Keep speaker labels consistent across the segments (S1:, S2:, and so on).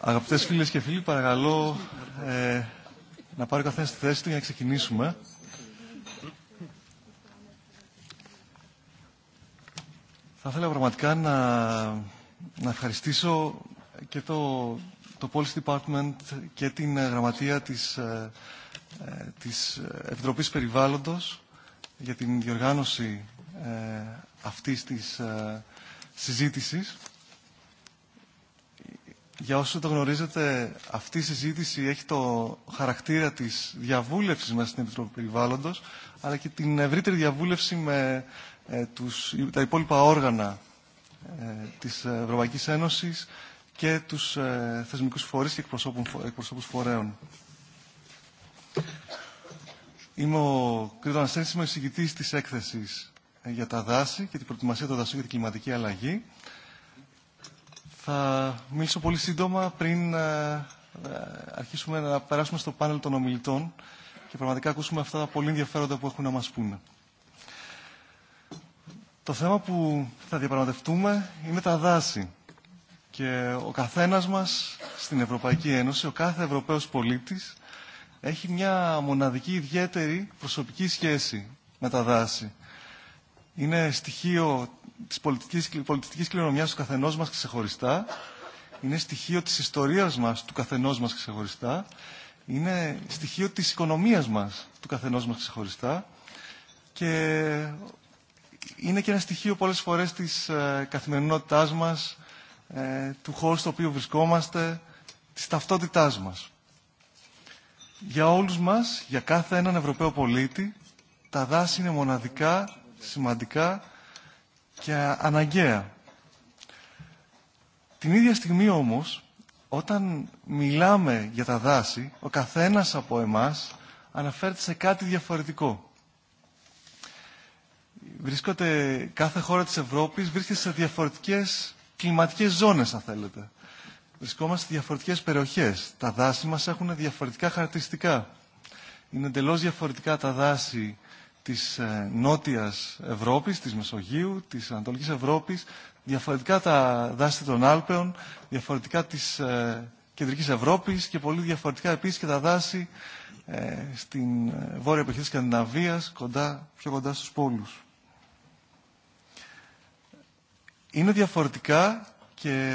S1: Αγαπητές φίλες και φίλοι, παρακαλώ ε, να πάρει ο καθένας τη θέση του για να ξεκινήσουμε. Θα ήθελα πραγματικά να, να ευχαριστήσω και το, το Policy Department και την ε, γραμματεία της, ε, ε, της Επιτροπής Περιβάλλοντος για την διοργάνωση αυτής της συζήτησης για δεν το γνωρίζετε, αυτή η συζήτηση έχει το χαρακτήρα της διαβούλευσης μέσα στην Επιτροπή Περιβάλλοντος, αλλά και την ευρύτερη διαβούλευση με ε, τους, τα υπόλοιπα όργανα ε, της Ευρωπαϊκής Ένωσης και τους ε, θεσμικούς φορείς και εκπροσώπους φορέων. Είμαι ο Κρήτο Αναστέρης, είμαι ο της έκθεσης ε, για τα δάση και την προετοιμασία των δασών για την κλιματική αλλαγή. Θα μιλήσω πολύ σύντομα πριν ε, ε, αρχίσουμε να περάσουμε στο πάνελ των ομιλητών και πραγματικά ακούσουμε αυτά τα πολύ ενδιαφέροντα που έχουν να μας πούνε. Το θέμα που θα διαπραγματευτούμε είναι τα δάση. Και ο καθένας μας στην Ευρωπαϊκή Ένωση, ο κάθε Ευρωπαίος πολίτης, έχει μια μοναδική ιδιαίτερη προσωπική σχέση με τα δάση. Είναι στοιχείο της πολιτικής, πολιτικής κληρονομιάς του καθενός μας ξεχωριστά, είναι στοιχείο της ιστορίας μας του καθενός μας ξεχωριστά, είναι στοιχείο της οικονομίας μας του καθενός μας ξεχωριστά και είναι και ένα στοιχείο πολλές φορές της ε, καθημερινότητάς μας, ε, του χώρου στο οποίο βρισκόμαστε, της ταυτότητάς μας. Για όλους μας, για κάθε έναν Ευρωπαίο πολίτη, τα δάση είναι μοναδικά, σημαντικά και αναγκαία. Την ίδια στιγμή όμως, όταν μιλάμε για τα δάση, ο καθένας από εμάς αναφέρεται σε κάτι διαφορετικό. Βρίσκονται, κάθε χώρα της Ευρώπης βρίσκεται σε διαφορετικές κλιματικές ζώνες, αν θέλετε. Βρισκόμαστε σε διαφορετικές περιοχές. Τα δάση μας έχουν διαφορετικά χαρακτηριστικά. Είναι εντελώς διαφορετικά τα δάση της ε, Νότιας Ευρώπης, της Μεσογείου, της Ανατολικής Ευρώπης, διαφορετικά τα δάση των Άλπαιων, διαφορετικά της ε, Κεντρικής Ευρώπης και πολύ διαφορετικά επίσης και τα δάση ε, στην βόρεια εποχή της Σκανδιναβίας, κοντά, πιο κοντά στους πόλους. Είναι διαφορετικά και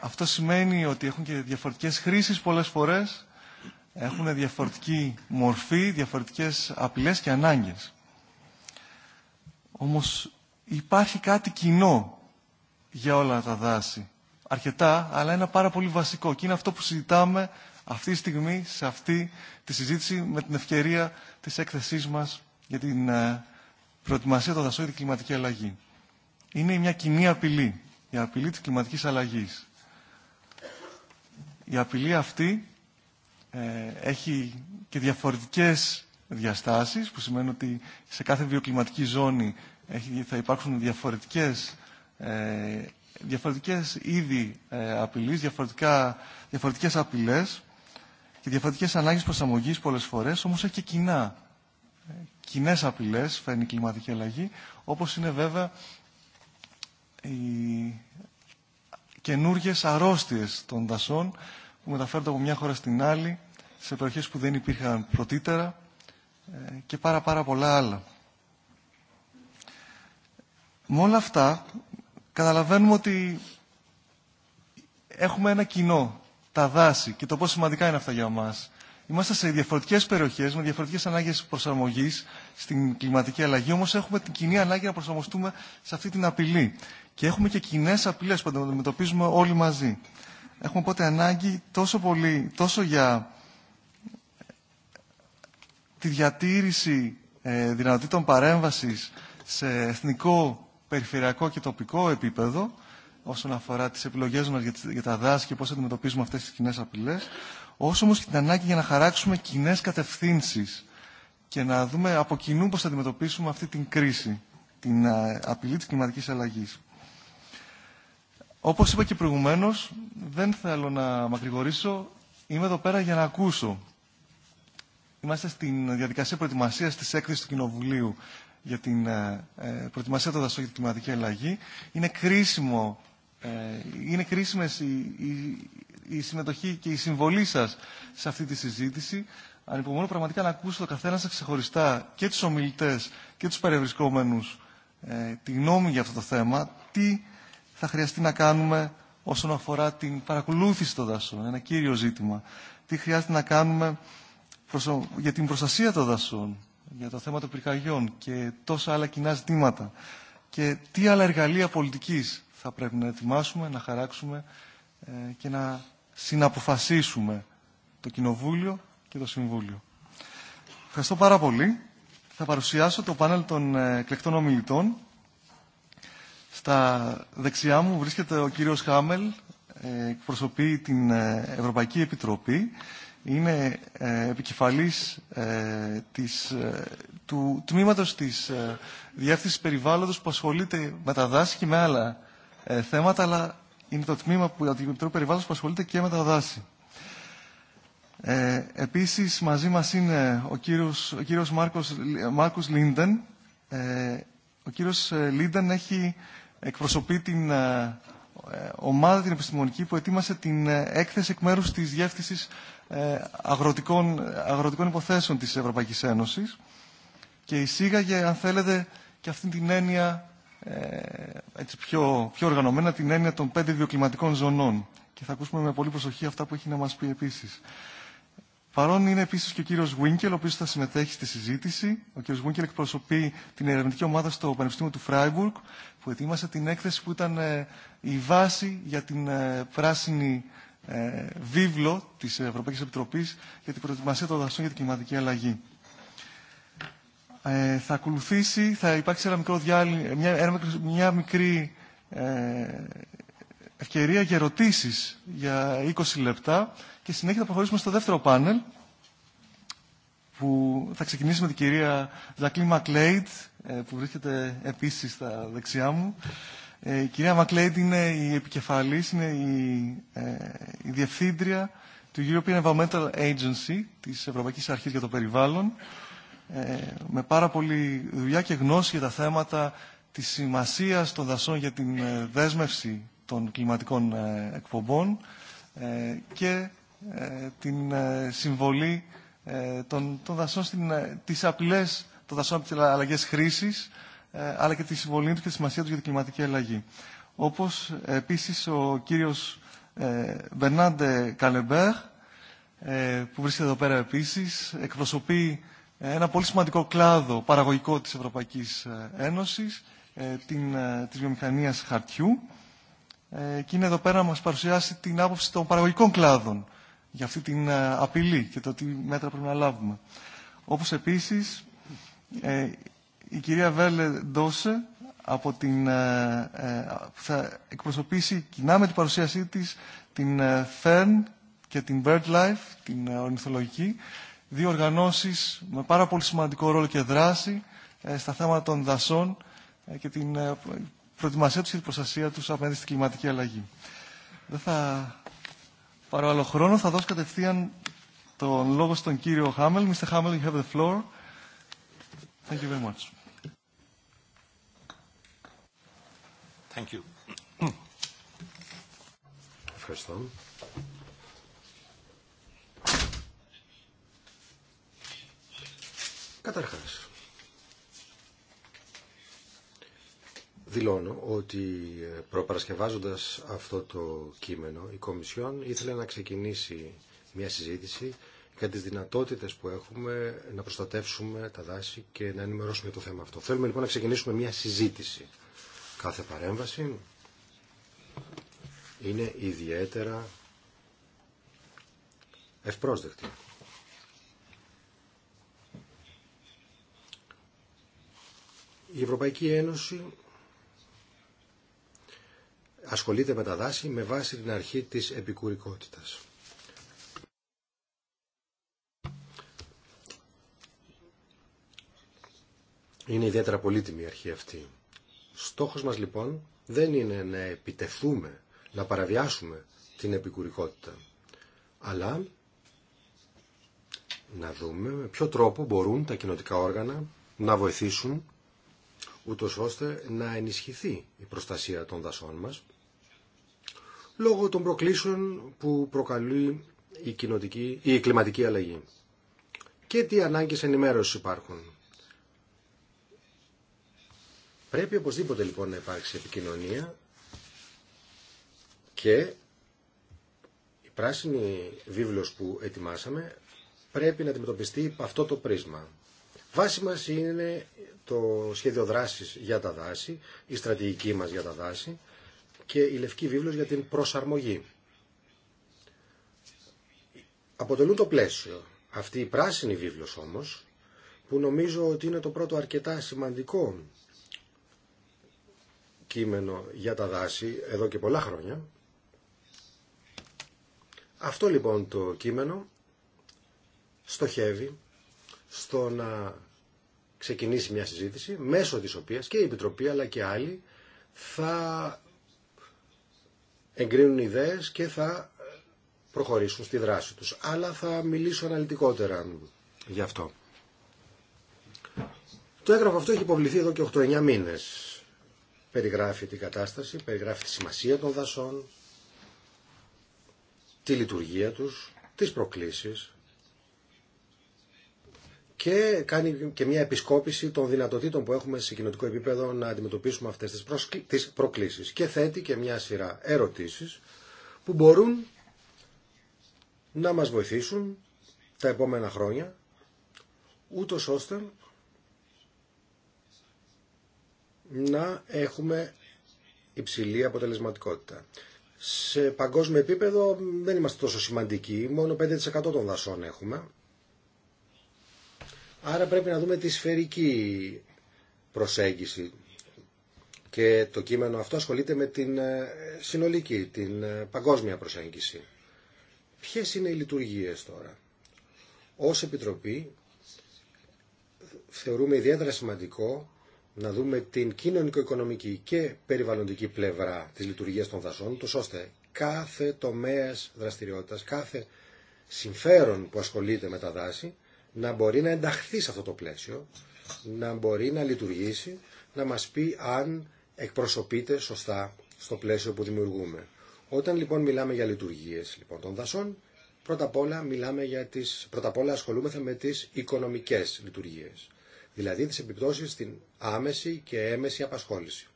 S1: αυτό σημαίνει ότι έχουν και διαφορετικές χρήσεις πολλές φορές, έχουν διαφορετική μορφή, διαφορετικές απειλές και ανάγκες. Όμως υπάρχει κάτι κοινό για όλα τα δάση. Αρκετά, αλλά ένα πάρα πολύ βασικό. Και είναι αυτό που συζητάμε αυτή τη στιγμή, σε αυτή τη συζήτηση, με την ευκαιρία της έκθεσής μας για την ε, προετοιμασία των δασών για την κλιματική αλλαγή. Είναι μια κοινή απειλή. Η απειλή της κλιματικής αλλαγής. Η απειλή αυτή ε, έχει και διαφορετικές διαστάσεις, που σημαίνει ότι σε κάθε βιοκλιματική ζώνη θα υπάρξουν διαφορετικές, ε, διαφορετικές είδη ε, απειλής, διαφορετικά, διαφορετικές απειλές και διαφορετικές ανάγκες προσαμωγής πολλές φορές, όμως έχει και κοινά. Ε, Κοινέ απειλέ φέρνει η κλιματική αλλαγή, όπως είναι βέβαια οι καινούργιες αρρώστιες των δασών που μεταφέρονται από μια χώρα στην άλλη, σε περιοχές που δεν υπήρχαν πρωτήτερα ε, και πάρα πάρα πολλά άλλα. Με όλα αυτά καταλαβαίνουμε ότι έχουμε ένα κοινό, τα δάση και το πόσο σημαντικά είναι αυτά για μας. Είμαστε σε διαφορετικέ περιοχέ, με διαφορετικέ ανάγκε προσαρμογή στην κλιματική αλλαγή, όμω έχουμε την κοινή ανάγκη να προσαρμοστούμε σε αυτή την απειλή. Και έχουμε και κοινέ απειλές που αντιμετωπίζουμε όλοι μαζί. Έχουμε οπότε ανάγκη τόσο πολύ, τόσο για ε, τη διατήρηση ε, δυνατοτήτων παρέμβασης σε εθνικό περιφερειακό και τοπικό επίπεδο όσον αφορά τις επιλογές μας για τα δάση και πώς αντιμετωπίζουμε αυτές τις κοινέ απειλές, όσο όμως και την ανάγκη για να χαράξουμε κοινέ κατευθύνσεις και να δούμε από κοινού πώς θα αντιμετωπίσουμε αυτή την κρίση, την απειλή της κλιματικής αλλαγής. Όπως είπα και προηγουμένως, δεν θέλω να μακρηγορήσω, είμαι εδώ πέρα για να ακούσω. Είμαστε στην διαδικασία προετοιμασίας της έκθεσης του Κοινοβουλίου για την ε, ε, προετοιμασία των δασών για την κλιματική αλλαγή. Είναι, κρίσιμο, ε, είναι κρίσιμες η, η, συμμετοχή και η συμβολή σας σε αυτή τη συζήτηση. Ανυπομονώ πραγματικά να ακούσω το καθένα σας ξεχωριστά και τους ομιλητές και τους παρευρισκόμενους τη γνώμη για αυτό το θέμα, τι θα χρειαστεί να κάνουμε όσον αφορά την παρακολούθηση των δασών, ένα κύριο ζήτημα. Τι χρειάζεται να κάνουμε για την προστασία των δασών, για το θέμα των πυρκαγιών και τόσα άλλα κοινά ζητήματα. Και τι άλλα εργαλεία πολιτικής θα πρέπει να ετοιμάσουμε, να χαράξουμε ε, και να συναποφασίσουμε το Κοινοβούλιο και το Συμβούλιο. Ευχαριστώ πάρα πολύ. Θα παρουσιάσω το πάνελ των ε, εκλεκτών ομιλητών. Στα δεξιά μου βρίσκεται ο κύριος Χάμελ, ε, εκπροσωπεί την Ευρωπαϊκή Επιτροπή είναι ε, επικεφαλής ε, της, ε, του τμήματος της διεύθυνσης περιβάλλοντος που ασχολείται με τα δάση και με άλλα θέματα, αλλά είναι το τμήμα που, από την Περιβάλλοντος που ασχολείται και με τα δάση. Ε, επίσης μαζί μας είναι ο κύριος, ο κύριος Μάρκος, Μάρκος Λίντεν. Ε, ο κύριος Λίντεν έχει εκπροσωπεί την ομάδα την επιστημονική που ετοίμασε την έκθεση εκ μέρους της Διεύθυνσης ε, αγροτικών, αγροτικών υποθέσεων της Ευρωπαϊκής Ένωσης και εισήγαγε, αν θέλετε, και αυτή την έννοια ε, έτσι πιο, πιο οργανωμένα την έννοια των πέντε βιοκλιματικών ζωνών. Και θα ακούσουμε με πολύ προσοχή αυτά που έχει να μας πει επίσης. Παρόν είναι επίση και ο κύριο Βίνκελ, ο οποίο θα συμμετέχει στη συζήτηση. Ο κύριο Βίνκελ εκπροσωπεί την ερευνητική ομάδα στο Πανεπιστήμιο του Φράιμπουργκ, που ετοίμασε την έκθεση που ήταν ε, η βάση για την πράσινη ε, βίβλο της Ευρωπαϊκής Επιτροπής για την προετοιμασία των δασών για την κλιματική αλλαγή. Ε, θα ακολουθήσει, θα υπάρξει ένα μικρό διάλυ, μια, μια μικρή ε, ευκαιρία για ερωτήσεις για 20 λεπτά και συνέχεια θα προχωρήσουμε στο δεύτερο πάνελ που θα ξεκινήσουμε με την κυρία Ζακλή Μακλέιτ ε, που βρίσκεται επίσης στα δεξιά μου ε, η κυρία Μακλέιντ είναι η επικεφαλής, είναι η, ε, η διευθύντρια του European Environmental Agency της Ευρωπαϊκής Αρχής για το Περιβάλλον ε, με πάρα πολλή δουλειά και γνώση για τα θέματα της σημασίας των δασών για την δέσμευση των κλιματικών εκπομπών και την συμβολή των, των δασών της απειλές των δασών από τις αλλαγές χρήσης ε, αλλά και τη συμβολή του και τη σημασία του για την κλιματική αλλαγή. Όπως ε, επίσης ο κύριος ε, Μπερνάντε Καλεμπέρ, που βρίσκεται εδώ πέρα επίσης, εκπροσωπεί ένα πολύ σημαντικό κλάδο παραγωγικό της Ευρωπαϊκής Ένωσης, την, της βιομηχανίας χαρτιού και είναι εδώ πέρα να μας παρουσιάσει την άποψη των παραγωγικών κλάδων για αυτή την απειλή και το τι μέτρα πρέπει να λάβουμε. Όπως επίσης η κυρία Βέλε Ντόσε από την, που ε, ε, θα εκπροσωπήσει κοινά με την παρουσίασή της την ε, Fern και την BirdLife, την ορνηθολογική, δύο οργανώσεις με πάρα πολύ σημαντικό ρόλο και δράση στα θέματα των δασών και την προετοιμασία τους και την προστασία τους απέναντι στην κλιματική αλλαγή. Δεν θα πάρω άλλο χρόνο, θα δώσω κατευθείαν τον λόγο στον κύριο Χάμελ. Mr. Χάμελ, you have the floor. Thank you very much.
S2: Thank you.
S3: Ευχαριστώ. Καταρχάς, δηλώνω ότι ε, προπαρασκευάζοντας αυτό το κείμενο, η Κομισιόν ήθελε να ξεκινήσει μια συζήτηση για τις δυνατότητες που έχουμε να προστατεύσουμε τα δάση και να ενημερώσουμε το θέμα αυτό. Θέλουμε λοιπόν να ξεκινήσουμε μια συζήτηση κάθε παρέμβαση είναι ιδιαίτερα ευπρόσδεκτη. Η Ευρωπαϊκή Ένωση ασχολείται με τα δάση με βάση την αρχή της επικουρικότητας. Είναι ιδιαίτερα πολύτιμη η αρχή αυτή. Στόχος μας λοιπόν δεν είναι να επιτεθούμε, να παραβιάσουμε την επικουρικότητα, αλλά να δούμε με ποιο τρόπο μπορούν τα κοινοτικά όργανα να βοηθήσουν ούτω ώστε να ενισχυθεί η προστασία των δασών μας λόγω των προκλήσεων που προκαλεί η, η κλιματική αλλαγή. Και τι ανάγκες ενημέρωσης υπάρχουν. Πρέπει οπωσδήποτε λοιπόν να υπάρξει επικοινωνία και η πράσινη βίβλος που ετοιμάσαμε πρέπει να αντιμετωπιστεί από αυτό το πρίσμα. Βάση μας είναι το σχέδιο δράσης για τα δάση, η στρατηγική μας για τα δάση και η λευκή βίβλος για την προσαρμογή. Αποτελούν το πλαίσιο. Αυτή η πράσινη βίβλος όμως, που νομίζω ότι είναι το πρώτο αρκετά σημαντικό κείμενο για τα δάση εδώ και πολλά χρόνια. Αυτό λοιπόν το κείμενο στοχεύει στο να ξεκινήσει μια συζήτηση μέσω της οποίας και η Επιτροπή αλλά και άλλοι θα εγκρίνουν ιδέες και θα προχωρήσουν στη δράση τους. Αλλά θα μιλήσω αναλυτικότερα γι' αυτό. Το έγγραφο αυτό έχει υποβληθεί εδώ και 8-9 μήνες περιγράφει την κατάσταση, περιγράφει τη σημασία των δασών, τη λειτουργία τους, τις προκλήσεις και κάνει και μια επισκόπηση των δυνατοτήτων που έχουμε σε κοινωτικό επίπεδο να αντιμετωπίσουμε αυτές τις προκλήσεις και θέτει και μια σειρά ερωτήσεις που μπορούν να μας βοηθήσουν τα επόμενα χρόνια ούτως ώστε να έχουμε υψηλή αποτελεσματικότητα. Σε παγκόσμιο επίπεδο δεν είμαστε τόσο σημαντικοί, μόνο 5% των δασών έχουμε. Άρα πρέπει να δούμε τη σφαιρική προσέγγιση και το κείμενο αυτό ασχολείται με την ε, συνολική, την ε, παγκόσμια προσέγγιση. Ποιες είναι οι λειτουργίες τώρα. Ως Επιτροπή θεωρούμε ιδιαίτερα σημαντικό να δούμε την κοινωνικο-οικονομική και περιβαλλοντική πλευρά της λειτουργίας των δασών, τους ώστε κάθε τομέας δραστηριότητας, κάθε συμφέρον που ασχολείται με τα δάση, να μπορεί να ενταχθεί σε αυτό το πλαίσιο, να μπορεί να λειτουργήσει, να μας πει αν εκπροσωπείται σωστά στο πλαίσιο που δημιουργούμε. Όταν λοιπόν μιλάμε για λειτουργίες λοιπόν, των δασών, πρώτα απ' όλα, μιλάμε για τις, ασχολούμεθα με τις οικονομικές λειτουργίες δηλαδή τις επιπτώσεις στην άμεση και έμεση απασχόληση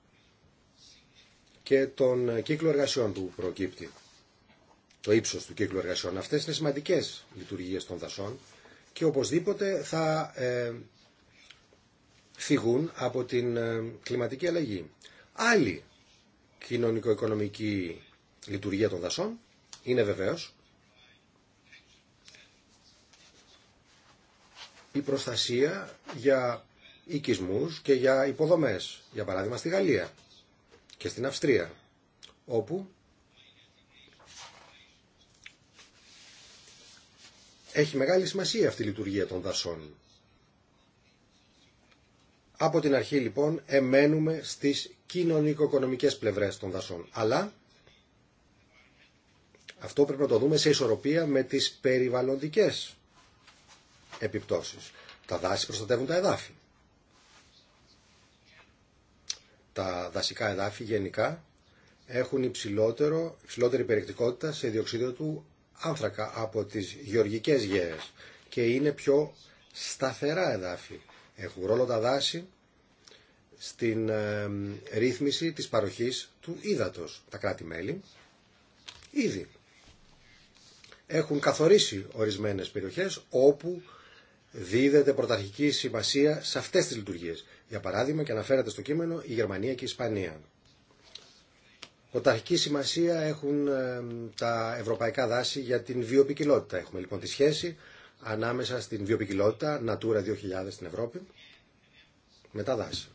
S3: και τον κύκλο εργασιών που προκύπτει, το ύψος του κύκλου εργασιών. Αυτές είναι σημαντικές λειτουργίες των δασών και οπωσδήποτε θα ε, φυγούν από την ε, κλιματική αλλαγή. Άλλη κοινωνικο-οικονομική λειτουργία των δασών είναι βεβαίως η προστασία για οικισμούς και για υποδομές, για παράδειγμα στη Γαλλία και στην Αυστρία, όπου έχει μεγάλη σημασία αυτή η λειτουργία των δασών. Από την αρχή λοιπόν εμένουμε στις κοινωνικο-οικονομικές πλευρές των δασών. Αλλά αυτό πρέπει να το δούμε σε ισορροπία με τις περιβαλλοντικές επιπτώσεις. Τα δάση προστατεύουν τα εδάφη. Τα δασικά εδάφη γενικά έχουν υψηλότερο, υψηλότερη περιεκτικότητα σε διοξίδιο του άνθρακα από τις γεωργικές γέες και είναι πιο σταθερά εδάφη. Έχουν ρόλο τα δάση στην ρύθμιση της παροχής του ύδατος. Τα κράτη-μέλη ήδη έχουν καθορίσει ορισμένες περιοχές όπου δίδεται πρωταρχική σημασία σε αυτές τις λειτουργίες. Για παράδειγμα, και αναφέρατε στο κείμενο, η Γερμανία και η Ισπανία. Πρωταρχική σημασία έχουν ε, τα ευρωπαϊκά δάση για την βιοπικιλότητα. Έχουμε λοιπόν τη σχέση ανάμεσα στην βιοπικιλότητα, Natura 2000 στην Ευρώπη, με τα δάση.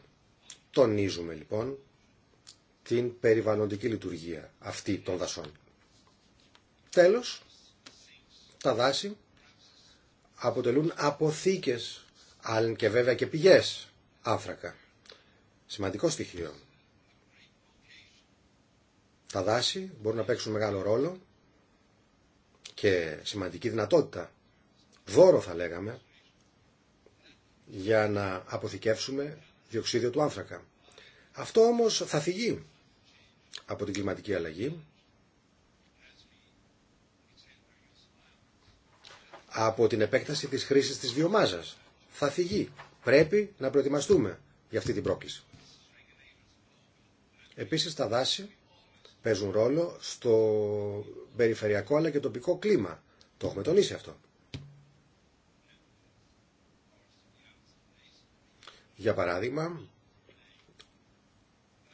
S3: Τονίζουμε λοιπόν την περιβαλλοντική λειτουργία αυτή των δασών. Τέλος, τα δάση αποτελούν αποθήκες, αλλά και βέβαια και πηγές άνθρακα. Σημαντικό στοιχείο. Τα δάση μπορούν να παίξουν μεγάλο ρόλο και σημαντική δυνατότητα, δώρο θα λέγαμε, για να αποθηκεύσουμε διοξίδιο του άνθρακα. Αυτό όμως θα φυγεί από την κλιματική αλλαγή από την επέκταση της χρήσης της βιομάζας. Θα θυγεί. Πρέπει να προετοιμαστούμε για αυτή την πρόκληση. Επίσης τα δάση παίζουν ρόλο στο περιφερειακό αλλά και τοπικό κλίμα. Το έχουμε τονίσει αυτό. Για παράδειγμα,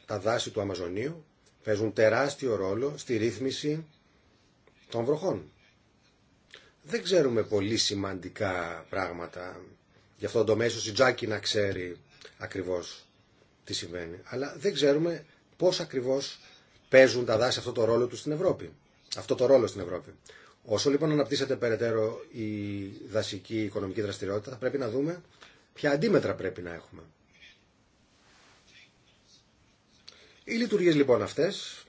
S3: τα δάση του Αμαζονίου παίζουν τεράστιο ρόλο στη ρύθμιση των βροχών δεν ξέρουμε πολύ σημαντικά πράγματα. Γι' αυτό το μέσο η Τζάκη να ξέρει ακριβώς τι συμβαίνει. Αλλά δεν ξέρουμε πώς ακριβώς παίζουν τα δάση αυτό το ρόλο του στην Ευρώπη. Αυτό το ρόλο στην Ευρώπη. Όσο λοιπόν αναπτύσσεται περαιτέρω η δασική οικονομική δραστηριότητα, θα πρέπει να δούμε ποια αντίμετρα πρέπει να έχουμε. Οι λειτουργίες λοιπόν αυτές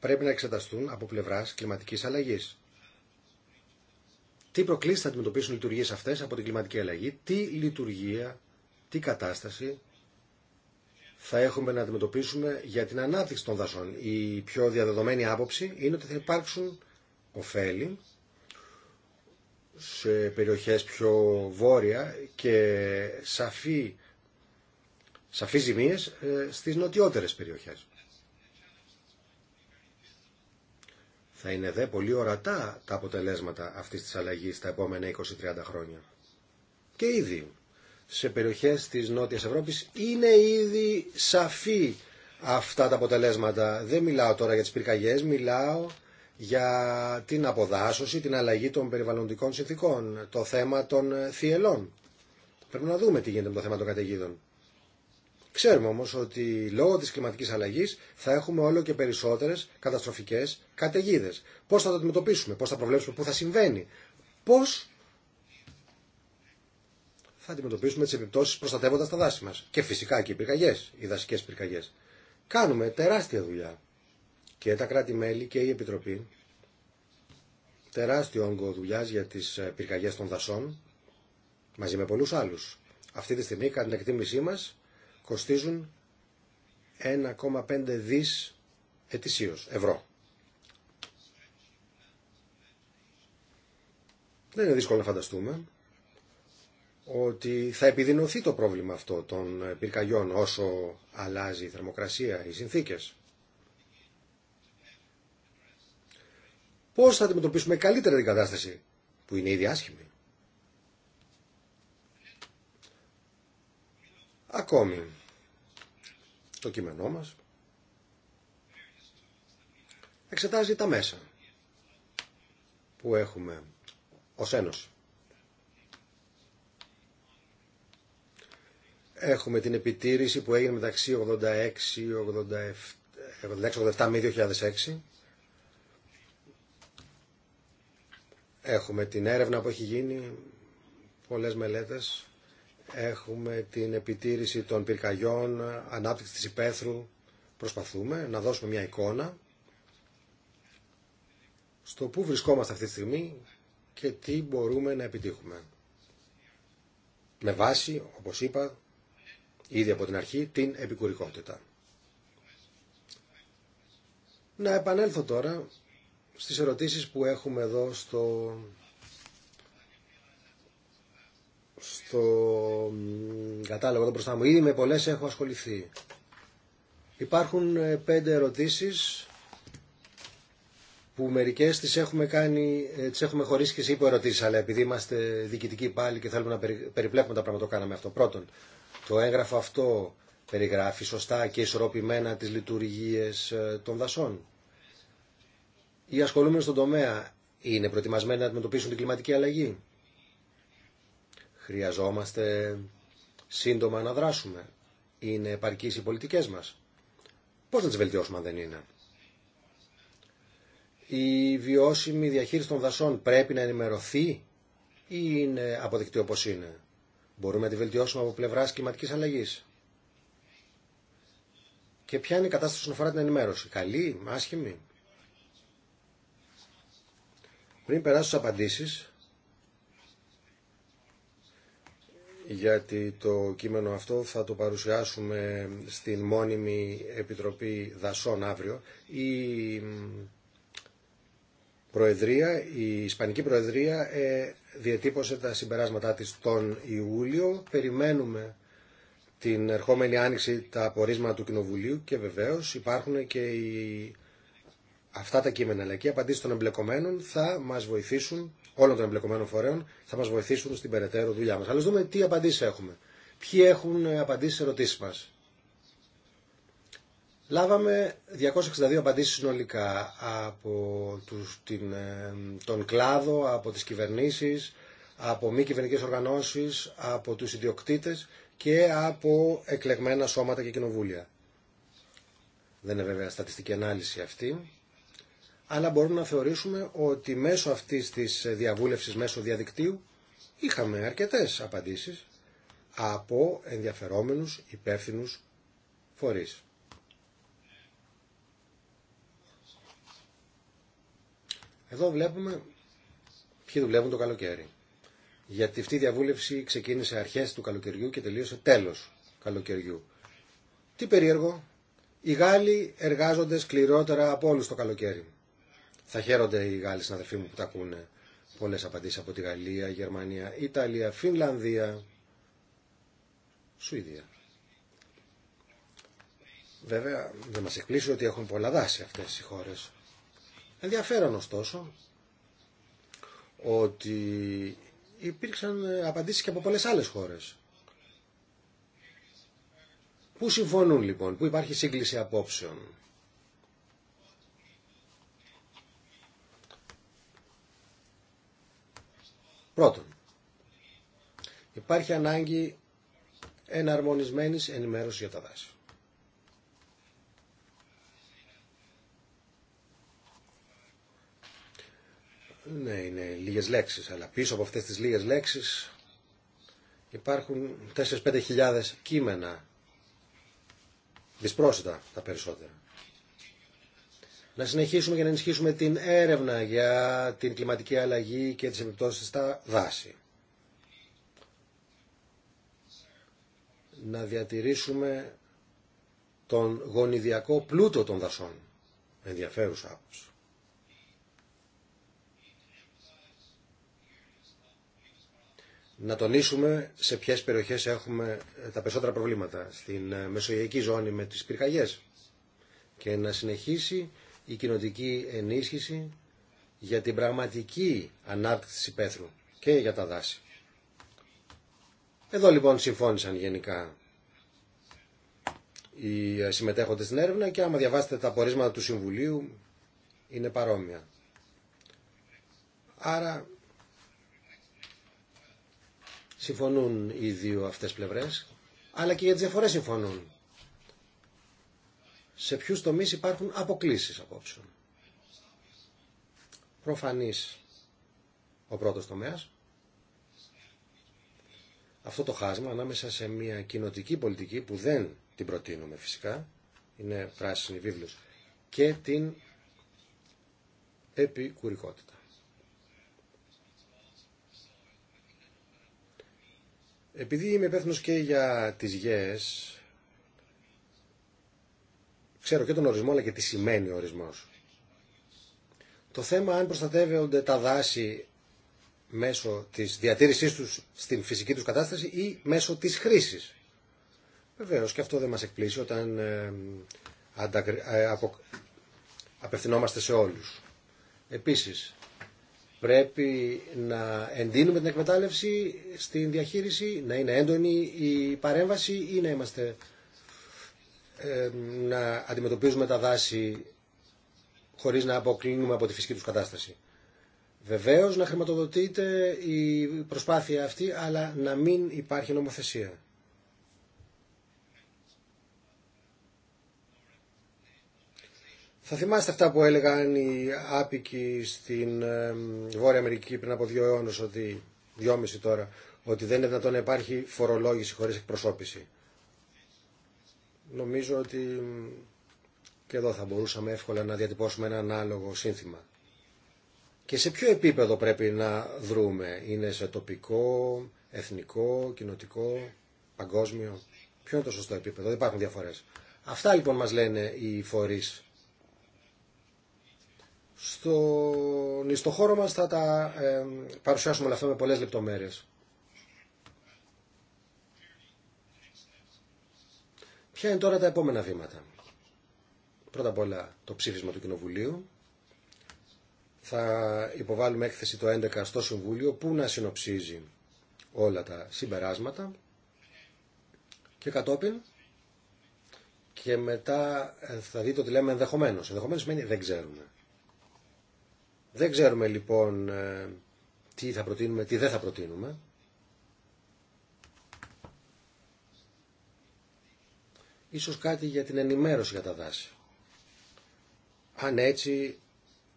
S3: πρέπει να εξεταστούν από πλευράς κλιματικής αλλαγής τι προκλήσεις θα αντιμετωπίσουν οι λειτουργίες αυτές από την κλιματική αλλαγή, τι λειτουργία, τι κατάσταση θα έχουμε να αντιμετωπίσουμε για την ανάπτυξη των δασών. Η πιο διαδεδομένη άποψη είναι ότι θα υπάρξουν ωφέλη σε περιοχές πιο βόρεια και σαφή, σαφή ζημίες ε, στις νοτιότερες περιοχές. Θα είναι δε πολύ ορατά τα αποτελέσματα αυτής της αλλαγής τα επόμενα 20-30 χρόνια. Και ήδη σε περιοχές της Νότιας Ευρώπης είναι ήδη σαφή αυτά τα αποτελέσματα. Δεν μιλάω τώρα για τις πυρκαγιές, μιλάω για την αποδάσωση, την αλλαγή των περιβαλλοντικών συνθήκων, το θέμα των θυελών. Πρέπει να δούμε τι γίνεται με το θέμα των καταιγίδων. Ξέρουμε όμως ότι λόγω της κλιματικής αλλαγής θα έχουμε όλο και περισσότερες καταστροφικές καταιγίδε. Πώς θα το αντιμετωπίσουμε, πώς θα προβλέψουμε, πού θα συμβαίνει, πώς θα αντιμετωπίσουμε τις επιπτώσεις προστατεύοντας τα δάση μας. Και φυσικά και οι πυρκαγιές, οι δασικές πυρκαγιές. Κάνουμε τεράστια δουλειά και τα κράτη-μέλη και η Επιτροπή τεράστιο όγκο δουλειά για τις ε, πυρκαγιές των δασών μαζί με πολλούς άλλους. Αυτή τη στιγμή, κατά την εκτίμησή μας, κοστίζουν 1,5 δις ετησίως ευρώ. Δεν είναι δύσκολο να φανταστούμε ότι θα επιδεινωθεί το πρόβλημα αυτό των πυρκαγιών όσο αλλάζει η θερμοκρασία, οι συνθήκες. Πώς θα αντιμετωπίσουμε καλύτερα την κατάσταση που είναι ήδη άσχημη. Ακόμη, στο κείμενό μας εξετάζει τα μέσα που έχουμε ως Ένωση. Έχουμε την επιτήρηση που έγινε μεταξύ 86-87 με 2006. Έχουμε την έρευνα που έχει γίνει, πολλές μελέτες Έχουμε την επιτήρηση των πυρκαγιών, ανάπτυξη της υπαίθρου. Προσπαθούμε να δώσουμε μια εικόνα στο πού βρισκόμαστε αυτή τη στιγμή και τι μπορούμε να επιτύχουμε. Με βάση, όπως είπα, ήδη από την αρχή, την επικουρικότητα. Να επανέλθω τώρα στις ερωτήσεις που έχουμε εδώ στο στο κατάλογο εδώ μπροστά μου. Ήδη με πολλές έχω ασχοληθεί. Υπάρχουν ε, πέντε ερωτήσεις που μερικές τις έχουμε, κάνει, ε, έχουμε χωρίσει και σε υποερωτήσεις, αλλά επειδή είμαστε διοικητικοί πάλι και θέλουμε να περιπλέκουμε τα πράγματα, το κάναμε αυτό. Πρώτον, το έγγραφο αυτό περιγράφει σωστά και ισορροπημένα τις λειτουργίες ε, των δασών. Οι ασχολούμενοι στον τομέα είναι προετοιμασμένοι να αντιμετωπίσουν την κλιματική αλλαγή. Χρειαζόμαστε σύντομα να δράσουμε. Είναι επαρκείς οι πολιτικές μας. Πώς να τις βελτιώσουμε αν δεν είναι. Η βιώσιμη διαχείριση των δασών πρέπει να ενημερωθεί ή είναι αποδεκτή όπως είναι. Μπορούμε να τη βελτιώσουμε από πλευρά κλιματική αλλαγής. Και ποια είναι η κατάσταση όσον αφορά την ενημέρωση. Καλή, άσχημη. Πριν περάσω στις απαντήσεις, γιατί το κείμενο αυτό θα το παρουσιάσουμε στην μόνιμη Επιτροπή Δασών αύριο. Η Προεδρία, η Ισπανική Προεδρία ε, διατύπωσε τα συμπεράσματά της τον Ιούλιο. Περιμένουμε την ερχόμενη άνοιξη τα απορίσματα του Κοινοβουλίου και βεβαίως υπάρχουν και οι... αυτά τα κείμενα αλλά και οι απαντήσεις των εμπλεκομένων θα μας βοηθήσουν όλων των εμπλεκομένων φορέων θα μας βοηθήσουν στην περαιτέρω δουλειά μα. Αλλά δούμε τι απαντήσεις έχουμε. Ποιοι έχουν απαντήσει σε ερωτήσει μας. Λάβαμε 262 απαντήσεις συνολικά από τους, την, ε, τον κλάδο, από τις κυβερνήσεις, από μη κυβερνικές οργανώσεις, από τους ιδιοκτήτες και από εκλεγμένα σώματα και κοινοβούλια. Δεν είναι βέβαια στατιστική ανάλυση αυτή αλλά μπορούμε να θεωρήσουμε ότι μέσω αυτής της διαβούλευσης, μέσω διαδικτύου, είχαμε αρκετές απαντήσεις από ενδιαφερόμενους υπεύθυνους φορείς. Εδώ βλέπουμε ποιοι δουλεύουν το καλοκαίρι. Γιατί αυτή η διαβούλευση ξεκίνησε αρχές του καλοκαιριού και τελείωσε τέλος καλοκαιριού. Τι περίεργο, οι Γάλλοι εργάζονται σκληρότερα από όλους το καλοκαίρι. Θα χαίρονται οι Γάλλοι συναδελφοί μου που τα ακούνε. Πολλές απαντήσεις από τη Γαλλία, Γερμανία, Ιταλία, Φινλανδία, Σουηδία. Βέβαια δεν μας εκπλήσει ότι έχουν πολλά δάση αυτές οι χώρες. Ενδιαφέρον ωστόσο ότι υπήρξαν απαντήσεις και από πολλές άλλες χώρες. Πού συμφωνούν λοιπόν, πού υπάρχει σύγκληση απόψεων. Πρώτον, υπάρχει ανάγκη εναρμονισμένης ενημέρωσης για τα δάση. Ναι, είναι λίγες λέξεις, αλλά πίσω από αυτές τις λίγες λέξεις υπάρχουν 4-5 χιλιάδες κείμενα δυσπρόσιτα τα περισσότερα να συνεχίσουμε και να ενισχύσουμε την έρευνα για την κλιματική αλλαγή και τις επιπτώσεις στα δάση. Να διατηρήσουμε τον γονιδιακό πλούτο των δασών. Ενδιαφέρουσα άποψη. Να τονίσουμε σε ποιες περιοχές έχουμε τα περισσότερα προβλήματα. Στην ε, μεσογειακή ζώνη με τις πυρκαγιές. Και να συνεχίσει η κοινοτική ενίσχυση για την πραγματική ανάπτυξη πέθρου και για τα δάση. Εδώ λοιπόν συμφώνησαν γενικά οι συμμετέχοντες στην έρευνα και άμα διαβάσετε τα πορίσματα του Συμβουλίου είναι παρόμοια. Άρα συμφωνούν οι δύο αυτές πλευρές αλλά και για τις διαφορές συμφωνούν σε ποιους τομείς υπάρχουν αποκλήσεις απόψεων. Προφανής ο πρώτος τομέας. Αυτό το χάσμα ανάμεσα σε μια κοινοτική πολιτική που δεν την προτείνουμε φυσικά, είναι πράσινη βίβλος, και την επικουρικότητα. Επειδή είμαι υπεύθυνο και για τις γέες, Ξέρω και τον ορισμό αλλά και τι σημαίνει ο ορισμός. Το θέμα αν προστατεύονται τα δάση μέσω της διατήρησής τους στην φυσική τους κατάσταση ή μέσω της χρήσης. Βεβαίως και αυτό δεν μας εκπλήσει όταν ε, ε, απευθυνόμαστε σε όλους. Επίσης, πρέπει να εντείνουμε την εκμετάλλευση στην διαχείριση, να είναι έντονη η παρέμβαση ή να είμαστε ε, να αντιμετωπίζουμε τα δάση χωρίς να αποκλίνουμε από τη φυσική τους κατάσταση. Βεβαίως να χρηματοδοτείται η προσπάθεια αυτή, αλλά να μην υπάρχει νομοθεσία. Θα θυμάστε αυτά που έλεγαν οι άπικοι στην ε, Βόρεια Αμερική πριν από δύο αιώνες, ότι δυόμιση τώρα, ότι δεν είναι δυνατόν να υπάρχει φορολόγηση χωρίς εκπροσώπηση. Νομίζω ότι και εδώ θα μπορούσαμε εύκολα να διατυπώσουμε ένα ανάλογο σύνθημα. Και σε ποιο επίπεδο πρέπει να δρούμε. Είναι σε τοπικό, εθνικό, κοινοτικό, παγκόσμιο. Ποιο είναι το σωστό επίπεδο. Δεν υπάρχουν διαφορές. Αυτά λοιπόν μας λένε οι φορείς. Στο χώρο μας θα τα ε, παρουσιάσουμε όλα αυτά με πολλές λεπτομέρειες. Ποια είναι τώρα τα επόμενα βήματα. Πρώτα απ' όλα το ψήφισμα του Κοινοβουλίου. Θα υποβάλουμε έκθεση το 11 στο Συμβούλιο που να συνοψίζει όλα τα συμπεράσματα και κατόπιν και μετά ε, θα δείτε ότι λέμε ενδεχομένω ενδεχομένω σημαίνει δεν ξέρουμε. Δεν ξέρουμε λοιπόν ε, τι θα προτείνουμε, τι δεν θα προτείνουμε. Ίσως κάτι για την ενημέρωση για τα δάση. Αν έτσι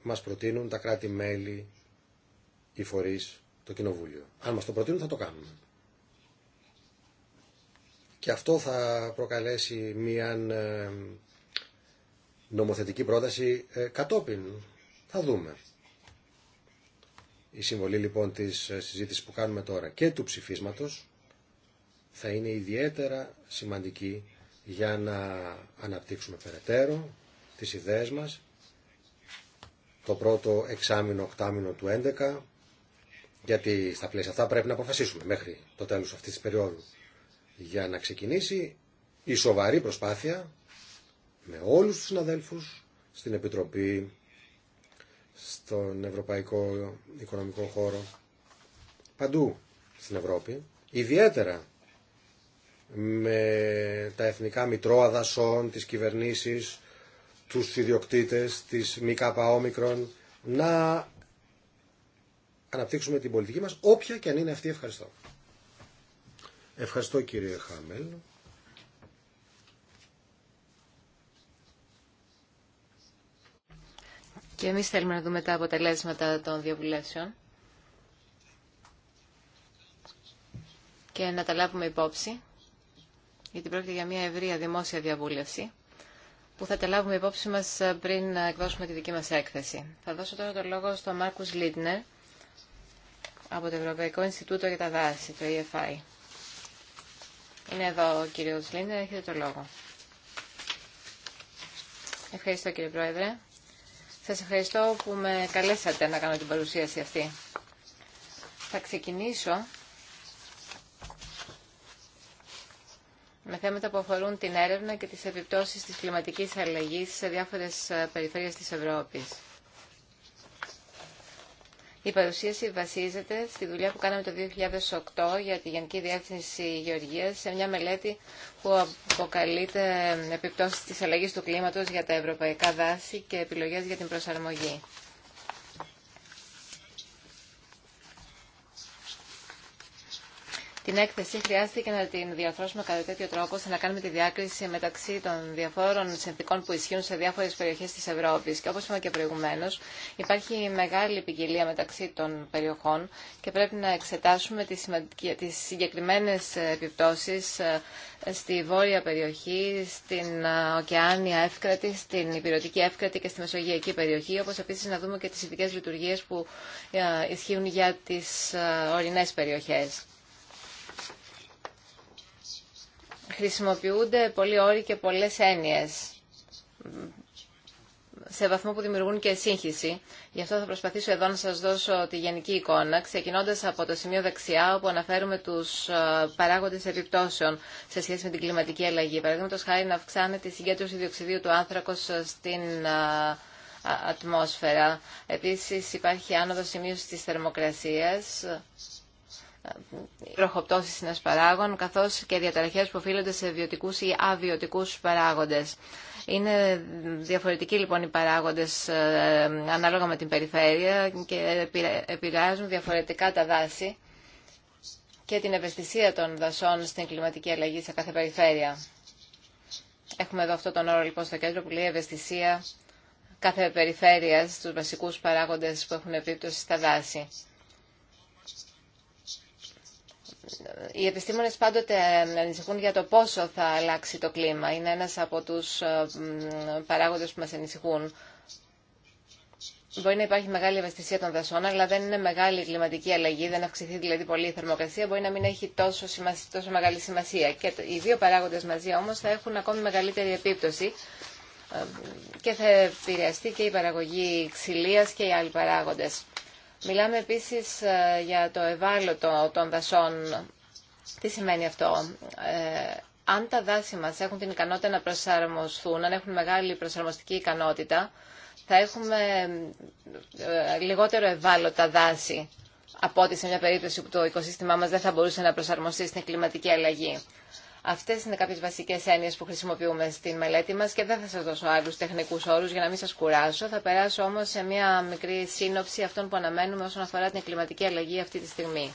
S3: μας προτείνουν τα κράτη-μέλη, οι φορείς, το Κοινοβούλιο. Αν μας το προτείνουν θα το κάνουμε. Και αυτό θα προκαλέσει μια ε, νομοθετική πρόταση ε, κατόπιν. Θα δούμε. Η συμβολή λοιπόν της ε, συζήτησης που κάνουμε τώρα και του ψηφίσματος θα είναι ιδιαίτερα σημαντική για να αναπτύξουμε περαιτέρω τις ιδέες μας το πρώτο εξάμηνο οκτάμινο του 11 γιατί στα πλαίσια αυτά πρέπει να αποφασίσουμε μέχρι το τέλος αυτής της περίοδου για να ξεκινήσει η σοβαρή προσπάθεια με όλους τους συναδέλφους στην Επιτροπή, στον Ευρωπαϊκό Οικονομικό Χώρο, παντού στην Ευρώπη, ιδιαίτερα με τα εθνικά μητρώα δασών, τις κυβερνήσεις, τους ιδιοκτήτες, τις Όμικρον, να αναπτύξουμε την πολιτική μας, όποια και αν είναι αυτή. Ευχαριστώ. Ευχαριστώ κύριε Χάμελ.
S4: Και εμείς θέλουμε να δούμε τα αποτελέσματα των διαβουλεύσεων και να τα λάβουμε υπόψη γιατί πρόκειται για μια ευρεία δημόσια διαβούλευση που θα τα λάβουμε υπόψη μας ε, πριν εκδώσουμε τη δική μας έκθεση. Θα δώσω τώρα το λόγο στον Μάρκους Λίτνερ από το Ευρωπαϊκό Ινστιτούτο για τα Δάση, το EFI. Είναι εδώ ο κύριος Λίτνερ, έχετε το λόγο. Ευχαριστώ κύριε Πρόεδρε. Σας ευχαριστώ που με καλέσατε να κάνω την παρουσίαση αυτή. Θα ξεκινήσω με θέματα που αφορούν την έρευνα και τις επιπτώσεις της κλιματικής αλλαγής σε διάφορες ε, περιφέρειες της Ευρώπης. Η παρουσίαση βασίζεται στη δουλειά που κάναμε το 2008 για τη Γενική Διεύθυνση Γεωργίας σε μια μελέτη που αποκαλείται ε, επιπτώσεις της αλλαγής του κλίματος για τα ευρωπαϊκά δάση και επιλογές για την προσαρμογή. την έκθεση χρειάστηκε να την διαρθρώσουμε κατά τέτοιο τρόπο ώστε να κάνουμε τη διάκριση μεταξύ των διαφόρων συνθήκων που ισχύουν σε διάφορε περιοχέ τη Ευρώπη. Και όπω είπα και προηγουμένω, υπάρχει μεγάλη ποικιλία μεταξύ των περιοχών και πρέπει να εξετάσουμε τι συγκεκριμένε επιπτώσει ε, στη βόρεια περιοχή, στην ε, ωκεάνια εύκρατη, στην υπηρετική εύκρατη και στη μεσογειακή περιοχή, όπω επίση να δούμε και τι ειδικέ λειτουργίε που ε, ισχύουν για τι ορεινέ περιοχέ. χρησιμοποιούνται πολλοί όροι και πολλές έννοιες σε βαθμό που δημιουργούν και σύγχυση. Γι' αυτό θα προσπαθήσω εδώ να σας δώσω τη γενική εικόνα, ξεκινώντας από το σημείο δεξιά, όπου αναφέρουμε τους ε, παράγοντες επιπτώσεων σε σχέση με την κλιματική αλλαγή. Παραδείγματο χάρη να αυξάνεται η συγκέντρωση διοξιδίου του άνθρακος ε, στην ε, ατμόσφαιρα. Επίσης υπάρχει άνοδος σημείωση της θερμοκρασίας, βροχοπτώσεις ένα παράγον, καθώς και διαταραχές που οφείλονται σε βιωτικούς ή αβιωτικούς παράγοντες. Είναι διαφορετικοί λοιπόν οι παράγοντες ε, ανάλογα με την περιφέρεια και επηρεάζουν διαφορετικά τα δάση και την ευαισθησία των δασών στην κλιματική αλλαγή σε κάθε περιφέρεια. Έχουμε εδώ αυτό τον όρο λοιπόν στο κέντρο που λέει ευαισθησία κάθε περιφέρεια στους βασικούς παράγοντες που έχουν επίπτωση στα δάση οι επιστήμονες πάντοτε ε, ανησυχούν για το πόσο θα αλλάξει το κλίμα. Είναι ένας από τους ε, παράγοντες που μας ανησυχούν. Μπορεί να υπάρχει μεγάλη ευαισθησία των δασών, αλλά δεν είναι μεγάλη κλιματική αλλαγή, δεν αυξηθεί δηλαδή πολύ η θερμοκρασία, μπορεί να μην έχει τόσο, σημασία, τόσο μεγάλη σημασία. Και οι δύο παράγοντες μαζί όμως θα έχουν ακόμη μεγαλύτερη επίπτωση ε, και θα επηρεαστεί και η παραγωγή ξυλίας και οι άλλοι παράγοντες. Μιλάμε επίσης ε, για το ευάλωτο των δασών. Τι σημαίνει αυτό. Ε, αν τα δάση μας έχουν την ικανότητα να προσαρμοστούν, αν έχουν μεγάλη προσαρμοστική ικανότητα, θα έχουμε ε, λιγότερο ευάλωτα δάση από ότι σε μια περίπτωση που το οικοσύστημά μας δεν θα μπορούσε να προσαρμοστεί στην κλιματική αλλαγή. Αυτές είναι κάποιε βασικές έννοιες που χρησιμοποιούμε στην μελέτη μας και δεν θα σας δώσω άλλου τεχνικούς όρους για να μην σας κουράσω. Θα περάσω όμως σε μια μικρή σύνοψη αυτών που αναμένουμε όσον αφορά την κλιματική αλλαγή αυτή τη στιγμή.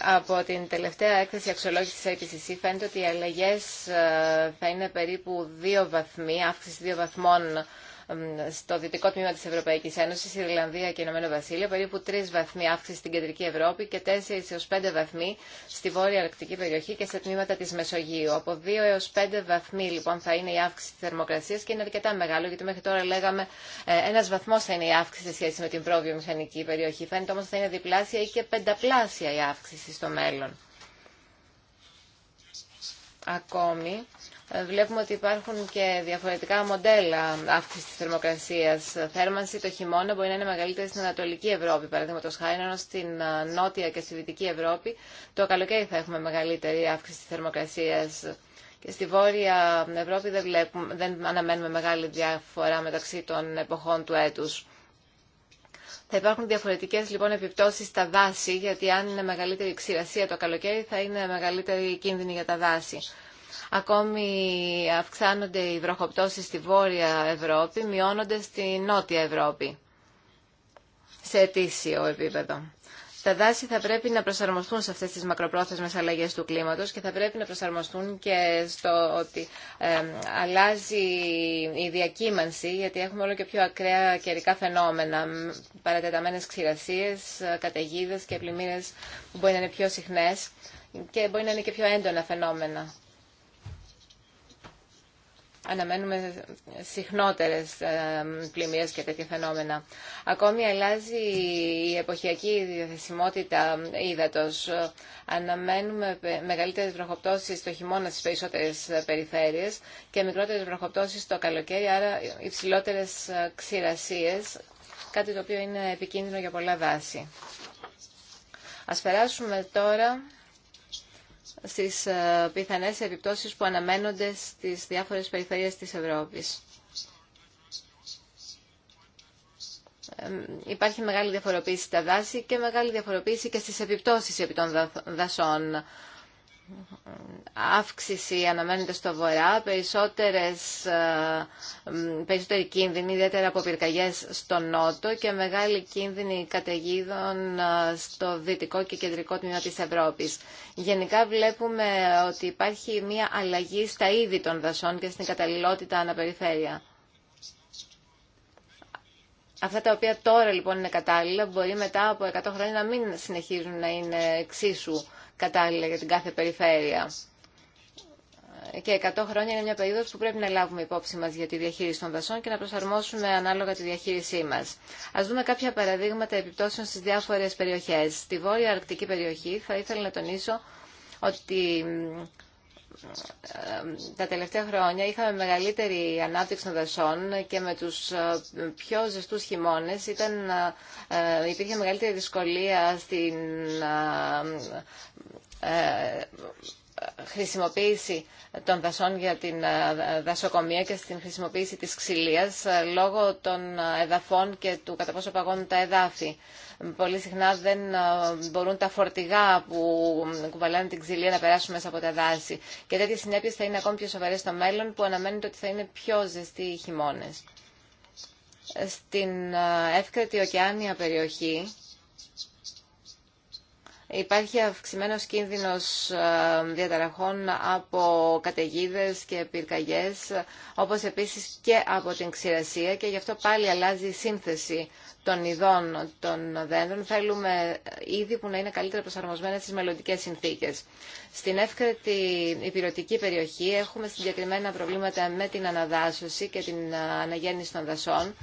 S4: Από την τελευταία έκθεση αξιολόγησης τη IPCC φαίνεται ότι οι αλλαγέ ε, θα είναι περίπου δύο βαθμοί, αύξηση δύο βαθμών στο δυτικό τμήμα της Ευρωπαϊκής Ένωσης, Ιρλανδία και Ηνωμένο Βασίλειο, περίπου 3 βαθμοί αύξηση στην κεντρική Ευρώπη και 4 έως πέντε βαθμοί στη βόρεια αρκτική περιοχή και σε τμήματα τη Μεσογείου. Από δύο έω πέντε βαθμοί λοιπόν θα είναι η αύξηση τη θερμοκρασία και είναι αρκετά μεγάλο γιατί μέχρι τώρα λέγαμε ε, ένα βαθμό θα είναι η αύξηση σε σχέση με την μηχανική περιοχή. Φαίνεται όμω θα είναι διπλάσια ή και πενταπλάσια η αύξηση στο μέλλον. Ακόμη, ε, βλέπουμε ότι υπάρχουν και διαφορετικά μοντέλα αύξηση τη θερμοκρασία. Θέρμανση το χειμώνα μπορεί να είναι μεγαλύτερη στην Ανατολική Ευρώπη, παραδείγματο χάρη, ενώ στην ε, Νότια και στη Δυτική Ευρώπη το καλοκαίρι θα έχουμε μεγαλύτερη αύξηση τη θερμοκρασία. Και στη Βόρεια Ευρώπη δεν, βλέπουμε, δεν αναμένουμε μεγάλη διαφορά μεταξύ των εποχών του έτου. Θα υπάρχουν διαφορετικέ λοιπόν επιπτώσει στα δάση, γιατί αν είναι μεγαλύτερη ξηρασία το καλοκαίρι, θα είναι μεγαλύτερη κίνδυνη για τα δάση. Ακόμη αυξάνονται οι βροχοπτώσεις στη Βόρεια Ευρώπη, μειώνονται στη Νότια Ευρώπη σε αιτήσιο επίπεδο. Τα δάση θα πρέπει να προσαρμοστούν σε αυτές τις μακροπρόθεσμες αλλαγές του κλίματος και θα πρέπει να προσαρμοστούν και στο ότι αλλάζει η διακύμανση, γιατί έχουμε όλο και πιο ακραία καιρικά φαινόμενα, παρατεταμένες ξηρασίες, καταιγίδε και πλημμύρες που μπορεί να είναι πιο συχνές και μπορεί να είναι και πιο έντονα φαινόμενα αναμένουμε συχνότερες ε, πλημμύρες και τέτοια φαινόμενα. Ακόμη αλλάζει η εποχιακή διαθεσιμότητα ύδατος. Αναμένουμε μεγαλύτερες βροχοπτώσεις το χειμώνα στις περισσότερες ε, περιφέρειες και μικρότερες βροχοπτώσεις το καλοκαίρι, άρα υψηλότερες ε, ξηρασίες, κάτι το οποίο είναι επικίνδυνο για πολλά δάση. Ας περάσουμε τώρα στις ε, πιθανές επιπτώσεις που αναμένονται στις διάφορες περιφέρειες της Ευρώπης. Υπάρχει μεγάλη διαφοροποίηση στα δάση και μεγάλη διαφοροποίηση και στις επιπτώσεις επί των δασών αύξηση αναμένεται στο βορρά, περισσότερες, ε, περισσότεροι κίνδυνοι, ιδιαίτερα από πυρκαγιές στο νότο και μεγάλη κίνδυνη καταιγίδων ε, στο δυτικό και κεντρικό τμήμα της Ευρώπης. Γενικά βλέπουμε ότι υπάρχει μια αλλαγή στα είδη των δασών και στην καταλληλότητα αναπεριφέρεια. Αυτά τα οποία τώρα λοιπόν είναι κατάλληλα μπορεί μετά από 100 χρόνια να μην συνεχίζουν να είναι εξίσου κατάλληλα για την κάθε περιφέρεια. Και 100 χρόνια είναι μια περίοδος που πρέπει να λάβουμε υπόψη μας για τη διαχείριση των δασών και να προσαρμόσουμε ανάλογα τη διαχείρισή μας. Ας δούμε κάποια παραδείγματα επιπτώσεων στις διάφορες περιοχές. Στη Βόρεια Αρκτική περιοχή θα ήθελα να τονίσω ότι ε, τα τελευταία χρόνια είχαμε μεγαλύτερη ανάπτυξη των δασών και με τους ε, πιο ζεστούς χειμώνες ήταν, ε, υπήρχε μεγαλύτερη δυσκολία στην χρησιμοποίηση των δασών για την ε, δασοκομεία και στην χρησιμοποίηση της ξυλίας ε, λόγω των ε, εδαφών και του κατά πόσο παγώνουν τα εδάφη. Πολύ συχνά δεν μπορούν τα φορτηγά που κουβαλάνε την ξυλία να περάσουν μέσα από τα δάση. Και τέτοιες συνέπειες θα είναι ακόμη πιο σοβαρές στο μέλλον που αναμένεται ότι θα είναι πιο ζεστοί οι χειμώνες. Στην εύκρατη ωκεάνια περιοχή Υπάρχει αυξημένο κίνδυνο ε, διαταραχών από καταιγίδε και πυρκαγιέ, όπως επίσης και από την ξηρασία και γι' αυτό πάλι αλλάζει η σύνθεση των ειδών των δέντρων. Θέλουμε ήδη που να είναι καλύτερα προσαρμοσμένα στι μελλοντικέ συνθήκες. Στην εύκρετη υπηρετική περιοχή έχουμε συγκεκριμένα προβλήματα με την αναδάσωση και την ε, αναγέννηση των δασών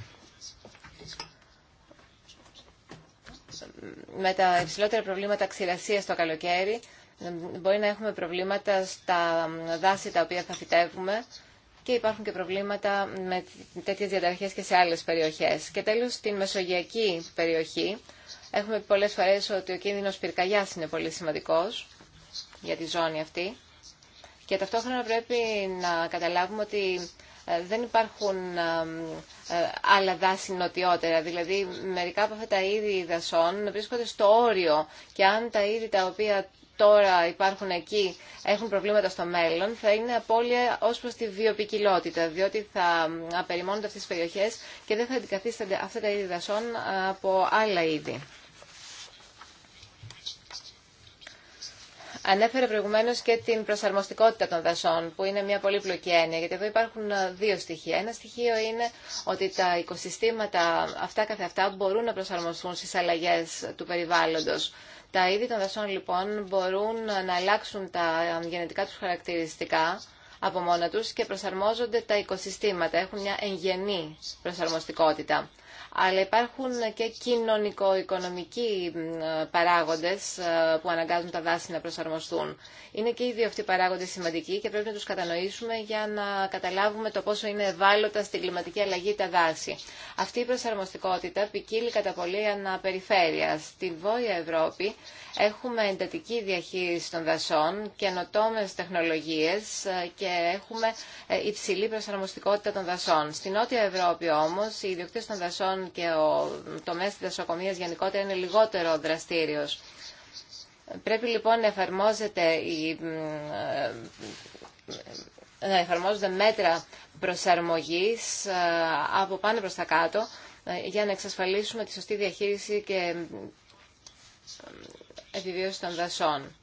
S4: με τα υψηλότερα προβλήματα ξηρασίας το καλοκαίρι, μπορεί να έχουμε προβλήματα στα δάση τα οποία θα φυτεύουμε και υπάρχουν και προβλήματα με τέτοιες διαταραχές και σε άλλες περιοχές. Και τέλος, στην μεσογειακή περιοχή έχουμε πολλές φορές ότι ο κίνδυνος πυρκαγιάς είναι πολύ σημαντικός για τη ζώνη αυτή και ταυτόχρονα πρέπει να καταλάβουμε ότι ε, δεν υπάρχουν ε, άλλα δάση νοτιότερα. Δηλαδή, μερικά από αυτά τα είδη δασών βρίσκονται στο όριο και αν τα είδη τα οποία τώρα υπάρχουν εκεί έχουν προβλήματα στο μέλλον, θα είναι απώλεια ως προς τη βιοπικιλότητα, διότι θα απεριμόνονται αυτές τις περιοχές και δεν θα αντικαθίστανται αυτά τα είδη δασών ε, από άλλα είδη. Ανέφερε προηγουμένω και την προσαρμοστικότητα των δασών, που είναι μια πολύπλοκη έννοια, γιατί εδώ υπάρχουν ε, δύο στοιχεία. Ένα στοιχείο είναι ότι τα οικοσυστήματα αυτά καθεαυτά μπορούν να προσαρμοστούν στι αλλαγέ του περιβάλλοντο. Τα είδη των δασών λοιπόν μπορούν ε, να αλλάξουν τα ε, γενετικά τους χαρακτηριστικά από μόνα τους και προσαρμόζονται τα οικοσυστήματα, έχουν μια εγγενή προσαρμοστικότητα αλλά υπάρχουν και κοινωνικο-οικονομικοί παράγοντες ε, που αναγκάζουν τα δάση να προσαρμοστούν. Είναι και οι δύο αυτοί παράγοντες σημαντικοί και πρέπει να τους κατανοήσουμε για να καταλάβουμε το πόσο είναι ευάλωτα στην κλιματική αλλαγή τα δάση. Αυτή η προσαρμοστικότητα ποικίλει κατά πολύ αναπεριφέρεια. Στην Βόρεια Ευρώπη έχουμε εντατική διαχείριση των δασών, καινοτόμε τεχνολογίες ε, και έχουμε ε, υψηλή προσαρμοστικότητα των δασών. Στην Νότια Ευρώπη όμως οι ιδιοκτήτες των δασών και ο τομέας της οικονομίας γενικότερα είναι λιγότερο δραστήριος. Πρέπει λοιπόν να εφαρμόζεται η, να εφαρμόζονται μέτρα προσαρμογής ε, από πάνω προς τα κάτω ε, για να εξασφαλίσουμε τη σωστή διαχείριση και ε, επιβίωση των δασών.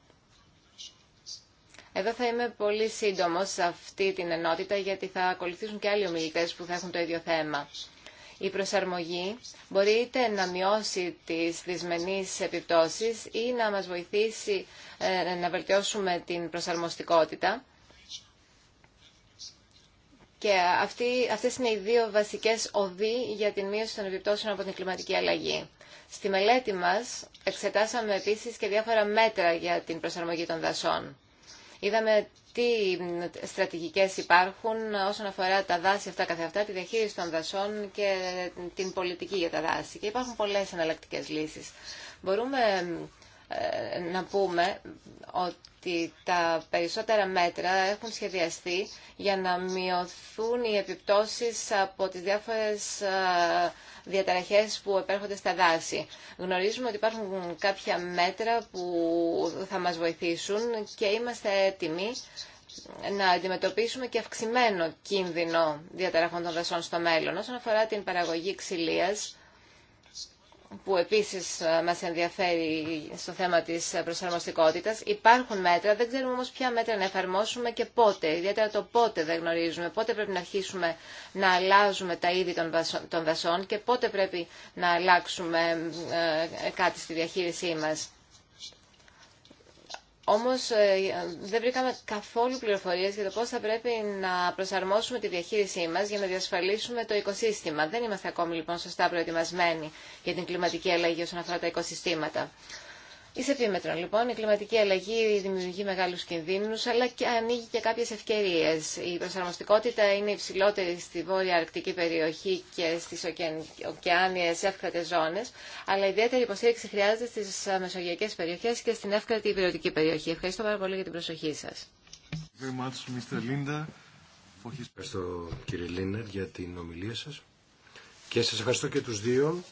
S4: Εδώ θα είμαι πολύ σύντομος σε αυτή την ενότητα γιατί θα ακολουθήσουν και άλλοι ομιλητές που θα έχουν το ίδιο θέμα. Η προσαρμογή μπορείτε να μειώσει τις δυσμενείς επιπτώσεις ή να μας βοηθήσει ε, να βελτιώσουμε την προσαρμοστικότητα. Και αυτοί, αυτές είναι οι δύο βασικές οδοί για την μείωση των επιπτώσεων από την κλιματική αλλαγή. Στη μελέτη μας εξετάσαμε επίσης και διάφορα μέτρα για την προσαρμογή των δασών. Είδαμε τι στρατηγικές υπάρχουν όσον αφορά τα δάση αυτά καθεαυτά, τη διαχείριση των δασών και την πολιτική για τα δάση. Και υπάρχουν πολλές εναλλακτικέ λύσεις. Μπορούμε ε, να πούμε ότι τα περισσότερα μέτρα έχουν σχεδιαστεί για να μειωθούν οι επιπτώσεις από τις διάφορες ε, διαταραχές που επέρχονται στα δάση. Γνωρίζουμε ότι υπάρχουν κάποια μέτρα που θα μας βοηθήσουν και είμαστε έτοιμοι να αντιμετωπίσουμε και αυξημένο κίνδυνο διαταραχών των δασών στο μέλλον. Όσον αφορά την παραγωγή ξυλίας, που επίσης ε, μας ενδιαφέρει στο θέμα της ε, προσαρμοστικότητας. Υπάρχουν μέτρα, δεν ξέρουμε όμως ποια μέτρα να εφαρμόσουμε και πότε. Ιδιαίτερα το πότε δεν γνωρίζουμε, πότε πρέπει να αρχίσουμε να αλλάζουμε τα είδη των δασών και πότε πρέπει να αλλάξουμε ε, κάτι στη διαχείρισή μας. Όμως ε, δεν βρήκαμε καθόλου πληροφορίες για το πώς θα πρέπει να προσαρμόσουμε τη διαχείρισή μας για να διασφαλίσουμε το οικοσύστημα. Δεν είμαστε ακόμη λοιπόν σωστά προετοιμασμένοι για την κλιματική αλλαγή όσον αφορά τα οικοσυστήματα. Είσαι επίμετρον λοιπόν η κλιματική αλλαγή δημιουργεί μεγάλου κινδύνου, αλλά και ανοίγει και κάποιε ευκαιρίε. Η προσαρμοστικότητα είναι υψηλότερη στη βόρεια αρκτική περιοχή και στι ωκεάνιες εύκρατε ζώνε, αλλά ιδιαίτερη υποστήριξη χρειάζεται στι μεσογειακές περιοχές και στην εύκρατη υπηρετική περιοχή. Ευχαριστώ πάρα πολύ για την προσοχή σα.
S3: Ευχαριστώ κύριε Λίνερ για την ομιλία σας και σας ευχαριστώ και του δύο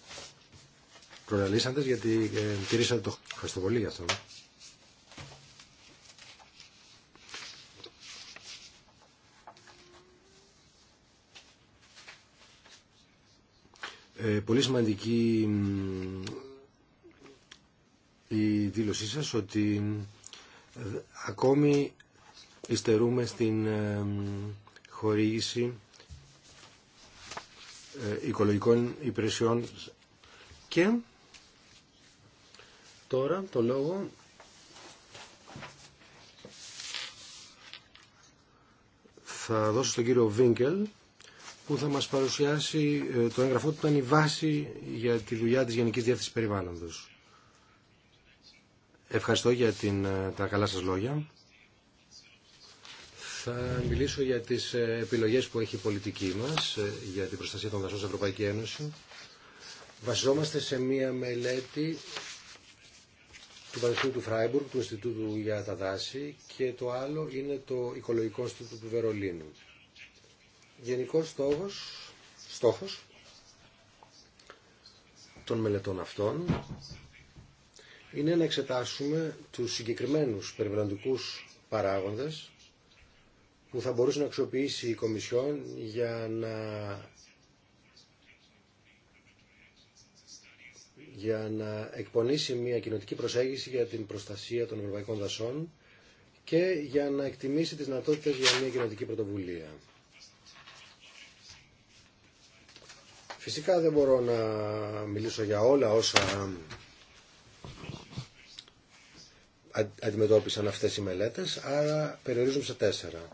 S3: προλαλήσαντες γιατί ε, τηρήσατε το Ευχαριστώ πολύ για αυτό. Ε, πολύ σημαντική η δήλωσή σας ότι ε, ακόμη υστερούμε στην ε, χορήγηση ε, οικολογικών υπηρεσιών και τώρα το λόγο θα δώσω στον κύριο Βίνκελ που θα μας παρουσιάσει ε, το έγγραφό του ήταν η βάση για τη δουλειά της Γενικής Διεύθυνσης Περιβάλλοντος. Ευχαριστώ για την, ε, τα καλά σας λόγια. Θα μιλήσω για τις ε, επιλογές που έχει η πολιτική μας για την προστασία των δασών στην Ευρωπαϊκή Ένωση. Βασιζόμαστε σε μία μελέτη του Πανεπιστημίου του Φράιμπουργκ, του Ινστιτούτου για τα Δάση και το άλλο είναι το Οικολογικό Ινστιτούτο του Βερολίνου. Γενικός στόχος, στόχος των μελετών αυτών είναι να εξετάσουμε τους συγκεκριμένους περιβαλλοντικούς παράγοντες που θα μπορούσε να αξιοποιήσει η Κομισιόν για να για να εκπονήσει μια κοινοτική προσέγγιση για την προστασία των ευρωπαϊκών δασών και για να εκτιμήσει τις δυνατότητε για μια κοινοτική πρωτοβουλία. Φυσικά δεν μπορώ να μιλήσω για όλα όσα αντιμετώπισαν αυτές οι μελέτες, άρα περιορίζουμε σε τέσσερα.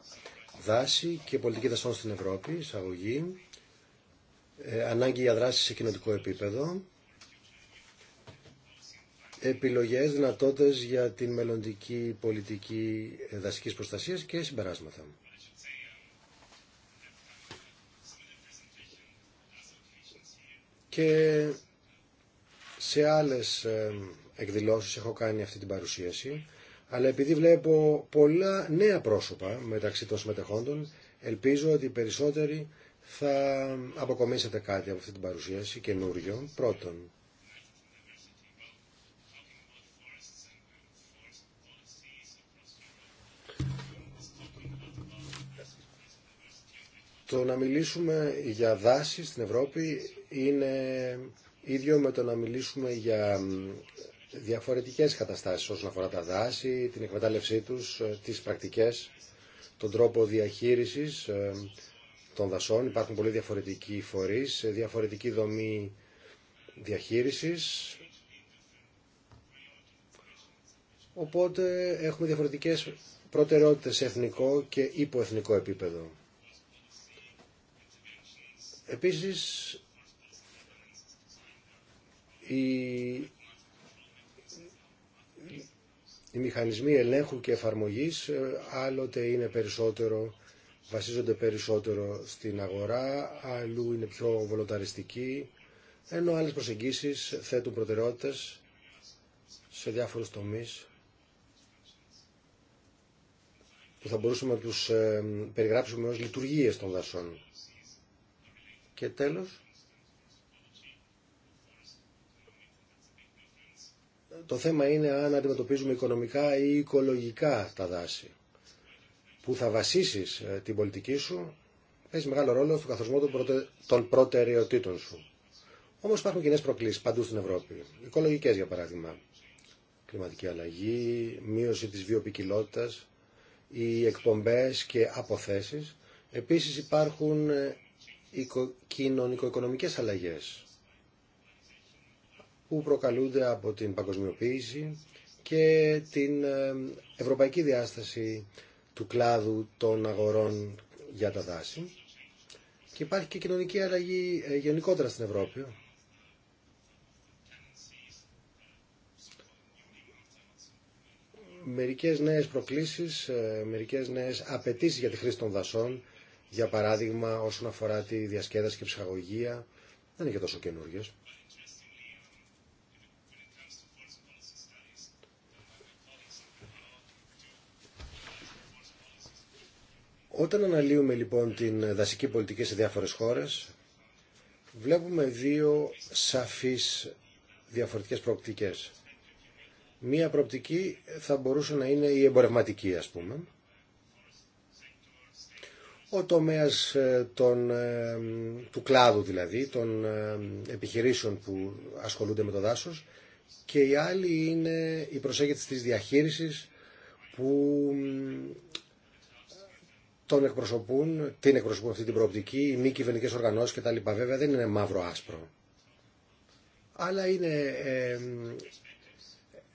S3: Δάση και πολιτική δασών στην Ευρώπη, εισαγωγή, ε, ανάγκη για δράση σε κοινοτικό επίπεδο, επιλογές, δυνατότητες για την μελλοντική πολιτική δασικής προστασίας και συμπεράσματα. Και σε άλλες ε, εκδηλώσεις έχω κάνει αυτή την παρουσίαση, αλλά επειδή βλέπω πολλά νέα πρόσωπα μεταξύ των συμμετεχόντων, ελπίζω ότι οι περισσότεροι θα αποκομίσετε κάτι από αυτή την παρουσίαση καινούριο. Πρώτον, Το να μιλήσουμε για δάση στην Ευρώπη είναι ίδιο με το να μιλήσουμε για διαφορετικές καταστάσεις όσον αφορά τα δάση, την εκμετάλλευσή τους, ε, τις πρακτικές, τον τρόπο διαχείρισης ε, των δασών. Υπάρχουν πολύ διαφορετικοί φορείς, ε, διαφορετική δομή διαχείρισης. Οπότε έχουμε διαφορετικές προτεραιότητες σε εθνικό και υποεθνικό επίπεδο. Επίσης, οι, μηχανισμοί ελέγχου και εφαρμογής ε, άλλοτε είναι περισσότερο, βασίζονται περισσότερο στην αγορά, αλλού είναι πιο βολοταριστικοί, ενώ άλλες προσεγγίσεις θέτουν προτεραιότητες σε διάφορους τομείς που θα μπορούσαμε να τους ε, περιγράψουμε ως λειτουργίες των δασών. Και τέλος, το θέμα είναι αν αντιμετωπίζουμε οικονομικά ή οικολογικά τα δάση. Που θα βασίσεις ε, την πολιτική σου, παίζει μεγάλο ρόλο στον καθορισμό των προτεραιοτήτων σου. Όμω υπάρχουν κοινέ προκλήσει παντού στην Ευρώπη. Οικολογικέ, για παράδειγμα. Κλιματική αλλαγή, μείωση τη βιοπικιλότητα, οι εκπομπέ και αποθέσει. Επίση υπάρχουν ε, κοινωνικο-οικονομικές αλλαγές που προκαλούνται από την παγκοσμιοποίηση και την ε, ευρωπαϊκή διάσταση του κλάδου των αγορών για τα δάση. Και υπάρχει και κοινωνική αλλαγή ε, γενικότερα στην Ευρώπη. Μερικές νέες προκλήσεις, ε, μερικές νέες απαιτήσεις για τη χρήση των δασών για παράδειγμα όσον αφορά τη διασκέδαση και ψυχαγωγία, δεν είναι και τόσο καινούργιες. Όταν αναλύουμε λοιπόν την δασική πολιτική σε διάφορες χώρες, βλέπουμε δύο σαφείς διαφορετικές προοπτικές. Μία προοπτική θα μπορούσε να είναι η εμπορευματική ας πούμε, ο τομέας ε, των, ε, του κλάδου δηλαδή, των ε, επιχειρήσεων που ασχολούνται με το δάσος και η άλλη είναι η προσέγγιση της διαχείρισης που τον εκπροσωπούν, την εκπροσωπούν αυτή την προοπτική, οι μη κυβερνικέ οργανώσεις κτλ. Βέβαια δεν είναι μαύρο-άσπρο. Αλλά είναι ε,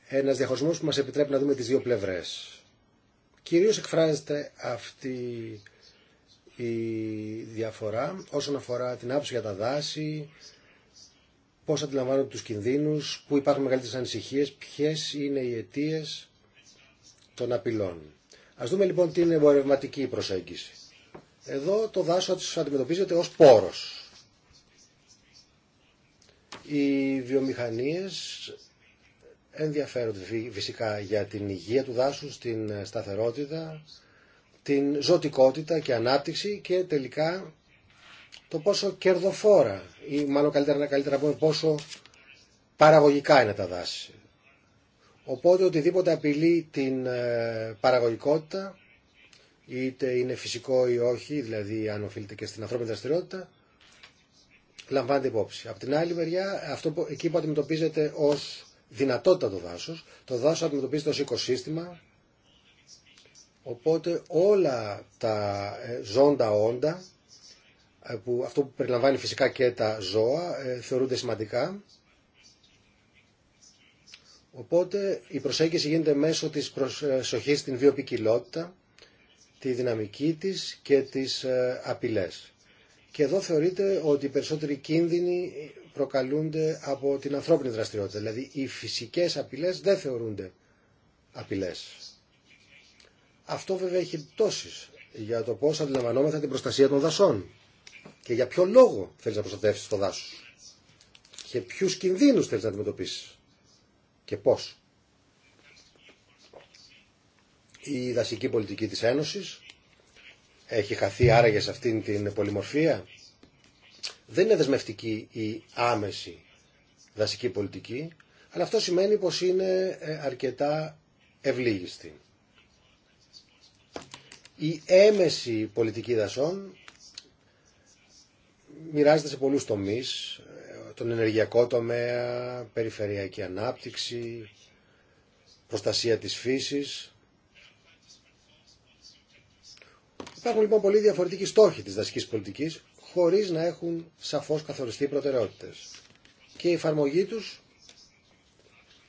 S3: ένας διαχωρισμός που μας επιτρέπει να δούμε τις δύο πλευρές. Κυρίως εκφράζεται αυτή η διαφορά όσον αφορά την άποψη για τα δάση, πώς αντιλαμβάνονται τους κινδύνους, πού υπάρχουν μεγαλύτερες ανησυχίες, ποιες είναι οι αιτίε των απειλών. Ας δούμε λοιπόν είναι εμπορευματική προσέγγιση. Εδώ το δάσος αντιμετωπίζεται ως πόρος. Οι βιομηχανίες ενδιαφέρονται φυσικά για την υγεία του δάσους, την σταθερότητα, την ζωτικότητα και ανάπτυξη και τελικά το πόσο κερδοφόρα ή μάλλον καλύτερα να καλύτερα πούμε πόσο παραγωγικά είναι τα δάση. Οπότε οτιδήποτε απειλεί την ε, παραγωγικότητα είτε είναι φυσικό ή όχι, δηλαδή αν οφείλεται και στην ανθρώπινη δραστηριότητα, λαμβάνεται υπόψη. Από την άλλη μεριά, αυτό που, εκεί που αντιμετωπίζεται ως δυνατότητα το δάσος, το δάσος αντιμετωπίζεται ως οικοσύστημα, Οπότε όλα τα ε, ζώντα όντα, ε, που αυτό που περιλαμβάνει φυσικά και τα ζώα, ε, θεωρούνται σημαντικά. Οπότε η προσέγγιση γίνεται μέσω της προσοχής στην βιοπικιλότητα, τη δυναμική της και τις απειλές. Και εδώ θεωρείται ότι οι περισσότεροι κίνδυνοι προκαλούνται από την ανθρώπινη δραστηριότητα. Δηλαδή οι φυσικές απειλές δεν θεωρούνται απειλές. Αυτό βέβαια έχει επιπτώσει για το πώ αντιλαμβανόμεθα την προστασία των δασών. Και για ποιο λόγο θέλει να προστατεύσει το δάσο. Και ποιου κινδύνου θέλει να αντιμετωπίσει. Και πώ. Η δασική πολιτική της Ένωσης έχει χαθεί άραγε σε αυτήν την πολυμορφία. Δεν είναι δεσμευτική η άμεση δασική πολιτική, αλλά αυτό σημαίνει πως είναι ε, αρκετά ευλίγιστη. Η έμεση πολιτική δασών μοιράζεται σε πολλούς τομείς, τον ενεργειακό τομέα, περιφερειακή ανάπτυξη, προστασία της φύσης. Υπάρχουν λοιπόν πολύ διαφορετικοί στόχοι της δασικής πολιτικής, χωρίς να έχουν σαφώς καθοριστεί προτεραιότητες. Και η εφαρμογή τους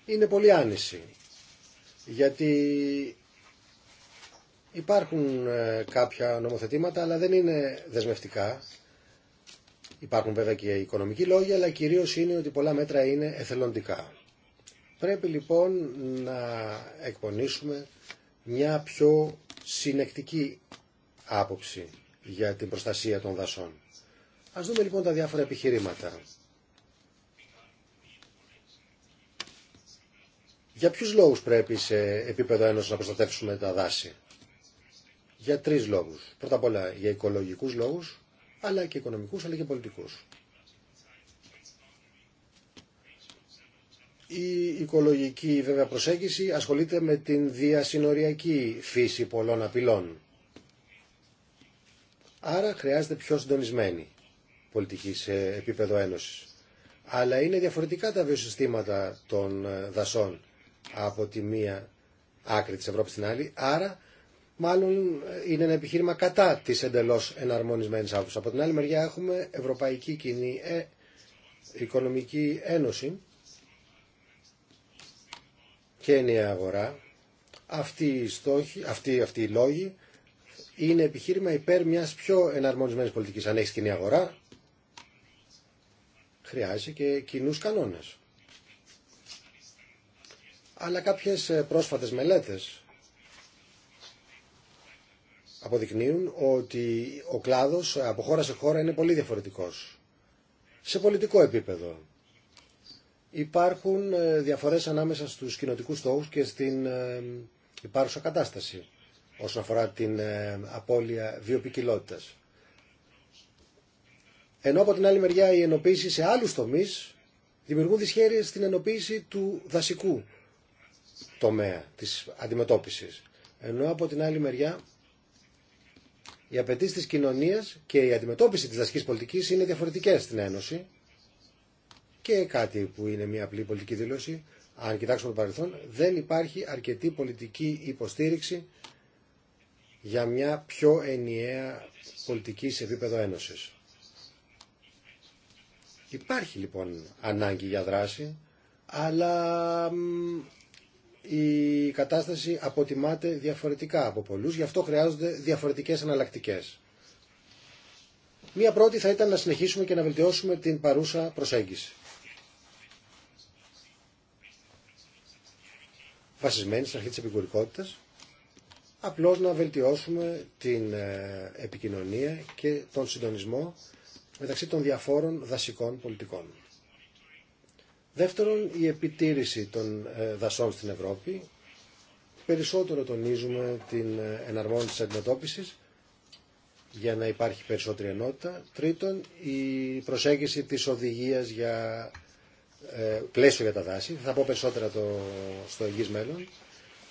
S3: είναι πολύ άνηση, γιατί Υπάρχουν ε, κάποια νομοθετήματα, αλλά δεν είναι δεσμευτικά. Υπάρχουν βέβαια και οικονομικοί λόγοι, αλλά κυρίως είναι ότι πολλά μέτρα είναι εθελοντικά. Πρέπει λοιπόν να εκπονήσουμε μια πιο συνεκτική άποψη για την προστασία των δασών. Ας δούμε λοιπόν τα διάφορα επιχειρήματα. Για ποιους λόγους πρέπει σε επίπεδο ένωση να προστατεύσουμε τα δάση για τρεις λόγους. Πρώτα απ' όλα για οικολογικούς λόγους, αλλά και οικονομικούς, αλλά και πολιτικούς. Η οικολογική βέβαια προσέγγιση ασχολείται με την διασυνοριακή φύση πολλών απειλών. Άρα χρειάζεται πιο συντονισμένη πολιτική σε επίπεδο ένωσης. Αλλά είναι διαφορετικά τα βιοσυστήματα των δασών από τη μία άκρη της Ευρώπης στην άλλη, άρα μάλλον ε, είναι ένα επιχείρημα κατά της εντελώ εναρμονισμένης άποψης. Από την άλλη μεριά έχουμε Ευρωπαϊκή Κοινή ε, Οικονομική Ένωση και ενιαία αγορά. Αυτοί οι, στόχοι, αυτοί, οι λόγοι είναι επιχείρημα υπέρ μια πιο εναρμονισμένης πολιτική. Αν έχει κοινή αγορά, χρειάζεται και κοινού κανόνε. Αλλά κάποιες ε, πρόσφατες μελέτες αποδεικνύουν ότι ο κλάδος από χώρα σε χώρα είναι πολύ διαφορετικός. Σε πολιτικό επίπεδο υπάρχουν ε, διαφορές ανάμεσα στους κοινοτικούς στόχους και στην ε, υπάρχουσα κατάσταση όσον αφορά την ε, απώλεια βιοπικιλότητας. Ενώ από την άλλη μεριά οι ενοποίηση σε άλλους τομείς δημιουργούν δυσχέρειες στην ενοποίηση του δασικού τομέα της αντιμετώπισης. Ενώ από την άλλη μεριά οι απαιτήσει τη κοινωνία και η αντιμετώπιση τη δασική πολιτική είναι διαφορετικέ στην Ένωση. Και κάτι που είναι μια απλή πολιτική δήλωση, αν κοιτάξουμε το παρελθόν, δεν υπάρχει αρκετή πολιτική υποστήριξη για μια πιο ενιαία πολιτική σε επίπεδο Ένωση. Υπάρχει λοιπόν ανάγκη για δράση, αλλά η κατάσταση αποτιμάται διαφορετικά από πολλούς, γι' αυτό χρειάζονται διαφορετικές αναλλακτικές. Μία πρώτη θα ήταν να συνεχίσουμε και να βελτιώσουμε την παρούσα προσέγγιση. Βασισμένη στην αρχή της επικουρικότητας, απλώς να βελτιώσουμε την ε, επικοινωνία και τον συντονισμό μεταξύ των διαφόρων δασικών πολιτικών. Δεύτερον, η επιτήρηση των ε, δασών στην Ευρώπη. Περισσότερο τονίζουμε την ε, εναρμόνιση της αντιμετώπισης για να υπάρχει περισσότερη ενότητα. Τρίτον, η προσέγγιση της οδηγίας για ε, πλαίσιο για τα δάση. Θα πω περισσότερα το, στο εγγύς μέλλον.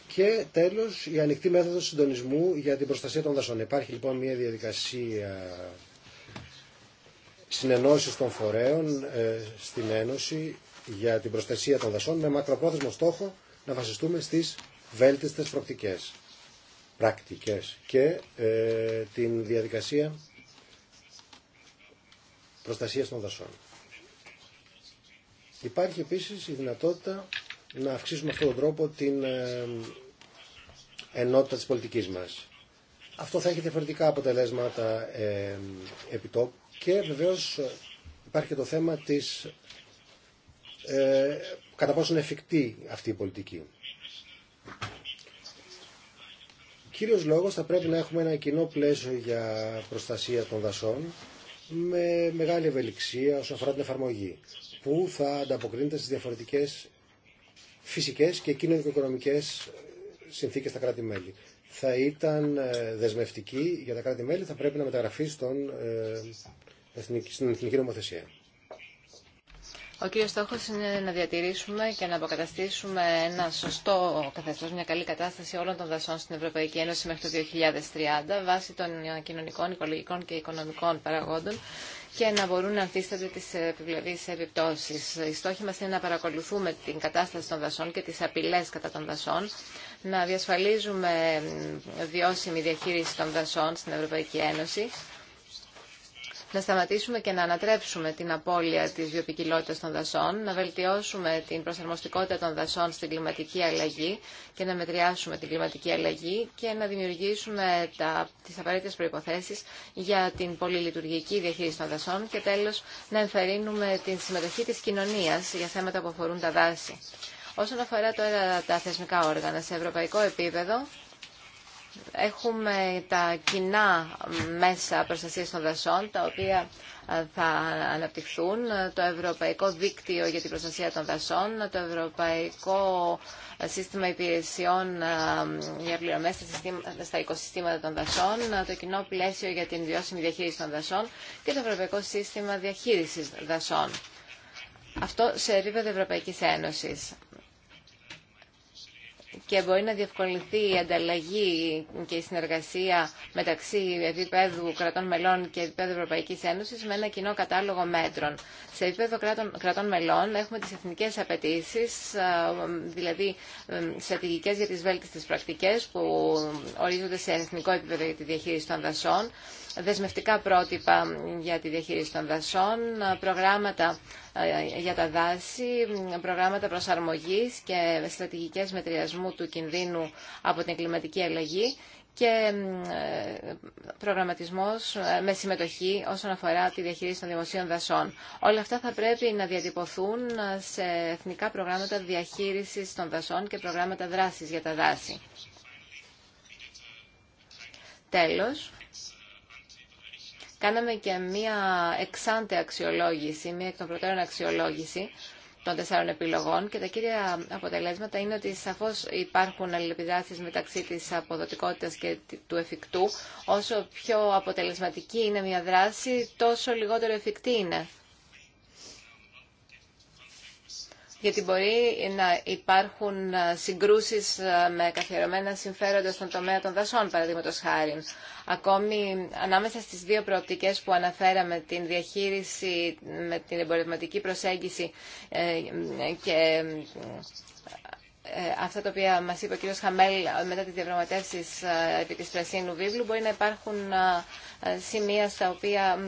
S3: Και τέλος, η ανοιχτή μέθοδος συντονισμού για την προστασία των δασών. Υπάρχει λοιπόν μια διαδικασία συνενώσεις των φορέων στην Ένωση για την προστασία των δασών με μακροπρόθεσμο στόχο να βασιστούμε στις βέλτιστες πρακτικές και ε, την διαδικασία προστασίας των δασών. Υπάρχει επίσης η δυνατότητα να αυξήσουμε αυτόν τον τρόπο την ε, ενότητα της πολιτικής μας. Αυτό θα έχει διαφορετικά αποτελέσματα ε, επιτόπου και βεβαίως ε, υπάρχει και το θέμα της ε, κατά πόσο είναι εφικτή αυτή η πολιτική. Κύριος λόγος θα πρέπει να έχουμε ένα κοινό πλαίσιο για προστασία των δασών με μεγάλη ευελιξία όσον αφορά την εφαρμογή που θα ανταποκρίνεται στις διαφορετικές φυσικές και κοινωνικο-οικονομικές συνθήκες στα κράτη-μέλη. Θα ήταν ε, δεσμευτική για τα κράτη-μέλη, θα πρέπει να μεταγραφεί στον, ε, στην εθνική νομοθεσία.
S4: Ο κύριος στόχος είναι να διατηρήσουμε και να αποκαταστήσουμε ένα σωστό καθεστώς, μια καλή κατάσταση όλων των δασών στην Ευρωπαϊκή Ένωση μέχρι το 2030 βάσει των κοινωνικών, οικολογικών και οικονομικών παραγόντων και να μπορούν να αντίσταται τις επιβλαβείς επιπτώσεις. Η στόχη μας είναι να παρακολουθούμε την κατάσταση των δασών και τις απειλές κατά των δασών, να διασφαλίζουμε βιώσιμη διαχείριση των δασών στην Ευρωπαϊκή Ένωση να σταματήσουμε και να ανατρέψουμε την απώλεια της βιοπικιλότητας των δασών, να βελτιώσουμε την προσαρμοστικότητα των δασών στην κλιματική αλλαγή και να μετριάσουμε την κλιματική αλλαγή και να δημιουργήσουμε τα, τις απαραίτητες προϋποθέσεις για την πολυλειτουργική διαχείριση των δασών και τέλος να ενθαρρύνουμε την συμμετοχή της κοινωνίας για θέματα που αφορούν τα δάση. Όσον αφορά τώρα τα θεσμικά όργανα, σε ευρωπαϊκό επίπεδο, Έχουμε τα κοινά μέσα προστασίας των δασών, τα οποία ε, θα αναπτυχθούν, το Ευρωπαϊκό Δίκτυο για την Προστασία των Δασών, το Ευρωπαϊκό Σύστημα Υπηρεσιών ε, για πληρωμές στα οικοσυστήματα των δασών, το Κοινό Πλαίσιο για την Βιώσιμη Διαχείριση των Δασών και το Ευρωπαϊκό Σύστημα Διαχείρισης Δασών. Αυτό σε επίπεδο Ευρωπαϊκής Ένωσης και μπορεί να διευκολυνθεί η ανταλλαγή και η συνεργασία μεταξύ επίπεδου κρατών μελών και επίπεδου Ευρωπαϊκής Ένωσης με ένα κοινό κατάλογο μέτρων. Σε επίπεδο κρατών, μελών έχουμε τις εθνικές απαιτήσει, δηλαδή στρατηγικέ για τις βέλτιστες πρακτικές που ορίζονται σε εθνικό επίπεδο για τη διαχείριση των δασών δεσμευτικά πρότυπα για τη διαχείριση των δασών, προγράμματα ε, για τα δάση, προγράμματα προσαρμογής και στρατηγικές μετριασμού του κινδύνου από την κλιματική αλλαγή και ε, προγραμματισμός ε, με συμμετοχή όσον αφορά τη διαχείριση των δημοσίων δασών. Όλα αυτά θα πρέπει να διατυπωθούν σε εθνικά προγράμματα διαχείρισης των δασών και προγράμματα δράσης για τα δάση. Τέλος, κάναμε και μία εξάντε αξιολόγηση, μία εκ των προτέρων αξιολόγηση των τεσσάρων επιλογών και τα κύρια αποτελέσματα είναι ότι σαφώς υπάρχουν αλληλεπιδράσεις μεταξύ της αποδοτικότητας και του εφικτού. Όσο πιο αποτελεσματική είναι μια δράση, τόσο λιγότερο εφικτή είναι. γιατί μπορεί να υπάρχουν ε, συγκρούσεις ε, με καθιερωμένα συμφέροντα στον τομέα των δασών, παραδείγματο χάρη. Ακόμη, ανάμεσα στι δύο προοπτικέ που αναφέραμε, την διαχείριση με την εμπορευματική προσέγγιση ε, και αυτά τα οποία μας είπε ο κ. Χαμέλ μετά τις διαπραγματεύσεις επί της Πρασίνου Βίβλου μπορεί να υπάρχουν σημεία στα οποία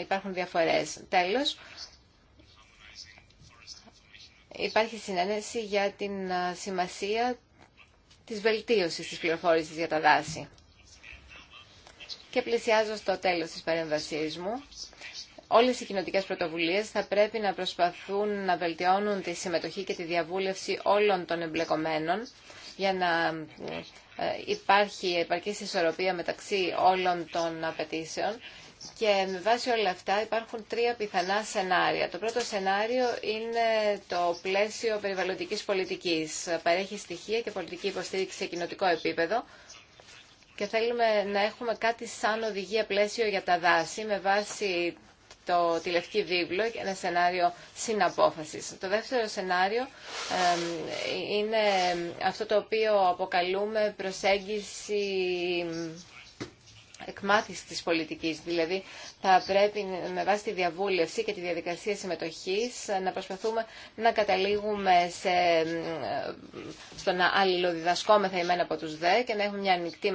S4: υπάρχουν διαφορές. Τέλος, υπάρχει συνένεση για την σημασία της βελτίωσης της πληροφόρησης για τα δάση. Και πλησιάζω στο τέλος της παρέμβασής μου. Όλες οι κοινοτικές πρωτοβουλίες θα πρέπει να προσπαθούν να βελτιώνουν τη συμμετοχή και τη διαβούλευση όλων των εμπλεκομένων για να ε, υπάρχει επαρκής ισορροπία μεταξύ όλων των απαιτήσεων και με βάση όλα αυτά υπάρχουν τρία πιθανά σενάρια. Το πρώτο σενάριο είναι το πλαίσιο περιβαλλοντικής πολιτικής. Παρέχει στοιχεία και πολιτική υποστήριξη σε κοινοτικό επίπεδο και θέλουμε να έχουμε κάτι σαν οδηγία πλαίσιο για τα δάση με βάση το, τη Λευκή Βίβλο και ένα σενάριο συναπόφασης. Το δεύτερο σενάριο είναι αυτό το οποίο αποκαλούμε προσέγγιση εκμάθηση της πολιτικής. Δηλαδή θα πρέπει με βάση τη διαβούλευση και τη διαδικασία συμμετοχής να προσπαθούμε να καταλήγουμε σε, στο να αλληλοδιδασκόμεθα ημένα από τους ΔΕ και να έχουμε μια ανοιχτή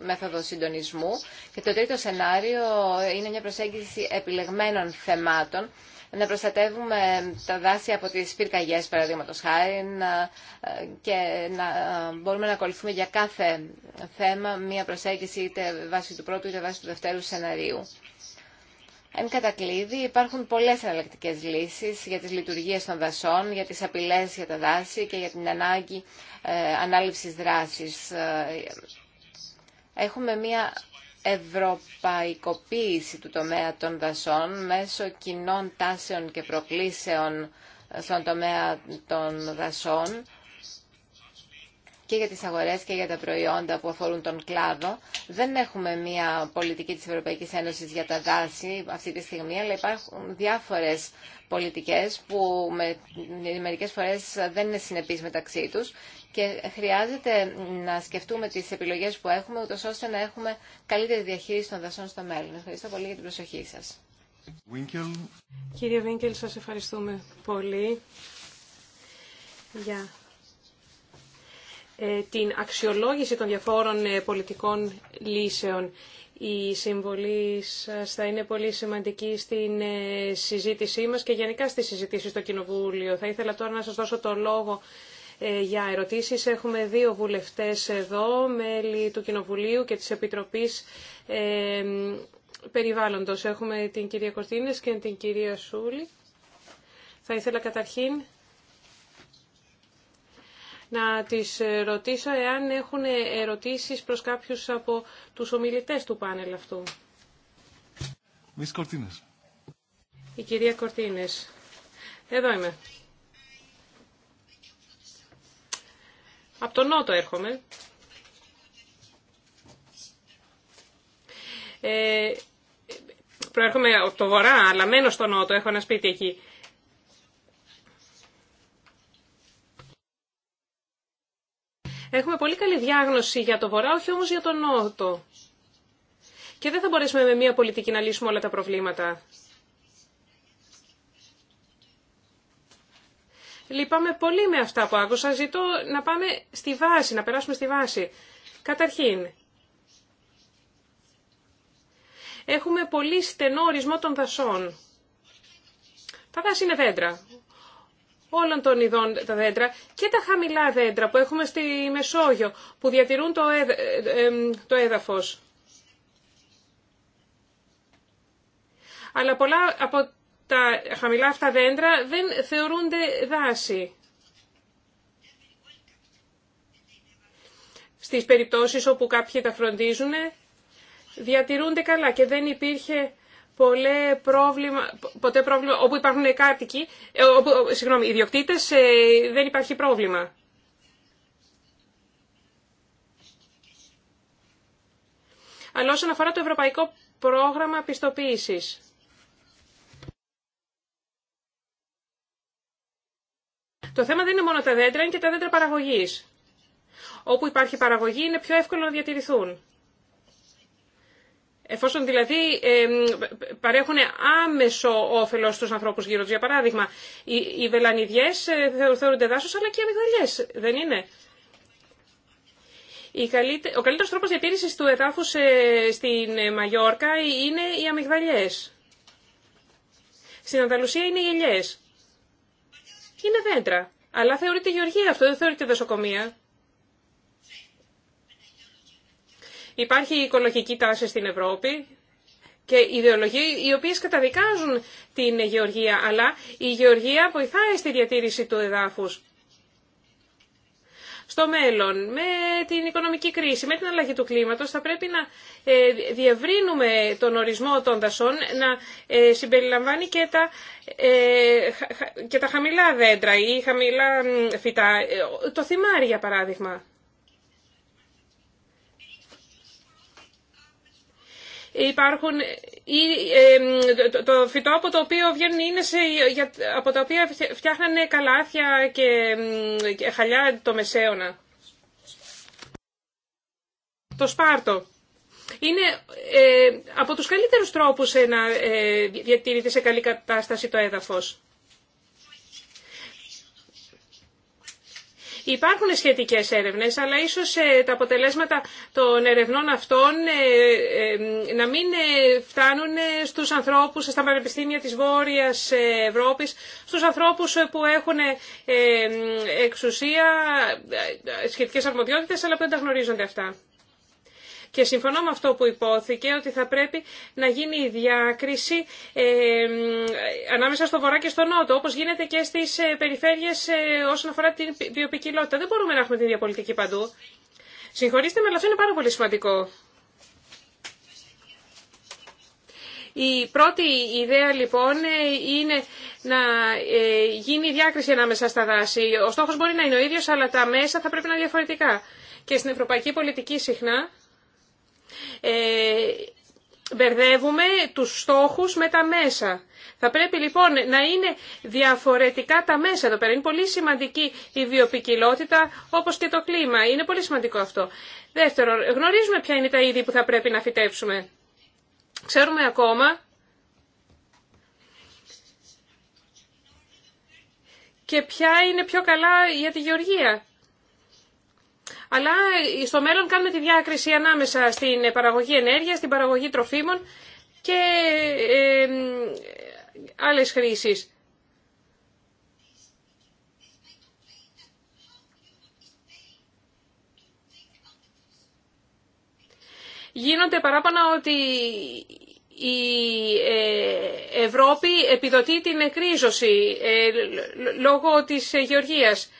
S4: μέθοδο συντονισμού. Και το τρίτο σενάριο είναι μια προσέγγιση επιλεγμένων θεμάτων να προστατεύουμε τα δάση από τις πυρκαγιές, παραδείγματο χάρη, και να μπορούμε να ακολουθούμε για κάθε θέμα μία προσέγγιση είτε βάσει του πρώτου είτε βάσει του δευτέρου σεναρίου. Εν κατακλείδη, υπάρχουν πολλές εναλλακτικέ λύσεις για τις λειτουργίες των δασών, για τις απειλές για τα δάση και για την ανάγκη ε, ανάληψης δράσης. Ε, έχουμε μία ευρωπαϊκοποίηση του τομέα των δασών μέσω κοινών τάσεων και προκλήσεων στον τομέα των δασών και για τις αγορές και για τα προϊόντα που αφορούν τον κλάδο. Δεν έχουμε μια πολιτική της Ευρωπαϊκής Ένωσης για τα δάση αυτή τη στιγμή, αλλά υπάρχουν διάφορες πολιτικές που με, μερικές φορές δεν είναι συνεπείς μεταξύ τους και χρειάζεται να σκεφτούμε τις επιλογές που έχουμε, ούτως ώστε να έχουμε καλύτερη διαχείριση των δασών στο μέλλον. Ευχαριστώ πολύ για την προσοχή σας. Κύριε Βίνκελ, σας ευχαριστούμε πολύ
S5: ε, την αξιολόγηση των διαφόρων ε, πολιτικών λύσεων. Η συμβολή σας θα είναι πολύ σημαντική στην ε, συζήτησή μας και γενικά στη συζήτηση στο Κοινοβούλιο. Θα ήθελα τώρα να σας δώσω το λόγο για ερωτήσεις. Έχουμε δύο βουλευτές εδώ, μέλη του Κοινοβουλίου και της Επιτροπής Περιβάλλοντος. Έχουμε την κυρία Κορτίνες και την κυρία Σούλη. Θα ήθελα καταρχήν να τις ρωτήσω εάν έχουν ερωτήσεις προς κάποιους από τους ομιλητές του πάνελ αυτού. Η κυρία Κορτίνες. Εδώ είμαι. Από τον Νότο έρχομαι. Ε, προέρχομαι από το Βορρά, αλλά μένω στο Νότο, έχω ένα σπίτι εκεί. Έχουμε πολύ καλή διάγνωση για το βορρά, όχι όμως για τον νότο. Και δεν θα μπορέσουμε με μία πολιτική να λύσουμε όλα τα προβλήματα. Λυπάμαι πολύ με αυτά που άκουσα. Ζητώ να πάμε στη βάση, να περάσουμε στη βάση. Καταρχήν, έχουμε πολύ στενό ορισμό των δασών. Τα δάση είναι δέντρα όλων των ειδών τα δέντρα και τα χαμηλά δέντρα που έχουμε στη Μεσόγειο, που διατηρούν ε, ε, το, έδαφος. Αλλά πολλά από τα χαμηλά αυτά δέντρα δεν θεωρούνται δάση. Στις περιπτώσεις όπου κάποιοι τα φροντίζουν, διατηρούνται καλά και δεν υπήρχε πολλέ πρόβλημα, ποτέ πρόβλημα, όπου υπάρχουν κάτοικοι, ε, όπου, συγγνώμη, ιδιοκτήτες, ε, δεν υπάρχει πρόβλημα. Αλλά όσον αφορά το Ευρωπαϊκό Πρόγραμμα Πιστοποίησης. Το θέμα δεν είναι μόνο τα δέντρα, είναι και τα δέντρα παραγωγής. Όπου υπάρχει παραγωγή είναι πιο εύκολο να διατηρηθούν. Εφόσον δηλαδή παρέχουν άμεσο όφελο στου ανθρώπου γύρω τους. Για παράδειγμα, οι βελανιδιές ε, θεωρούνται δάσος αλλά και οι αμυγδαλιέ, δεν είναι. Ο καλύτερο τρόπο διατήρηση του εδάφους ε, στην ε, Μαγιόρκα είναι οι αμυγδαλιέ. Στην Ανταλουσία είναι οι ελιέ. Είναι δέντρα. Αλλά θεωρείται γεωργία αυτό, δεν θεωρείται δασοκομεία. Υπάρχει η οικολογική τάση στην Ευρώπη και ιδεολογίε οι οποίες καταδικάζουν την γεωργία, αλλά η γεωργία βοηθάει στη διατήρηση του εδάφους. Στο μέλλον, με την οικονομική κρίση, με την αλλαγή του κλίματος, θα πρέπει να ε, διευρύνουμε τον ορισμό των δασών, να ε, συμπεριλαμβάνει και τα, ε, και τα χαμηλά δέντρα ή χαμηλά φυτά, το θυμάρι για παράδειγμα. υπάρχουν ή, το φυτό από το οποίο βγαίνουν είναι σε, από τα οποία φτιάχνανε καλάθια και, και χαλιά το μεσαίωνα. Το σπάρτο. Είναι ε, από τους καλύτερους τρόπους ε, να ε, διατηρείται σε καλή κατάσταση το έδαφος. Υπάρχουν σχετικές έρευνες, αλλά ίσως ε, τα αποτελέσματα των ερευνών αυτών ε, ε, να μην φτάνουν στους ανθρώπους στα πανεπιστήμια της Βόρειας Ευρώπης, στους ανθρώπους που έχουν εξουσία, σχετικές αρμοδιότητες, αλλά που δεν τα γνωρίζονται αυτά. Και συμφωνώ με αυτό που υπόθηκε ότι θα πρέπει να γίνει η διάκριση ε, ανάμεσα στο βορρά και στο νότο, όπως γίνεται και στις ε, περιφέρειες ε, όσον αφορά την βιοπικιλότητα. Δεν μπορούμε να έχουμε την ίδια πολιτική παντού. Συγχωρήστε με, αλλά αυτό είναι πάρα πολύ σημαντικό. Η πρώτη ιδέα λοιπόν ε, είναι να γίνει η διάκριση ανάμεσα στα δάση. Ο στόχος μπορεί να είναι ο ίδιος, αλλά τα μέσα θα πρέπει να είναι διαφορετικά. Και στην ευρωπαϊκή πολιτική συχνά ε, μπερδεύουμε τους στόχους με τα μέσα. Θα πρέπει λοιπόν να είναι διαφορετικά τα μέσα εδώ πέρα. Είναι πολύ σημαντική η βιοπικιλότητα όπως και το κλίμα. Είναι πολύ σημαντικό αυτό. Δεύτερον, γνωρίζουμε ποια είναι τα είδη που θα πρέπει να φυτέψουμε. Ξέρουμε ακόμα και ποια είναι πιο καλά για τη γεωργία αλλά στο μέλλον κάνουμε τη διάκριση ανάμεσα στην παραγωγή ενέργειας, στην παραγωγή τροφίμων και ε, άλλες χρήσεις. Γίνονται παράπονα ότι η ε, Ευρώπη επιδοτεί την εκρίζωση ε, λόγω της ε, γεωργίας.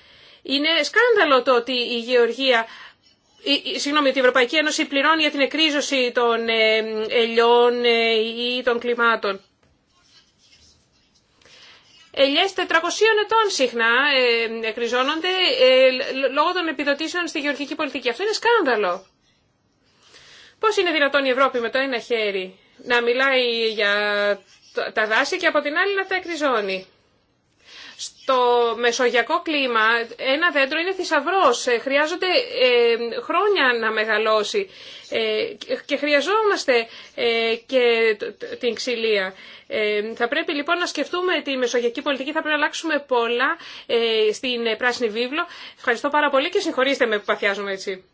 S5: Είναι σκάνδαλο το ότι η Γεωργία συγγνώμη, Ευρωπαϊκή Ένωση πληρώνει για την εκρίζωση των ε, ελιών ε, ή των κλιμάτων. Ελιές 400 ετών συχνά ε, εκριζώνονται λόγω των επιδοτήσεων στη γεωργική πολιτική. Αυτό είναι σκάνδαλο. Πώς είναι δυνατόν η Ευρώπη με το ένα χέρι να μιλάει για τα δάση και από την άλλη να τα εκριζώνει. Στο μεσογειακό κλίμα ένα δέντρο είναι θησαυρό. Ε, χρειάζονται ε, χρόνια να μεγαλώσει ε, και χρειαζόμαστε και την ξυλία. Θα πρέπει λοιπόν να σκεφτούμε τη μεσογειακή πολιτική. Θα πρέπει να αλλάξουμε πολλά στην Πράσινη Βίβλο. Ευχαριστώ πάρα πολύ και συγχωρήστε με που παθιάζομαι έτσι.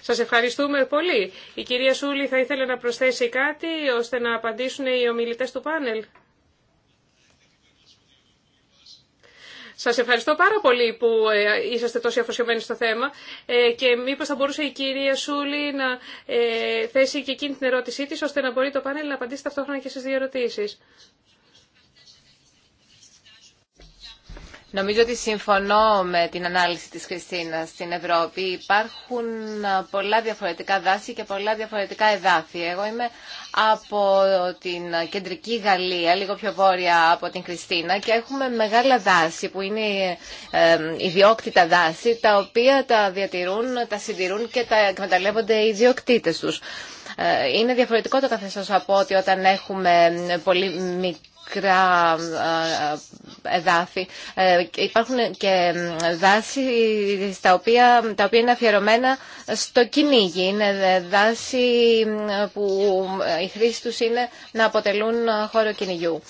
S5: Σας ευχαριστούμε πολύ. Η κυρία Σούλη θα ήθελε να προσθέσει κάτι ώστε να απαντήσουν οι ομιλητές του πάνελ. Σα ευχαριστώ πάρα πολύ που ε, είσαστε τόσο αφοσιωμένοι στο θέμα ε, και μήπω θα μπορούσε η κυρία Σούλη να ε, θέσει και εκείνη την ερώτησή τη, ώστε να μπορεί το πάνελ να απαντήσει ταυτόχρονα και στι δύο ερωτήσει.
S4: Νομίζω ότι συμφωνώ με την ανάλυση της Χριστίνας στην Ευρώπη. Υπάρχουν πολλά διαφορετικά δάση και πολλά διαφορετικά εδάφη. Εγώ είμαι από την κεντρική Γαλλία, λίγο πιο βόρεια από την Χριστίνα και έχουμε μεγάλα δάση που είναι ιδιόκτητα δάση, τα οποία τα διατηρούν, τα συντηρούν και τα εκμεταλλεύονται οι ιδιοκτήτες τους. Ε, είναι διαφορετικό το καθεστώς από ότι όταν έχουμε πολύ μικρή ε, ε, εδάφη. Ε, υπάρχουν και δάση στα οποία, τα οποία είναι αφιερωμένα στο κυνήγι. Είναι δάση που η χρήση τους είναι να αποτελούν χώρο κυνηγιού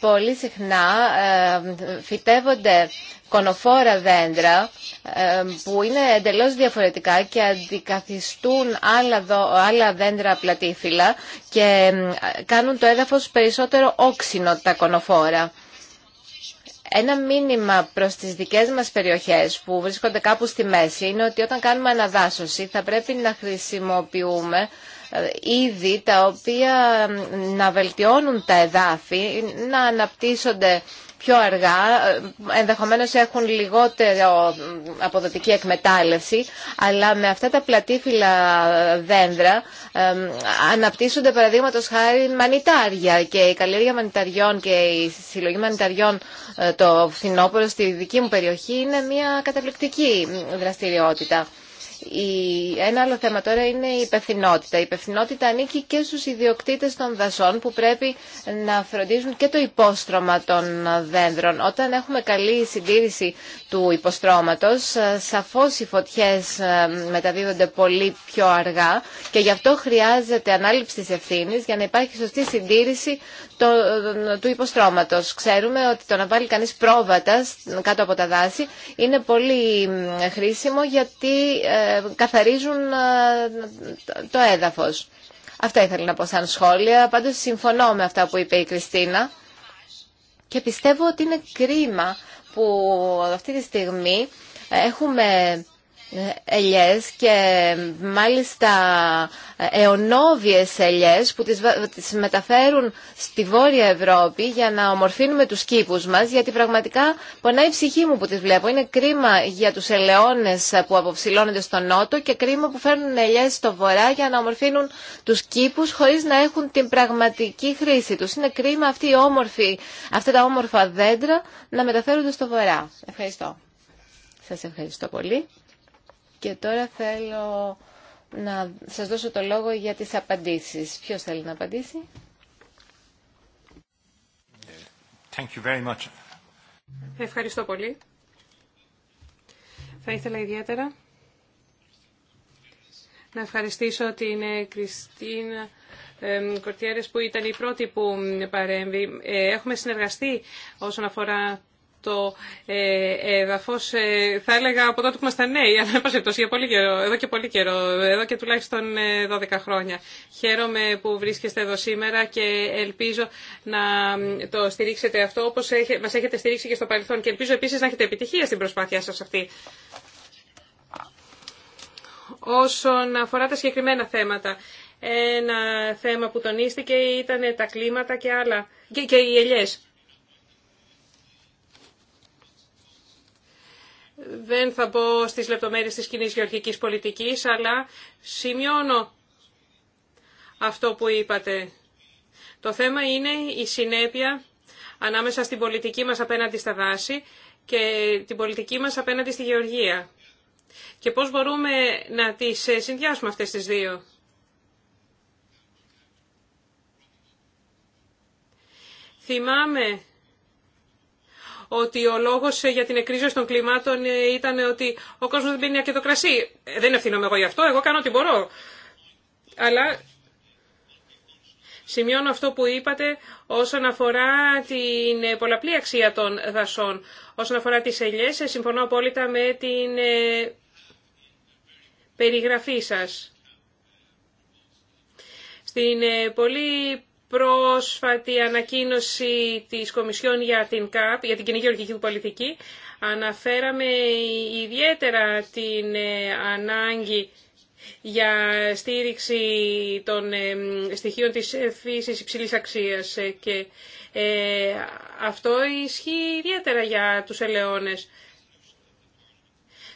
S4: πολύ συχνά ε, φυτεύονται κονοφόρα δέντρα ε, που είναι εντελώς διαφορετικά και αντικαθιστούν άλλα δέντρα πλατήφυλλα και ε, κάνουν το έδαφος περισσότερο όξινο τα κονοφόρα. Ένα μήνυμα προς τις δικές μας περιοχές που βρίσκονται κάπου στη μέση είναι ότι όταν κάνουμε αναδάσωση θα πρέπει να χρησιμοποιούμε είδη τα οποία να βελτιώνουν τα εδάφη, να αναπτύσσονται πιο αργά, ε, ενδεχομένως έχουν λιγότερο αποδοτική εκμετάλλευση, αλλά με αυτά τα πλατήφυλλα δέντρα ε, αναπτύσσονται παραδείγματος χάρη μανιτάρια και η καλλιέργεια μανιταριών και η συλλογή μανιταριών ε, το φθινόπωρο στη δική μου περιοχή είναι μια καταπληκτική δραστηριότητα. Ένα άλλο θέμα τώρα είναι η υπευθυνότητα. Η υπευθυνότητα ανήκει και στους ιδιοκτήτες των δασών που πρέπει να φροντίζουν και το υπόστρωμα των δέντρων. Όταν έχουμε καλή συντήρηση του υποστρώματος, ε, σαφώς οι φωτιές ε, μεταδίδονται πολύ πιο αργά και γι' αυτό χρειάζεται ανάληψη της ευθύνη για να υπάρχει σωστή συντήρηση ε, του υποστρώματος. Ξέρουμε ότι το να βάλει κανείς πρόβατα κάτω από τα δάση είναι πολύ χρήσιμο γιατί καθαρίζουν ε, το έδαφος. Αυτά ήθελα να πω σαν σχόλια. Πάντως συμφωνώ με αυτά που είπε η Κριστίνα και πιστεύω ότι είναι κρίμα που αυτή τη στιγμή έχουμε ε, ελιές και μάλιστα αιωνόβιες ελιές που τις, μεταφέρουν στη Βόρεια Ευρώπη για να ομορφύνουμε τους κήπους μας γιατί πραγματικά πονάει η ψυχή μου που τις βλέπω. Είναι κρίμα για τους ελαιώνες που αποψηλώνονται στο νότο και κρίμα που φέρνουν ελιές στο βορρά για να ομορφύνουν τους κήπους χωρίς να έχουν την πραγματική χρήση τους. Είναι κρίμα αυτή η όμορφη, αυτά τα όμορφα δέντρα να μεταφέρονται στο βορρά. Ευχαριστώ. Σας ευχαριστώ πολύ. Και τώρα θέλω να σας δώσω το λόγο για τις απαντήσεις. Ποιος θέλει να απαντήσει?
S2: very
S5: Ευχαριστώ πολύ. Θα ήθελα ιδιαίτερα να ευχαριστήσω την ε, Κριστίνα ε, Κορτιέρες που ήταν η πρώτη που παρέμβει. Ε, έχουμε συνεργαστεί όσον αφορά το ε, ε, θα έλεγα από τότε που ήμασταν νέοι, αλλά για πολύ καιρό, εδώ και πολύ καιρό, εδώ και τουλάχιστον 12 ε, χρόνια. Χαίρομαι που βρίσκεστε εδώ σήμερα και ελπίζω να το στηρίξετε αυτό όπως μας έχετε στηρίξει και στο παρελθόν και ελπίζω επίσης να έχετε επιτυχία στην προσπάθειά σας αυτή. Όσον αφορά τα συγκεκριμένα θέματα, ένα θέμα που τονίστηκε ήταν τα κλίματα και, άλλα, και, και οι ελιές. Δεν θα μπω στις λεπτομέρειες της κοινή γεωργικής πολιτικής, αλλά σημειώνω αυτό που είπατε. Το θέμα είναι η συνέπεια ανάμεσα στην πολιτική μας απέναντι στα δάση και την πολιτική μας απέναντι στη γεωργία. Και πώς μπορούμε να τις ε, συνδυάσουμε αυτές τις δύο. Θυμάμαι ότι ο λόγος για την εκκρίζωση των κλιμάτων ήταν ότι ο κόσμος δεν πίνει αρκετό κρασί. Ε, δεν ευθύνομαι εγώ γι' αυτό, εγώ κάνω ό,τι μπορώ. Αλλά σημειώνω αυτό που είπατε όσον αφορά την πολλαπλή αξία των δασών. Όσον αφορά τις ελιές, ε, συμφωνώ απόλυτα με την ε, περιγραφή σας. Στην πολύ πρόσφατη ανακοίνωση της Κομισιόν για την ΚΑΠ, για την Κοινή Γεωργική Πολιτική, αναφέραμε ιδιαίτερα την ε, ανάγκη για στήριξη των ε, στοιχείων της ε, φύσης υψηλής αξίας και αυτό ισχύει ιδιαίτερα για τους ελαιώνες.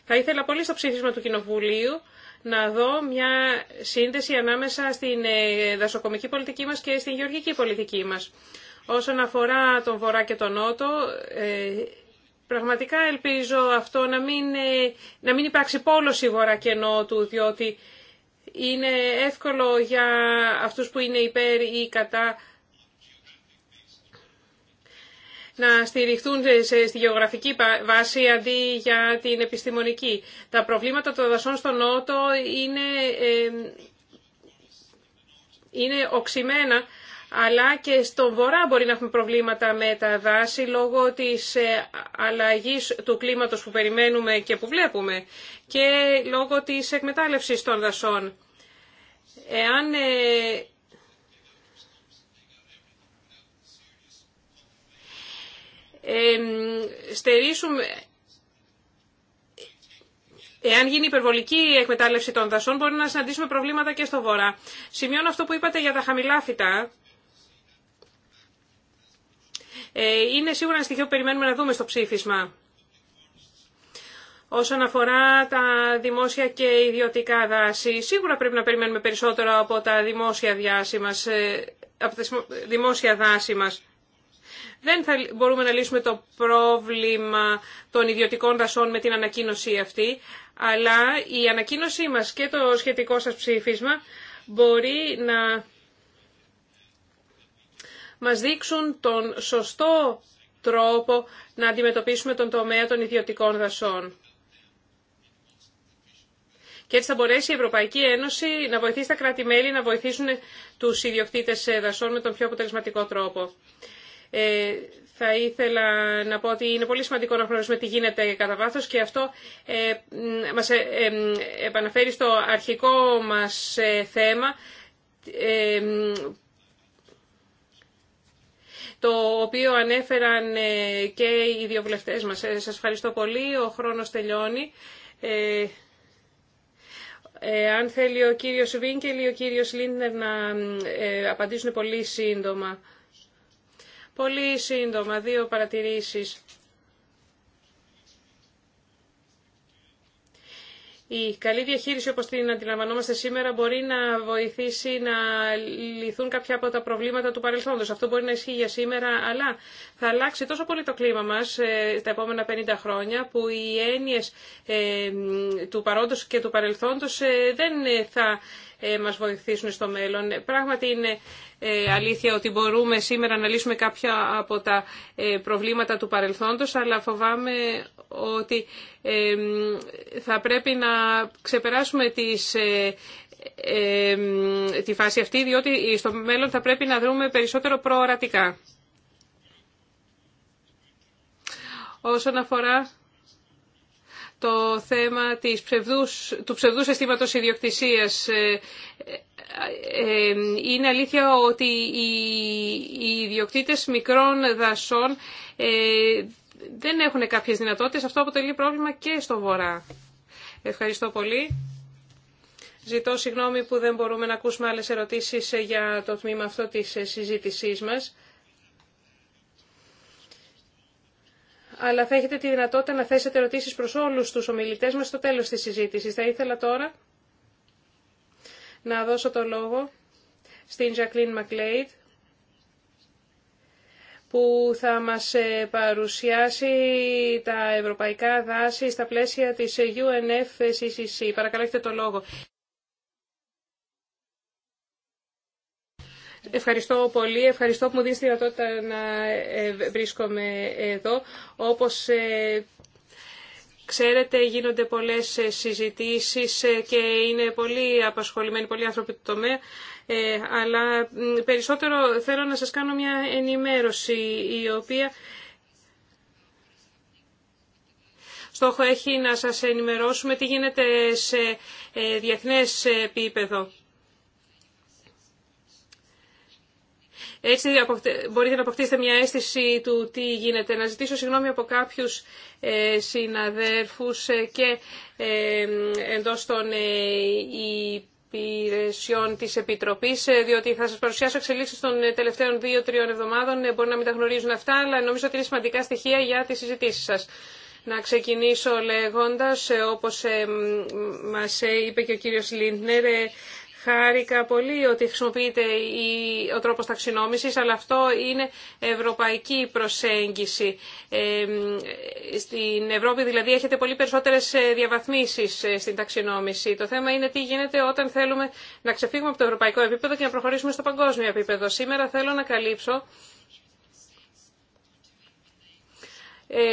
S5: Θα ήθελα πολύ στο ψήφισμα του Κοινοβουλίου να δω μια σύνδεση ανάμεσα στην ε, δασοκομική πολιτική μας και στην γεωργική πολιτική μας. Όσον αφορά τον Βορρά και τον Νότο, ε, πραγματικά ελπίζω αυτό να μην, ε, να μην υπάρξει πόλωση Βορρά και Νότου, διότι είναι εύκολο για αυτούς που είναι υπέρ ή κατά να στηριχθούν στη γεωγραφική βάση αντί για την επιστημονική. Τα προβλήματα των δασών στον Νότο είναι, είναι οξυμένα αλλά και στον Βορρά μπορεί να έχουμε προβλήματα με τα δάση λόγω της ε, αλλαγής του κλίματος που περιμένουμε και που βλέπουμε και λόγω της εκμετάλλευσης των δασών. Εάν ε, στερήσουμε... Εάν γίνει υπερβολική η εκμετάλλευση των δασών, μπορεί να συναντήσουμε προβλήματα και στο βορρά. Σημειώνω αυτό που είπατε για τα χαμηλά φυτά. Ε, είναι σίγουρα ένα στοιχείο που περιμένουμε να δούμε στο ψήφισμα. Όσον αφορά τα δημόσια και ιδιωτικά δάση, σίγουρα πρέπει να περιμένουμε περισσότερο από τα δημόσια, ε, από τα δημόσια δάση μας. Δεν θα μπορούμε να λύσουμε το πρόβλημα των ιδιωτικών δασών με την ανακοίνωση αυτή, αλλά η ανακοίνωσή μας και το σχετικό σας ψήφισμα μπορεί να μας δείξουν τον σωστό τρόπο να αντιμετωπίσουμε τον τομέα των ιδιωτικών δασών. Και έτσι θα μπορέσει η Ευρωπαϊκή Ένωση να βοηθήσει τα κράτη-μέλη να βοηθήσουν τους ιδιοκτήτες ε, δασών με τον πιο αποτελεσματικό τρόπο. Ε, θα ήθελα να πω ότι είναι πολύ σημαντικό να γνωρίζουμε τι γίνεται κατά βάθο και αυτό ε, μας ε, επαναφέρει στο αρχικό μας θέμα το οποίο ανέφεραν και οι δύο βουλευτές μας. Σας ευχαριστώ πολύ. Ο χρόνος τελειώνει. Ε, ε, αν θέλει ο κύριος Βίνκελ ή ο κύριος Λίντερ να απαντήσουν πολύ σύντομα. Πολύ σύντομα, δύο παρατηρήσεις. Η καλή διαχείριση όπως την αντιλαμβανόμαστε σήμερα μπορεί να βοηθήσει να λυθούν κάποια από τα προβλήματα του παρελθόντος. Αυτό μπορεί να ισχύει για σήμερα, αλλά θα αλλάξει τόσο πολύ το κλίμα μας ε, τα επόμενα 50 χρόνια που οι έννοιες ε, του παρόντος και του παρελθόντος ε, δεν θα ε, μας βοηθήσουν στο μέλλον. Πράγματι είναι ε, αλήθεια ότι μπορούμε σήμερα να λύσουμε κάποια από τα ε, προβλήματα του παρελθόντος, αλλά φοβάμαι ότι θα πρέπει να ξεπεράσουμε τη φάση αυτή, διότι στο μέλλον θα πρέπει να δούμε περισσότερο προορατικά. Όσον αφορά το θέμα της ψευδούς, του ψευδούς αισθήματος ιδιοκτησίας. Ε, ε, ε, είναι αλήθεια ότι οι ιδιοκτήτες μικρών δασών δεν έχουν κάποιες δυνατότητες. Αυτό αποτελεί πρόβλημα και στο Βορρά. Ευχαριστώ πολύ. Ζητώ συγγνώμη που δεν μπορούμε να ακούσουμε άλλες ερωτήσεις για το τμήμα αυτό της συζήτησής μας. αλλά θα έχετε τη δυνατότητα να θέσετε ερωτήσεις προς όλους τους ομιλητές μας στο τέλος της συζήτησης. Θα ήθελα τώρα να δώσω το λόγο στην Jacqueline McLeod, που θα μας ε, παρουσιάσει τα ευρωπαϊκά δάση στα πλαίσια της ε, UNFCCC. Παρακαλώ, έχετε το λόγο. Ευχαριστώ πολύ. Ευχαριστώ που μου δίνεις τη δυνατότητα να ε, βρίσκομαι εδώ. Όπως ε, Ξέρετε, γίνονται πολλές ε, συζητήσεις και είναι πολύ απασχολημένοι, πολλοί άνθρωποι του τομέα, αλλά περισσότερο θέλω να σας κάνω μια ενημέρωση η οποία στόχο έχει να σας ενημερώσουμε τι γίνεται σε διεθνές επίπεδο. Έτσι μπορείτε να αποκτήσετε μια αίσθηση του τι γίνεται. Να ζητήσω συγγνώμη από κάποιους ε, συναδέρφους ε, και ε, εντός των υπηρεσιών της Επιτροπής, διότι θα σας παρουσιάσω εξελίξεις των τελευταίων δύο-τριών εβδομάδων. Μπορεί να μην τα γνωρίζουν αυτά, αλλά νομίζω ότι είναι σημαντικά στοιχεία για τις συζητήσεις σας. Να ξεκινήσω λέγοντας, όπως μας είπε και ο κύριος Λίντνερ, Χάρηκα πολύ ότι χρησιμοποιείται ο τρόπος ταξινόμησης, αλλά αυτό είναι ευρωπαϊκή προσέγγιση. Ε, στην Ευρώπη δηλαδή έχετε πολύ περισσότερες ε, διαβαθμίσεις ε, στην ταξινόμηση. Το θέμα είναι τι γίνεται όταν θέλουμε να ξεφύγουμε από το ευρωπαϊκό επίπεδο και να προχωρήσουμε στο παγκόσμιο επίπεδο. Σήμερα θέλω να καλύψω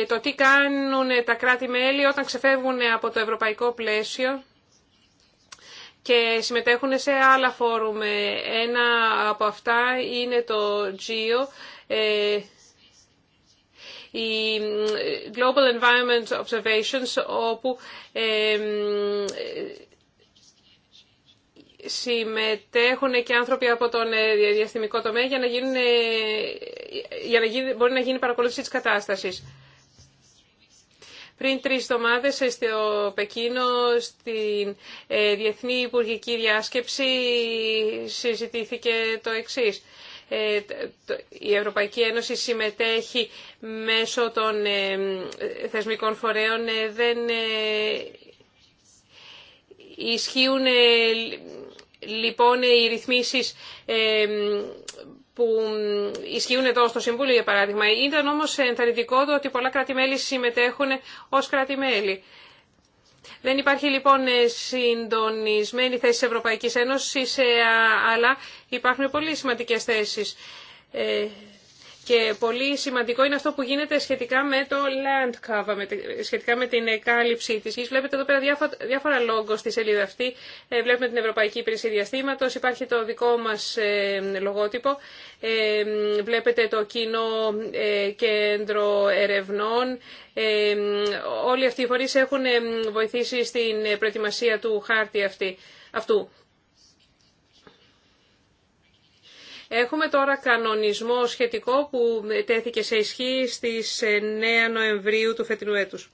S5: το τι κάνουν τα κράτη-μέλη όταν ξεφεύγουν από το ευρωπαϊκό πλαίσιο και συμμετέχουν σε άλλα φόρουμ. Ε, ένα από αυτά είναι το GEO, ε, η ε, Global Environment Observations, όπου συμμετέχουν και άνθρωποι από τον διαστημικό τομέα για να, γίνουν, για να γίνει, μπορεί να γίνει παρακολούθηση της κατάστασης. Πριν τρει εβδομάδε στο Πεκίνο, στην ε, Διεθνή Υπουργική Διάσκεψη, συζητήθηκε το εξής. Ε, η Ευρωπαϊκή Ένωση συμμετέχει μέσω των ε, θεσμικών φορέων. Δεν ισχύουν λοιπόν οι ρυθμίσεις που ισχύουν εδώ στο Συμβούλιο, για παράδειγμα. Ήταν όμω ενθαρρυντικό το ότι πολλά κράτη-μέλη συμμετέχουν ως κράτη-μέλη. Δεν υπάρχει λοιπόν συντονισμένη θέση της Ευρωπαϊκής Ένωσης, ε, αλλά υπάρχουν πολύ σημαντικές θέσεις. Ε, και πολύ σημαντικό είναι αυτό που γίνεται σχετικά με το land cover, σχετικά με την κάλυψη της γης. Βλέπετε εδώ πέρα διάφορα, διάφορα λόγκο στη σελίδα αυτή. Ε, βλέπουμε την Ευρωπαϊκή Υπηρεσία Διαστήματος, υπάρχει το δικό μας ε, λογότυπο. Ε, βλέπετε το κοινό κέντρο ερευνών. Όλοι αυτοί οι φορείς έχουν βοηθήσει στην προετοιμασία του χάρτη αυτή, αυτού. Έχουμε τώρα κανονισμό σχετικό που τέθηκε σε ισχύ στις 9 Νοεμβρίου του φετινού έτους.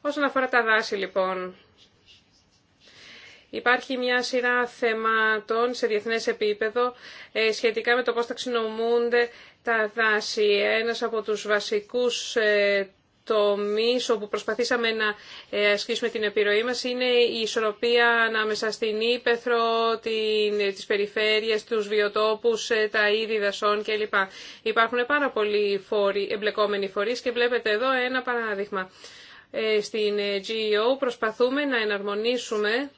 S5: Όσον αφορά τα δάση λοιπόν, Υπάρχει μια σειρά θεμάτων σε διεθνές επίπεδο ε, σχετικά με το πώς ταξινομούνται τα δάση. Ένας από τους βασικούς ε, μίσο που προσπαθήσαμε να ε, ασκήσουμε την επιρροή μας είναι η ισορροπία ανάμεσα στην Ήπεθρο, την, ε, τις περιφέρειες, τους βιοτόπους, ε, τα είδη δασών κλπ. Υπάρχουν πάρα πολλοί εμπλεκόμενοι φορείς και βλέπετε εδώ ένα παράδειγμα. Στην GEO προσπαθούμε να εναρμονίσουμε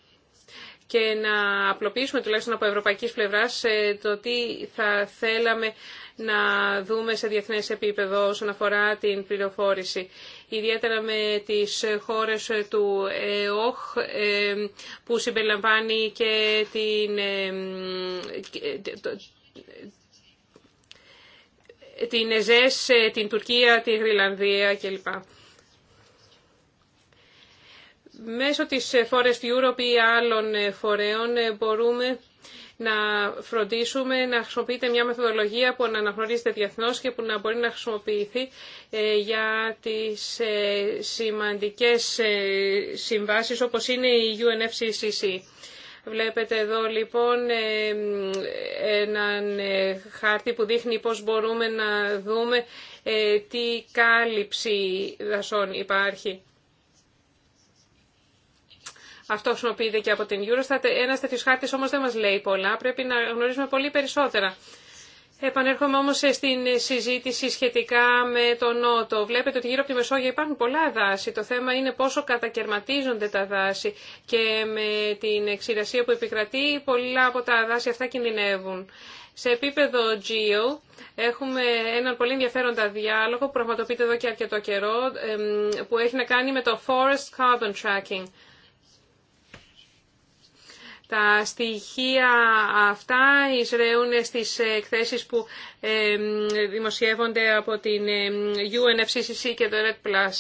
S5: και να απλοποιήσουμε τουλάχιστον από ευρωπαϊκής πλευράς το τι θα θέλαμε να δούμε σε διεθνές επίπεδο όσον αφορά την πληροφόρηση. Ιδιαίτερα με τις χώρες του ΕΟΧ ε, που συμπεριλαμβάνει και την, ε, την ΕΖΕΣ, ε, την Τουρκία, τη Γρυλανδία κλπ. Μέσω της Forest Europe ή άλλων φορέων μπορούμε να φροντίσουμε να χρησιμοποιείται μια μεθοδολογία που να αναγνωρίζεται διεθνώς και που να μπορεί να χρησιμοποιηθεί ε, για τις ε, σημαντικές ε, συμβάσεις όπως είναι η UNFCCC. Βλέπετε εδώ λοιπόν έναν χάρτη που δείχνει πώς μπορούμε να δούμε τι κάλυψη δασών υπάρχει. Αυτό χρησιμοποιείται και από την Eurostat. Ένα τέτοιο χάρτη όμω δεν μα λέει πολλά. Πρέπει να γνωρίζουμε πολύ περισσότερα. Επανέρχομαι όμω στην συζήτηση σχετικά με τον Νότο. Βλέπετε ότι γύρω από τη Μεσόγειο υπάρχουν πολλά δάση. Το θέμα είναι πόσο κατακαιρματίζονται τα δάση και με την εξηρασία που επικρατεί πολλά από τα δάση αυτά κινδυνεύουν. Σε επίπεδο GEO έχουμε έναν πολύ ενδιαφέροντα διάλογο που πραγματοποιείται εδώ και αρκετό καιρό που έχει να κάνει με το Forest Carbon Tracking. Τα στοιχεία αυτά εισραίουν στις εκθέσεις που δημοσιεύονται από την UNFCCC και το Red Plus.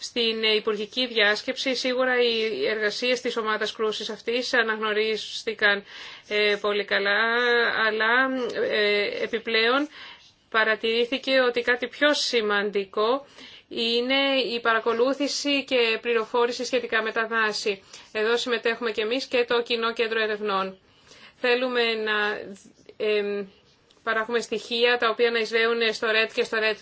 S5: Στην υπουργική διάσκεψη σίγουρα οι εργασίες της ομάδας κρούσης αυτής αναγνωρίστηκαν ε, πολύ καλά, αλλά ε, επιπλέον παρατηρήθηκε ότι κάτι πιο σημαντικό είναι η παρακολούθηση και πληροφόρηση σχετικά με τα δάση. Εδώ συμμετέχουμε και εμείς και το Κοινό Κέντρο Ερευνών. Θέλουμε να ε, παράγουμε στοιχεία τα οποία να εισβαίνουν στο RED και στο RED+.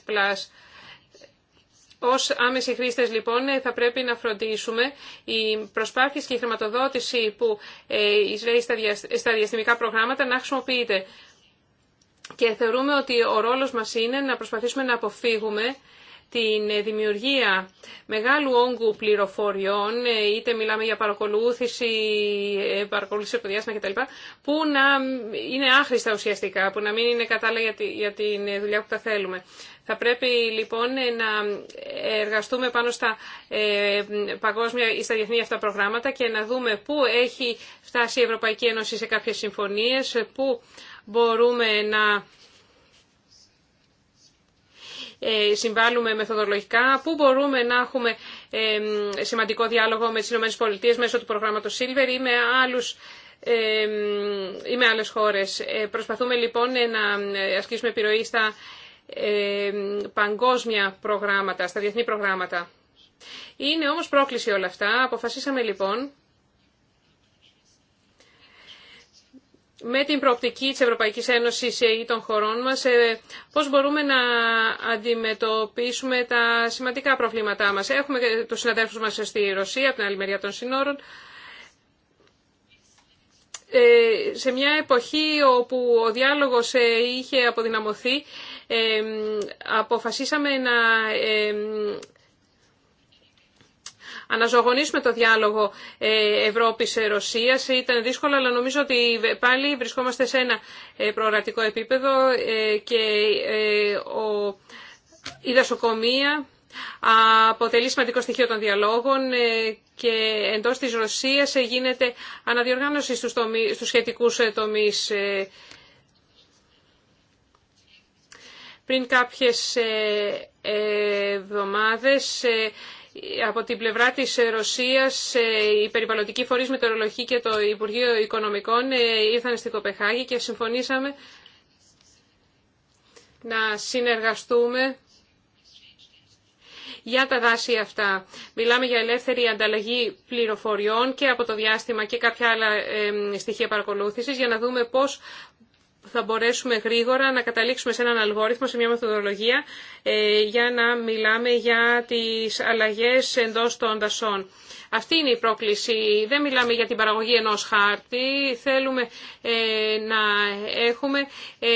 S5: Ως άμεση χρήστες λοιπόν θα πρέπει να φροντίσουμε οι προσπάθειες και η χρηματοδότηση που ε, εισβέει στα διαστημικά προγράμματα να χρησιμοποιείται. Και θεωρούμε ότι ο ρόλος μας είναι να προσπαθήσουμε να αποφύγουμε την δημιουργία μεγάλου όγκου πληροφοριών, είτε μιλάμε για παρακολούθηση, παρακολούθηση παιδιάσμα κτλ, που να είναι άχρηστα ουσιαστικά, που να μην είναι κατάλληλα για την δουλειά που τα θέλουμε. Θα πρέπει λοιπόν να εργαστούμε πάνω στα ε, παγκόσμια ή στα διεθνή αυτά προγράμματα και να δούμε πού έχει φτάσει η Ευρωπαϊκή Ένωση σε κάποιες συμφωνίες, πού μπορούμε να ε, συμβάλλουμε μεθοδολογικά, πού μπορούμε να έχουμε σημαντικό διάλογο με τις ΗΠΑ μέσω του προγράμματος Silver ή με άλλους ή με άλλες χώρες. Ε, προσπαθούμε λοιπόν ε, να ασκήσουμε επιρροή στα παγκόσμια προγράμματα, στα διεθνή προγράμματα. Είναι όμως πρόκληση όλα αυτά. Αποφασίσαμε λοιπόν με την προοπτική της Ευρωπαϊκής Ένωσης ή των χωρών μας, ε, πώς μπορούμε να αντιμετωπίσουμε τα σημαντικά προβλήματά μας. Έχουμε τους συναδέλφους μας στη Ρωσία, από την άλλη μεριά των συνόρων, ε, σε μια εποχή όπου ο διάλογος ε, είχε αποδυναμωθεί, αποφασίσαμε να αναζωογονήσουμε το διαλογο ε, Ευρώπη Ρωσία. Ήταν δύσκολο, αλλά νομίζω ότι πάλι βρισκόμαστε σε ένα ε, προορατικό επίπεδο ε, και η δασοκομεία αποτελεί σημαντικό στοιχείο των διαλόγων και εντός της Ρωσίας γίνεται αναδιοργάνωση στους, σχετικού στους σχετικούς τομείς. Πριν κάποιες εβδομάδες από την πλευρά της Ρωσίας ε, η Περιβαλλοντική φορείς μετεωρολογικοί και το Υπουργείο Οικονομικών ε, ήρθαν στην Κοπεχάγη και συμφωνήσαμε να συνεργαστούμε για τα δάση αυτά. Μιλάμε για ελεύθερη ανταλλαγή πληροφοριών και από το διάστημα και κάποια άλλα ε, στοιχεία παρακολούθησης για να δούμε πώς θα μπορέσουμε γρήγορα να καταλήξουμε σε έναν αλγόριθμο, σε μια μεθοδολογία ε, για να μιλάμε για τις αλλαγές εντός των δασών. Αυτή είναι η πρόκληση. Δεν μιλάμε για την παραγωγή ενός χάρτη. Θέλουμε ε, να έχουμε ε,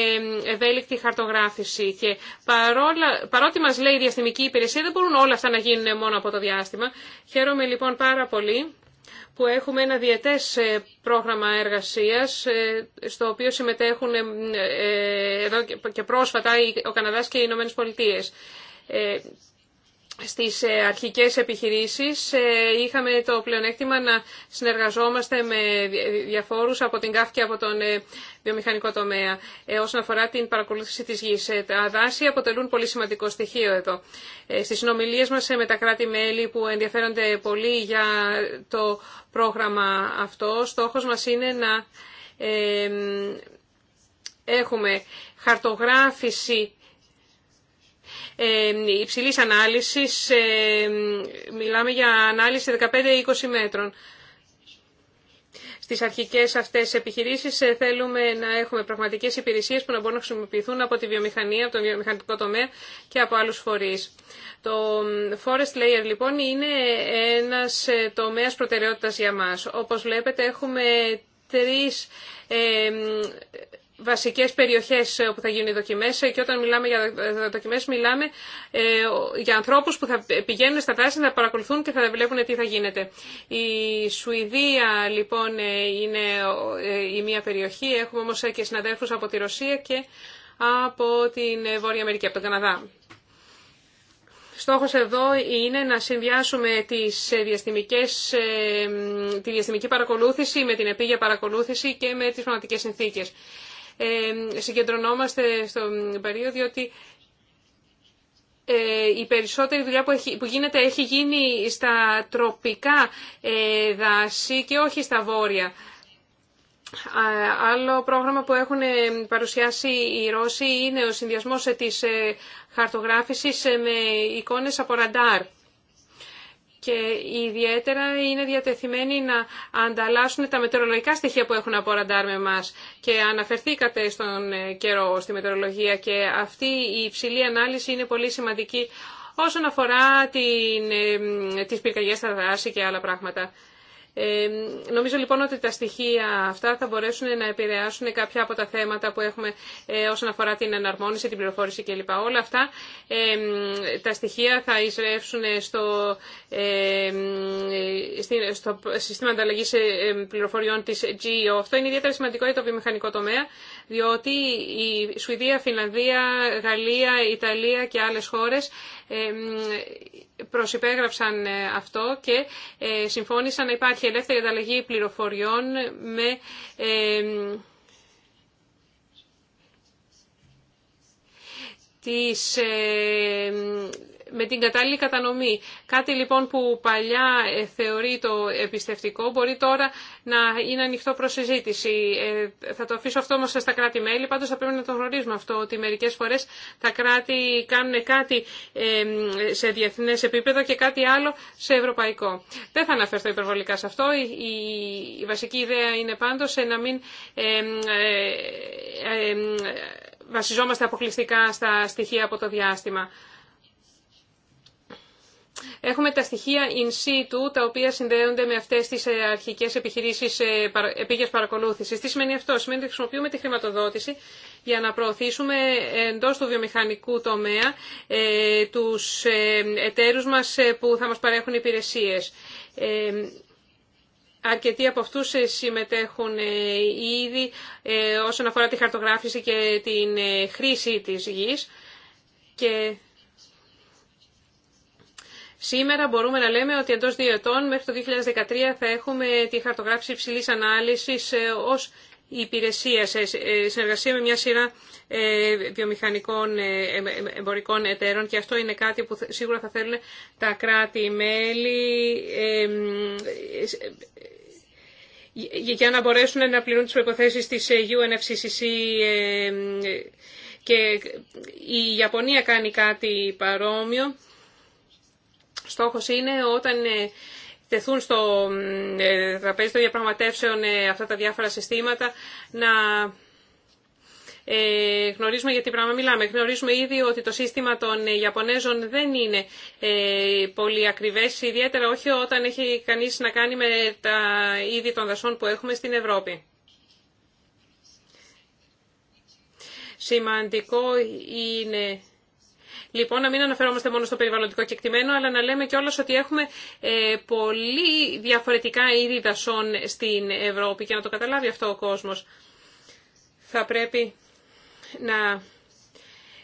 S5: ευέλικτη χαρτογράφηση. Και παρόλα, παρότι μας λέει η διαστημική υπηρεσία, δεν μπορούν όλα αυτά να γίνουν μόνο από το διάστημα. Χαίρομαι λοιπόν πάρα πολύ που έχουμε ένα διετές ε, πρόγραμμα εργασίας, ε, στο οποίο συμμετέχουν ε, εδώ και πρόσφατα ο Καναδάς και οι Ηνωμένες Πολιτείες στις ε, αρχικές επιχειρήσεις ε, είχαμε το πλεονέκτημα να συνεργαζόμαστε με διαφόρους από την ΚΑΦ και από τον ε, βιομηχανικό τομέα όσον αφορά την παρακολούθηση της γης. Τα δάση αποτελούν πολύ σημαντικό στοιχείο εδώ. Στις συνομιλίες μας με τα κράτη-μέλη που ενδιαφέρονται πολύ για το πρόγραμμα αυτό, στόχος μας είναι να έχουμε χαρτογράφηση υψηλής ανάλυσης, μιλάμε για ανάλυση 15-20 μέτρων. Στις αρχικές αυτές επιχειρήσεις ε, θέλουμε να έχουμε πραγματικές υπηρεσίες που να μπορούν να χρησιμοποιηθούν από τη βιομηχανία, από τον βιομηχανικό τομέα και από άλλους φορείς. Το Forest Layer λοιπόν είναι ένας ε, τομέας προτεραιότητας για μας. Όπως βλέπετε έχουμε τρεις ε, Βασικέ περιοχέ όπου θα γίνουν οι δοκιμές και όταν μιλάμε για δοκιμές μιλάμε ε, για ανθρώπου που θα πηγαίνουν στα δάση, να παρακολουθούν και θα βλέπουν τι θα γίνεται. Η Σουηδία λοιπόν ε, είναι ε, η μία περιοχή, έχουμε όμω και συναδέλφους από τη Ρωσία και από την Βόρεια Αμερική, από τον Καναδά. Στόχος εδώ είναι να συνδυάσουμε τις διαστημικές, τη διαστημική παρακολούθηση με την επίγεια παρακολούθηση και με τις πραγματικές συνθήκες. Ε, συγκεντρωνόμαστε στο περίοδο διότι ε, η περισσότερη δουλειά που γίνεται έχει γίνει στα τροπικά ε, δάση και όχι στα βόρεια. Άλλο πρόγραμμα που έχουν παρουσιάσει οι Ρώσοι είναι ο συνδυασμός της χαρτογράφησης με εικόνες από ραντάρ και ιδιαίτερα είναι διατεθειμένοι να ανταλλάσσουν τα μετεωρολογικά στοιχεία που έχουν από ραντάρ με μας. Και αναφερθήκατε στον ε, καιρό στη μετεωρολογία και αυτή η υψηλή ανάλυση είναι πολύ σημαντική όσον αφορά την, ε, τις πυρκαγιές στα δάση και άλλα πράγματα. Ε, νομίζω λοιπόν ότι τα στοιχεία αυτά θα μπορέσουν να επηρεάσουν κάποια από τα θέματα που έχουμε ε, όσον αφορά την εναρμόνιση, την πληροφόρηση κλπ. Όλα αυτά ε, τα στοιχεία θα εισρεύσουν στο, στο σύστημα ανταλλαγή πληροφοριών της GEO. Αυτό είναι ιδιαίτερα σημαντικό για το βιομηχανικό τομέα, διότι η Σουηδία, Φιλανδία, Γαλλία, Ιταλία και άλλες χώρες προσυπέγραψαν ε, αυτό και ε, συμφώνησαν να υπάρχει ελεύθερη ανταλλαγή πληροφοριών με ε, τις με την κατάλληλη κατανομή. Κάτι λοιπόν που παλιά ε, θεωρεί το επιστευτικό μπορεί τώρα να είναι ανοιχτό προς συζήτηση. Ε, θα το αφήσω αυτό όμως στα κράτη-μέλη, πάντως θα πρέπει να το γνωρίζουμε αυτό, ότι μερικές φορές τα κράτη κάνουν κάτι ε, σε διεθνές επίπεδο και κάτι άλλο σε ευρωπαϊκό. Δεν θα αναφερθώ υπερβολικά σε αυτό. Η βασική ιδέα είναι πάντως να μην βασιζόμαστε αποκλειστικά στα στοιχεία από το διάστημα. Έχουμε τα στοιχεία in situ, τα οποία συνδέονται με αυτές τις ε, αρχικές επιχειρήσεις ε, επίγειας παρακολούθησης. Τι σημαίνει αυτό. Σημαίνει ότι χρησιμοποιούμε τη χρηματοδότηση για να προωθήσουμε εντός του βιομηχανικού τομέα ε, τους εταίρους μας που θα μας παρέχουν υπηρεσίες. Αρκετοί από αυτού συμμετέχουν ήδη όσον αφορά τη χαρτογράφηση και την χρήση της γης και Σήμερα μπορούμε να λέμε ότι εντός δύο ετών μέχρι το 2013 θα έχουμε τη χαρτογράφηση υψηλής ανάλυσης ε, ως υπηρεσία σε ε, συνεργασία με μια σειρά ε, βιομηχανικών εμπορικών εταίρων και αυτό είναι κάτι που σίγουρα θα θέλουν τα κράτη-μέλη για να μπορέσουν να πληρούν τις προϋποθέσεις της UNFCCC και η Ιαπωνία κάνει κάτι παρόμοιο. Στόχος είναι όταν ε, τεθούν στο ε, τραπέζι των διαπραγματεύσεων ε, αυτά τα διάφορα συστήματα να ε, γνωρίζουμε για τι πράγμα μιλάμε. Γνωρίζουμε ήδη ότι το σύστημα των Ιαπωνέζων δεν είναι πολύ ακριβές, ιδιαίτερα όχι όταν έχει κανείς να κάνει με τα είδη των δασών που έχουμε στην Ευρώπη. Σημαντικό είναι Λοιπόν, να μην αναφερόμαστε μόνο στο περιβαλλοντικό κεκτημένο, αλλά να λέμε κιόλας ότι έχουμε ε, πολύ διαφορετικά είδη δασών στην Ευρώπη και να το καταλάβει αυτό ο κόσμος. Θα πρέπει να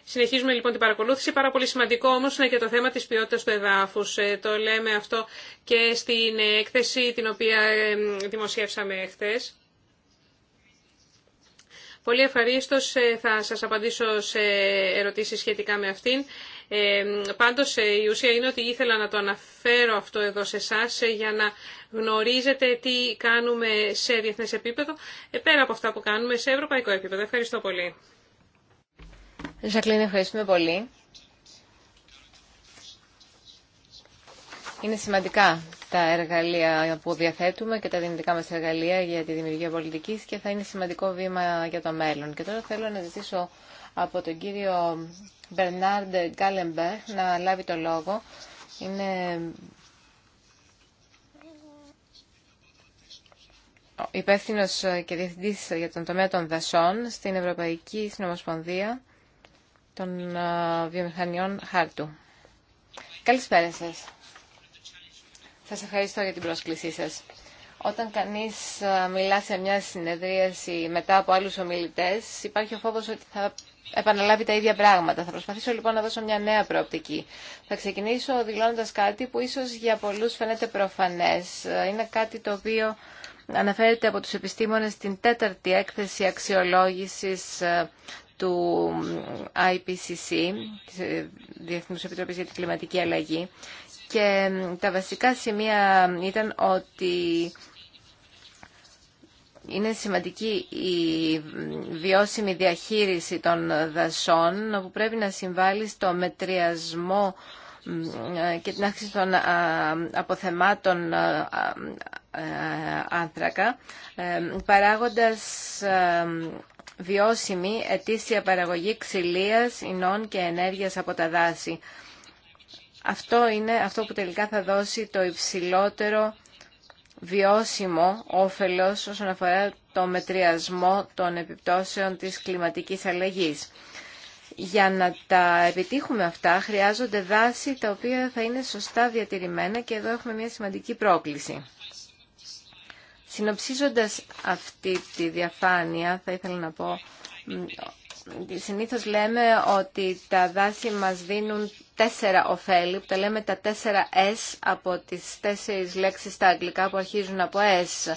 S5: Συνεχίζουμε λοιπόν την παρακολούθηση. Πάρα πολύ σημαντικό όμω είναι και το θέμα τη ποιότητα του εδάφου. Ε, το λέμε αυτό και στην έκθεση την οποία ε, δημοσιεύσαμε χθε. Πολύ ευχαρίστω ε, θα σας απαντήσω σε ερωτήσεις σχετικά με αυτήν. Ε, πάντως ε, η ουσία είναι ότι ήθελα να το αναφέρω αυτό εδώ σε εσά ε, για να γνωρίζετε τι κάνουμε σε διεθνές επίπεδο, πέρα από αυτά που κάνουμε σε ευρωπαϊκό επίπεδο. Ευχαριστώ πολύ.
S4: Ζακλίν, ευχαριστούμε πολύ. Είναι σημαντικά τα εργαλεία που διαθέτουμε και τα δυνητικά μας εργαλεία για τη δημιουργία πολιτικής και θα είναι σημαντικό βήμα για το μέλλον. Και τώρα θέλω να ζητήσω από τον κύριο Μπερνάρντ Γκάλεμπερ να λάβει το λόγο. Είναι υπεύθυνο και διευθύντη για τον τομέα των δασών στην Ευρωπαϊκή Συνομοσπονδία των Βιομηχανιών Χάρτου. Καλησπέρα σας. Σας ευχαριστώ για την πρόσκλησή σας. Όταν κανείς ε, μιλά σε μια συνεδρίαση μετά από άλλους ομιλητές, υπάρχει ο φόβος ότι θα επαναλάβει τα ίδια πράγματα. Θα προσπαθήσω λοιπόν να δώσω μια νέα προοπτική. Θα ξεκινήσω δηλώνοντας κάτι που ίσως για πολλούς φαίνεται προφανές. Ε, είναι κάτι το οποίο αναφέρεται από τους επιστήμονες στην τέταρτη έκθεση αξιολόγησης ε, του IPCC, της Διεθνούς Επιτροπής για την Κλιματική Αλλαγή και τα βασικά σημεία ήταν ότι είναι σημαντική η βιώσιμη διαχείριση των δασών που πρέπει να συμβάλλει στο μετριασμό και την αύξηση των αποθεμάτων άνθρακα ε, παράγοντας ε, βιώσιμη ετήσια παραγωγή ξυλίας, ινών και ενέργειας από τα δάση. Αυτό είναι αυτό που τελικά θα δώσει το υψηλότερο βιώσιμο όφελος όσον αφορά το μετριασμό των επιπτώσεων της κλιματικής αλλαγής. Για να τα επιτύχουμε αυτά χρειάζονται δάση τα οποία θα είναι σωστά διατηρημένα και εδώ έχουμε μια σημαντική πρόκληση. Συνοψίζοντας αυτή τη διαφάνεια θα ήθελα να πω Συνήθως λέμε ότι τα δάση μας δίνουν τέσσερα ωφέλη, που τα λέμε τα τέσσερα S από τις τέσσερις λέξεις στα αγγλικά που αρχίζουν από S.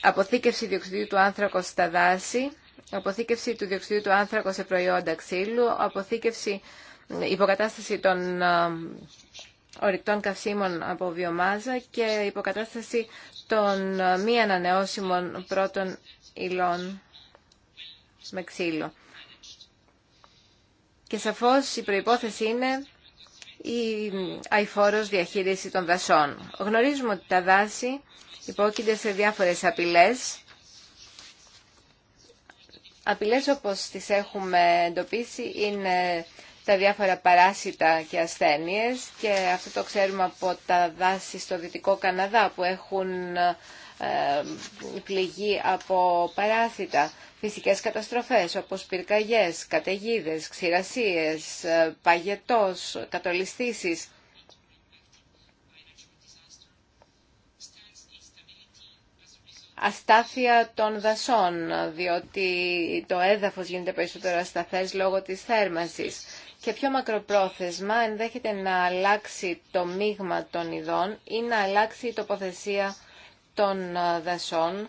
S4: Αποθήκευση διοξιδίου του άνθρακος στα δάση, αποθήκευση του διοξιδίου του άνθρακος σε προϊόντα ξύλου, αποθήκευση υποκατάσταση των ορυκτών καυσίμων από βιομάζα και υποκατάσταση των μη ανανεώσιμων πρώτων υλών με ξύλο. Και σαφώς η προϋπόθεση είναι η αηφόρος διαχείριση των δασών. Γνωρίζουμε ότι τα δάση υπόκεινται σε διάφορες απειλές. Απειλές όπως τις έχουμε εντοπίσει είναι τα διάφορα παράσιτα και ασθένειες και αυτό το ξέρουμε από τα δάση στο Δυτικό Καναδά που έχουν ε, πληγεί από παράσιτα φυσικές καταστροφές όπως πυρκαγιές, καταιγίδε, ξηρασίες, ε, παγετός, κατολιστήσεις. Αστάθεια των δασών, διότι το έδαφος γίνεται περισσότερο ασταθές λόγω της θέρμανσης. Και πιο μακροπρόθεσμα ενδέχεται να αλλάξει το μείγμα των ειδών ή να αλλάξει η τοποθεσία των ε, δασών,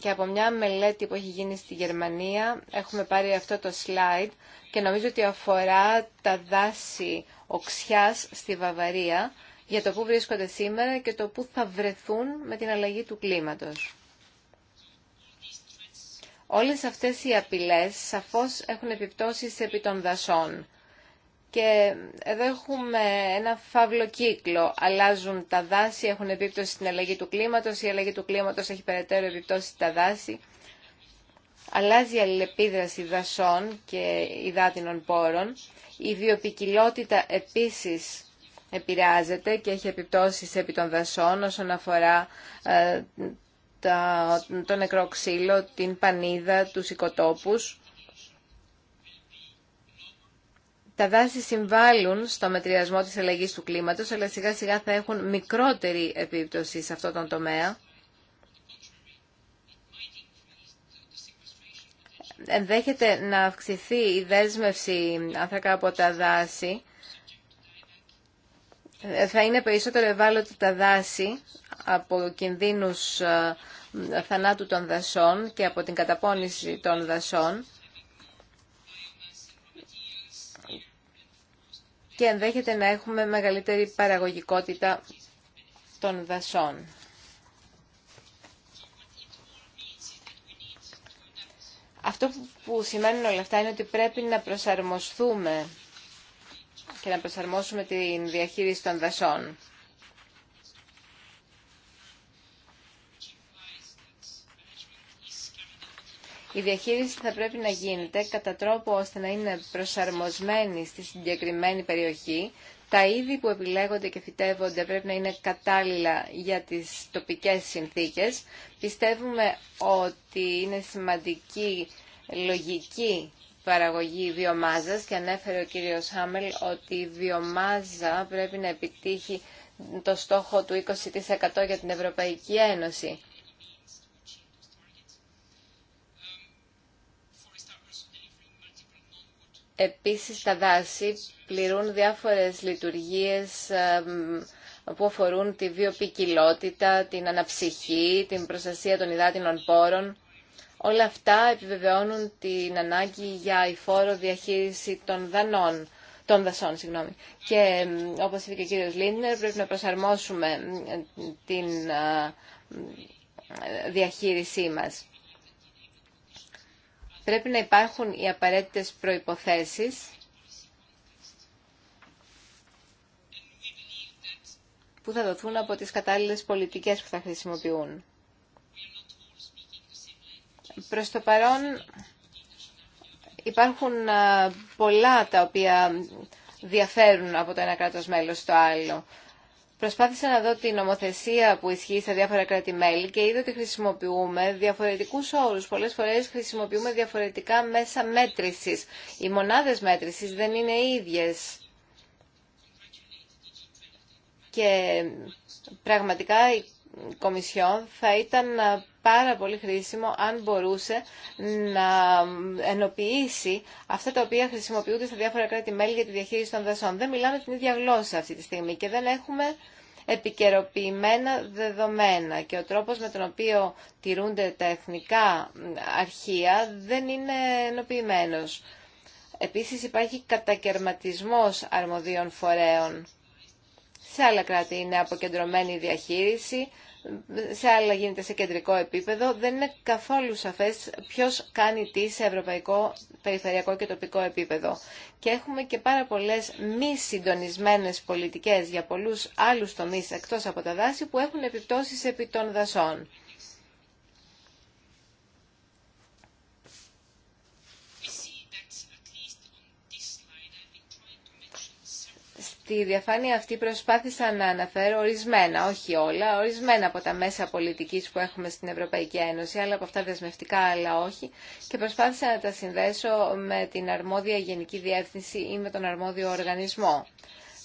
S4: και από μια μελέτη που έχει γίνει στη Γερμανία έχουμε πάρει αυτό το slide και νομίζω ότι αφορά τα δάση οξιάς στη Βαβαρία για το που βρίσκονται σήμερα και το που θα βρεθούν με την αλλαγή του κλίματος. Όλες αυτές οι απειλές σαφώς έχουν επιπτώσεις επί των δασών. Και εδώ έχουμε ένα φαύλο κύκλο. Αλλάζουν τα δάση, έχουν επίπτωση στην αλλαγή του κλίματος, η αλλαγή του κλίματος έχει περαιτέρω επιπτώσει στα δάση. Αλλάζει η αλληλεπίδραση δασών και υδάτινων πόρων. Η βιοπικιλότητα επίσης επηρεάζεται και έχει επιπτώσεις επί των δασών όσον αφορά ε, το νεκρό ξύλο, την πανίδα, τους οικοτόπους. Τα δάση συμβάλλουν στο μετριασμό της αλλαγής του κλίματος, αλλά σιγά σιγά θα έχουν μικρότερη επίπτωση σε αυτό τον τομέα. Ενδέχεται να αυξηθεί η δέσμευση άνθρακα από τα δάση. Θα είναι περισσότερο ευάλωτα τα δάση από κινδύνους ε, θανάτου των δασών και από την καταπώνηση των δασών. και ενδέχεται να έχουμε μεγαλύτερη παραγωγικότητα των δασών. Αυτό που σημαίνουν όλα αυτά είναι ότι πρέπει να προσαρμοστούμε και να προσαρμόσουμε την διαχείριση των δασών. η διαχείριση θα πρέπει να γίνεται κατά τρόπο ώστε να είναι προσαρμοσμένη στη συγκεκριμένη περιοχή. Τα είδη που επιλέγονται και φυτεύονται πρέπει να είναι κατάλληλα για τις τοπικές συνθήκες. Πιστεύουμε ότι είναι σημαντική λογική παραγωγή βιομάζας και ανέφερε ο κύριος Χάμελ ότι η βιομάζα πρέπει να επιτύχει το στόχο του 20% για την Ευρωπαϊκή Ένωση. Επίσης τα δάση πληρούν διάφορες λειτουργίες που αφορούν τη βιοπικιλότητα, την αναψυχή, την προστασία των υδάτινων πόρων. Όλα αυτά επιβεβαιώνουν την ανάγκη για φόρο διαχείριση των δανών των δασών, συγγνώμη. Και όπως είπε και ο κύριος Λίντνερ, πρέπει να προσαρμόσουμε την διαχείρισή μας πρέπει να υπάρχουν οι απαραίτητες προϋποθέσεις που θα δοθούν από τις κατάλληλες πολιτικές που θα χρησιμοποιούν. Προς το παρόν υπάρχουν πολλά τα οποία διαφέρουν από το ένα κράτος μέλος στο άλλο. Προσπάθησα να δω την νομοθεσία που ισχύει στα διάφορα κράτη-μέλη και είδα ότι χρησιμοποιούμε διαφορετικού όρου. Πολλέ φορέ χρησιμοποιούμε διαφορετικά μέσα μέτρηση. Οι μονάδε μέτρηση δεν είναι ίδιε. Και πραγματικά η Κομισιόν θα ήταν πάρα πολύ χρήσιμο αν μπορούσε να ενοποιήσει αυτά τα οποία χρησιμοποιούνται στα διάφορα κράτη-μέλη για τη διαχείριση των δασών. Δεν μιλάμε την ίδια γλώσσα αυτή τη στιγμή και δεν έχουμε επικαιροποιημένα δεδομένα και ο τρόπος με τον οποίο τηρούνται τα εθνικά αρχεία δεν είναι ενοποιημένος. Επίσης υπάρχει κατακαιρματισμός αρμοδίων φορέων. Σε άλλα κράτη είναι αποκεντρωμένη η διαχείριση, σε άλλα γίνεται σε κεντρικό επίπεδο. Δεν είναι καθόλου σαφές ποιος κάνει τι σε ευρωπαϊκό, περιφερειακό και τοπικό επίπεδο. Και έχουμε και πάρα πολλές μη συντονισμένες πολιτικές για πολλούς άλλους τομείς εκτός από τα δάση που έχουν επιπτώσεις επί των δασών. Στη διαφάνεια αυτή προσπάθησα να αναφέρω ορισμένα, όχι όλα, ορισμένα από τα μέσα πολιτικής που έχουμε στην Ευρωπαϊκή Ένωση, άλλα από αυτά δεσμευτικά, αλλά όχι, και προσπάθησα να τα συνδέσω με την αρμόδια γενική διεύθυνση ή με τον αρμόδιο οργανισμό.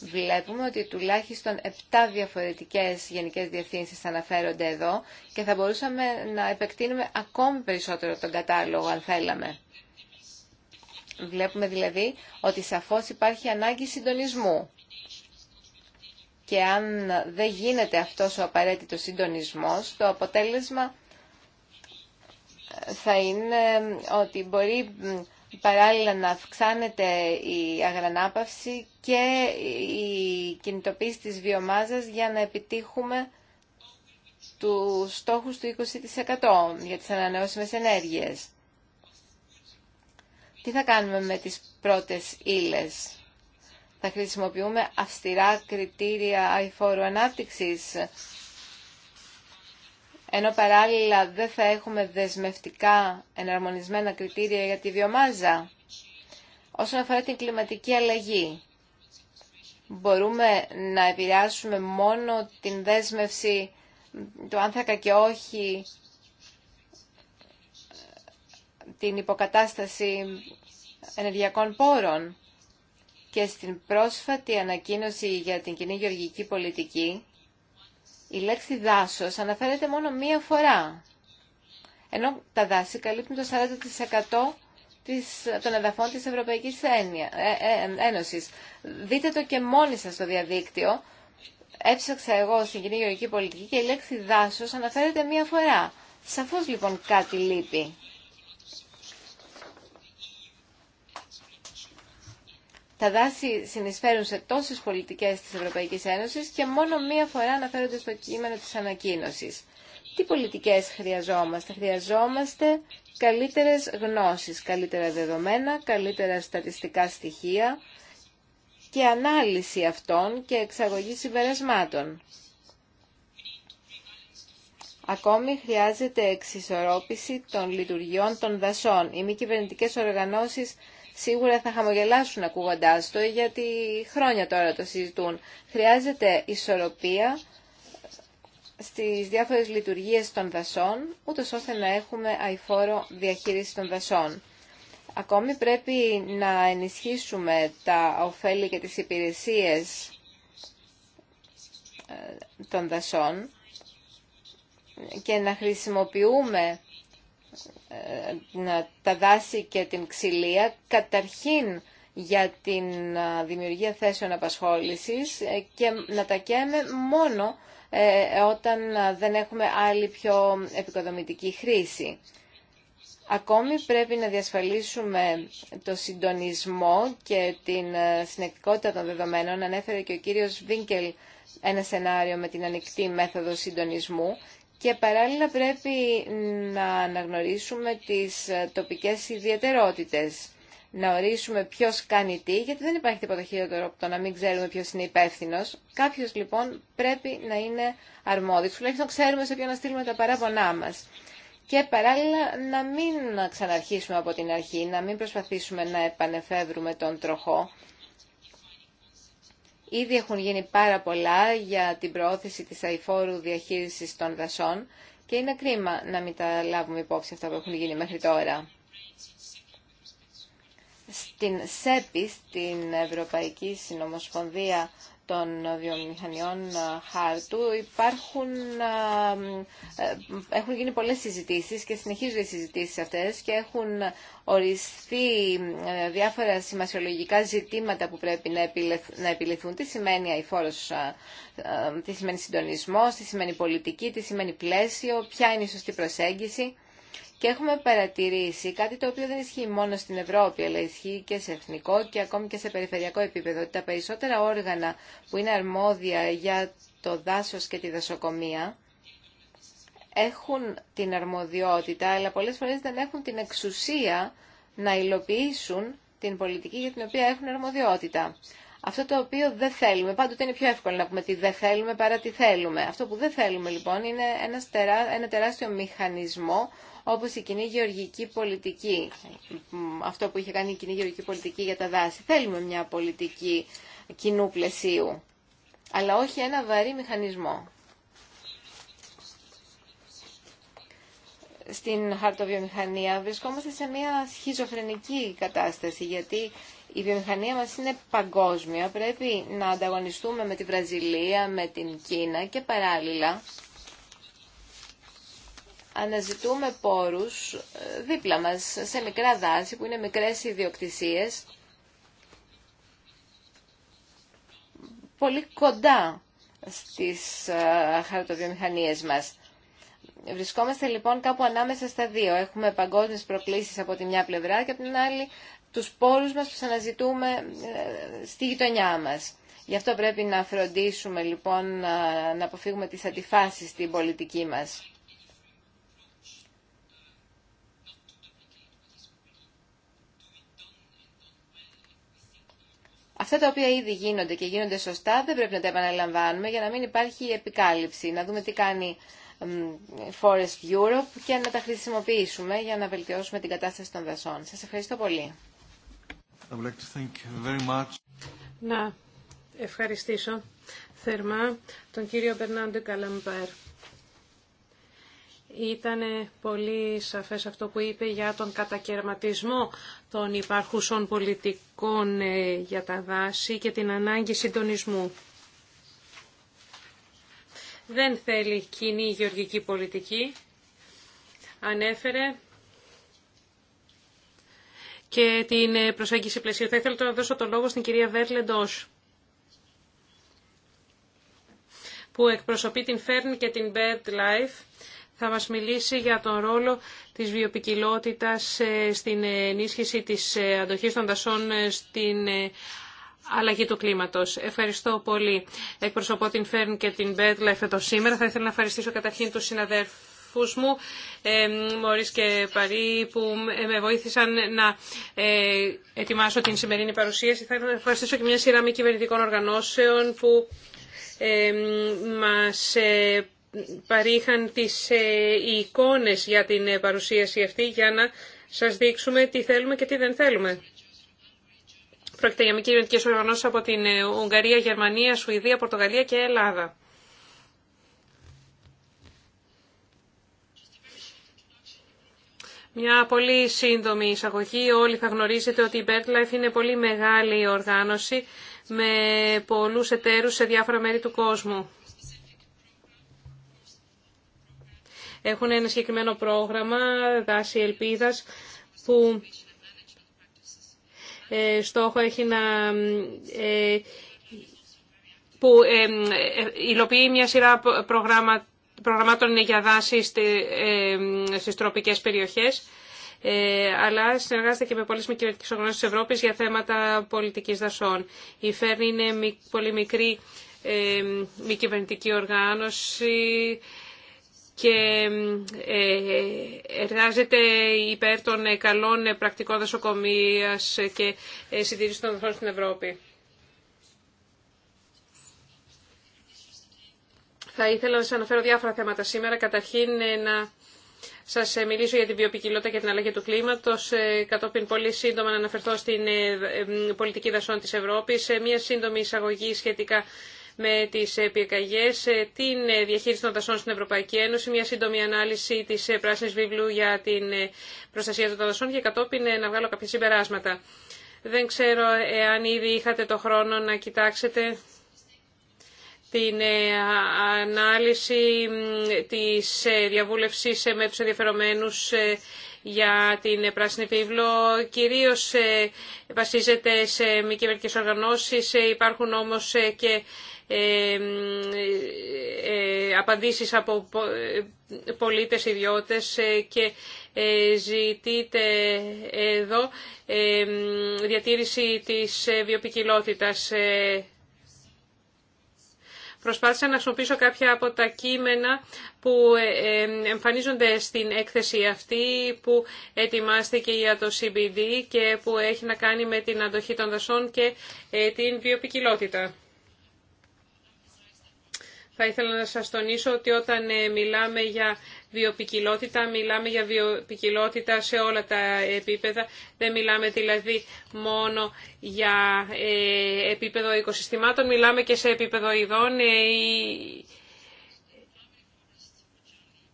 S4: Βλέπουμε ότι τουλάχιστον 7 διαφορετικές γενικές διευθύνσεις αναφέρονται εδώ και θα μπορούσαμε να επεκτείνουμε ακόμη περισσότερο τον κατάλογο αν θέλαμε. Βλέπουμε δηλαδή ότι σαφώς υπάρχει ανάγκη συντονισμού και αν δεν γίνεται αυτός ο απαραίτητος συντονισμός, το αποτέλεσμα θα είναι ότι μπορεί παράλληλα να αυξάνεται η αγρανάπαυση και η κινητοποίηση της βιομάζας για να επιτύχουμε του στόχους του 20% για τις ανανεώσιμες ενέργειες. Τι θα κάνουμε με τις πρώτες ύλες. Θα χρησιμοποιούμε αυστηρά κριτήρια αηφόρου ανάπτυξης ενώ παράλληλα δεν θα έχουμε δεσμευτικά εναρμονισμένα κριτήρια για τη βιομάζα. Όσον αφορά την κλιματική αλλαγή, μπορούμε να επηρεάσουμε μόνο την δέσμευση του άνθρακα και όχι την υποκατάσταση ενεργειακών πόρων και στην πρόσφατη ανακοίνωση για την κοινή γεωργική πολιτική η λέξη δάσος αναφέρεται μόνο μία φορά, ενώ τα δάση καλύπτουν το 40% των εδαφών της Ευρωπαϊκής ε, ε, Ένωσης. Δείτε το και μόνοι σας στο διαδίκτυο. Έψαξα εγώ στην κοινή γεωργική πολιτική και η λέξη δάσος αναφέρεται μία φορά. Σαφώς λοιπόν κάτι λείπει. Τα δάση συνεισφέρουν σε τόσες πολιτικές της Ευρωπαϊκής Ένωσης και μόνο μία φορά αναφέρονται στο κείμενο της ανακοίνωσης. Τι πολιτικές χρειαζόμαστε. Χρειαζόμαστε καλύτερες γνώσεις, καλύτερα δεδομένα, καλύτερα στατιστικά στοιχεία και ανάλυση αυτών και εξαγωγή συμπερασμάτων. Ακόμη χρειάζεται εξισορρόπηση των λειτουργιών των δασών. Οι μη κυβερνητικέ οργανώσεις σίγουρα θα χαμογελάσουν ακούγοντάς το, γιατί χρόνια τώρα το συζητούν. Χρειάζεται ισορροπία στις διάφορες λειτουργίες των δασών, ούτως ώστε να έχουμε αηφόρο διαχείριση των δασών. Ακόμη πρέπει να ενισχύσουμε τα ωφέλη και τις υπηρεσίες ε, των δασών και να χρησιμοποιούμε ε, τα δάση και την ξυλία καταρχήν για την ε, δημιουργία θέσεων απασχόλησης ε, και να τα καίμε μόνο όταν δεν έχουμε άλλη πιο επικοδομητική χρήση. Ακόμη πρέπει να διασφαλίσουμε το συντονισμό και την συνεκτικότητα των δεδομένων. Ανέφερε και ο κύριος Βίνκελ ένα σενάριο με την ανοιχτή μέθοδο συντονισμού και παράλληλα πρέπει να αναγνωρίσουμε τις τοπικές ιδιαιτερότητες. Να ορίσουμε ποιο κάνει τι, γιατί δεν υπάρχει τίποτα χειρότερο από το να μην ξέρουμε ποιο είναι υπεύθυνο. Κάποιο λοιπόν πρέπει να είναι αρμόδιο, τουλάχιστον ξέρουμε σε ποιον να στείλουμε τα παράπονά μα. Και παράλληλα να μην ξαναρχίσουμε από την αρχή, να μην προσπαθήσουμε να επανεφεύρουμε τον τροχό, Ήδη έχουν γίνει πάρα πολλά για την προώθηση της αηφόρου διαχείρισης των δασών και είναι κρίμα να μην τα λάβουμε υπόψη αυτά που έχουν γίνει μέχρι τώρα. Στην ΣΕΠΗ, στην Ευρωπαϊκή Συνομοσπονδία των βιομηχανιών ε, χάρτου υπάρχουν, ε, ε, έχουν γίνει πολλές συζητήσεις και συνεχίζονται οι συζητήσεις αυτές και έχουν οριστεί διάφορα σημασιολογικά ζητήματα που πρέπει να επιληθούν. Τι σημαίνει αηφόρος, τι σημαίνει συντονισμός, τι σημαίνει πολιτική, τι σημαίνει πλαίσιο, ποια είναι η σωστή προσέγγιση. Και έχουμε παρατηρήσει κάτι το οποίο δεν ισχύει μόνο στην Ευρώπη, αλλά ισχύει και σε εθνικό και ακόμη και σε περιφερειακό επίπεδο, ότι τα περισσότερα όργανα που είναι αρμόδια για το δάσος και τη δασοκομεία έχουν την αρμοδιότητα, αλλά πολλές φορές δεν έχουν την εξουσία να υλοποιήσουν την πολιτική για την οποία έχουν αρμοδιότητα. Αυτό το οποίο δεν θέλουμε, πάντοτε είναι πιο εύκολο να πούμε τι δεν θέλουμε παρά τι θέλουμε. Αυτό που δεν θέλουμε λοιπόν είναι ένα τεράστιο μηχανισμό όπως η κοινή γεωργική πολιτική, αυτό που είχε κάνει η κοινή γεωργική πολιτική για τα δάση. Θέλουμε μια πολιτική κοινού πλαισίου, αλλά όχι ένα βαρύ μηχανισμό. Στην χαρτοβιομηχανία βρισκόμαστε σε μια σχιζοφρενική κατάσταση, γιατί η βιομηχανία μας είναι παγκόσμια, πρέπει να ανταγωνιστούμε με τη Βραζιλία, με την Κίνα και παράλληλα αναζητούμε πόρους ε, δίπλα μας, σε μικρά δάση που είναι μικρές ιδιοκτησίες, πολύ κοντά στις ε, χαρτοβιομηχανίες μας. Βρισκόμαστε λοιπόν κάπου ανάμεσα στα δύο. Έχουμε παγκόσμιες προκλήσεις από τη μια πλευρά και από την άλλη τους πόρους μας που αναζητούμε ε, στη γειτονιά μας. Γι' αυτό πρέπει να φροντίσουμε λοιπόν να αποφύγουμε τις αντιφάσεις στην πολιτική μας. Αυτά τα οποία ήδη γίνονται και γίνονται σωστά δεν πρέπει να τα επαναλαμβάνουμε για να μην υπάρχει επικάλυψη. Να δούμε τι κάνει Forest Europe και να τα χρησιμοποιήσουμε για να βελτιώσουμε την κατάσταση των δασών. Σας ευχαριστώ πολύ.
S5: Να ευχαριστήσω θερμά τον κύριο Μπερνάντο Καλαμπάρ. Ήταν πολύ σαφές αυτό που είπε για τον κατακαιρματισμό των υπάρχουσων πολιτικών ε, για τα δάση και την ανάγκη συντονισμού. Δεν θέλει κοινή γεωργική πολιτική. Ανέφερε και την ε, προσέγγιση πλαισίου. Θα ήθελα τώρα να δώσω το λόγο στην κυρία Βέρλεντος. που εκπροσωπεί την Φέρν και την Life θα μας μιλήσει για τον ρόλο της βιοπικιλότητας ε, στην ενίσχυση της ε, αντοχής των δασών ε, στην αλλαγή του κλίματος. Ευχαριστώ πολύ. Εκπροσωπώ την Φέρν και την Μπέτλα εδώ σήμερα. Θα ήθελα να ευχαριστήσω καταρχήν τους συναδέρφους μου, ε, και Παρή, που με βοήθησαν να ετοιμάσω την σημερινή παρουσίαση. Θα ήθελα να ευχαριστήσω και μια σειρά μη κυβερνητικών οργανώσεων που μας παρήχαν τις ε, εικόνες για την ε, παρουσίαση αυτή για να σας δείξουμε τι θέλουμε και τι δεν θέλουμε. Πρόκειται για μη από την ε, Ουγγαρία, Γερμανία, Σουηδία, Πορτογαλία και Ελλάδα. Μια πολύ σύντομη εισαγωγή. Όλοι θα γνωρίζετε ότι η BirdLife είναι πολύ μεγάλη οργάνωση με πολλούς εταίρους σε διάφορα μέρη του κόσμου. Έχουν ένα συγκεκριμένο πρόγραμμα δάση ελπίδας που ε, στόχο έχει να ε, που ε, υλοποιεί μια σειρά προγραμμάτων για δάση στις τροπικές περιοχές αλλά συνεργάζεται και με πολλές μη κυβερνητικές οργανώσεις της Ευρώπης για θέματα πολιτικής δασών. Η ΦΕΡΝ είναι πολύ μικρή μη κυβερνητική οργάνωση και ε, εργάζεται υπέρ των καλών πρακτικών δασοκομεία και ε, συντηρήσεων των δασών στην Ευρώπη. Θα ήθελα να σας αναφέρω διάφορα θέματα σήμερα. Καταρχήν ε, να σας μιλήσω για την βιοπικιλότητα και την αλλαγή του κλίματος. Κατόπιν πολύ σύντομα να αναφερθώ στην πολιτική δασών της Ευρώπης. Μία σύντομη εισαγωγή σχετικά με τις πυρκαγιές, ε, την ε, διαχείριση των δασών στην Ευρωπαϊκή Ένωση, μια σύντομη ανάλυση της ε, πράσινης βιβλίου για την προστασία των δασών και κατόπιν να βγάλω κάποια συμπεράσματα. Δεν ξέρω εάν ήδη είχατε το χρόνο να κοιτάξετε την ανάλυση της διαβούλευσης με τους ενδιαφερομένους για την Πράσινη Βίβλο. Κυρίως βασίζεται σε μη κυβερνικές οργανώσεις, υπάρχουν όμως και ε, ε, απαντήσεις από ε, πολίτες, ιδιώτες και ζητείτε εδώ διατήρηση της βιοπικιλότητας. Προσπάθησα να χρησιμοποιήσω κάποια από τα κείμενα που εμφανίζονται στην έκθεση αυτή που ετοιμάστηκε για το CBD και που έχει να κάνει με την αντοχή των δασών και την βιοπικιλότητα. Θα ήθελα να σας τονίσω ότι όταν ε, μιλάμε για βιοπικιλότητα, μιλάμε για βιοπικιλότητα σε όλα τα επίπεδα. Δεν μιλάμε δηλαδή μόνο για ε, επίπεδο οικοσυστημάτων, μιλάμε και σε επίπεδο ειδών ε,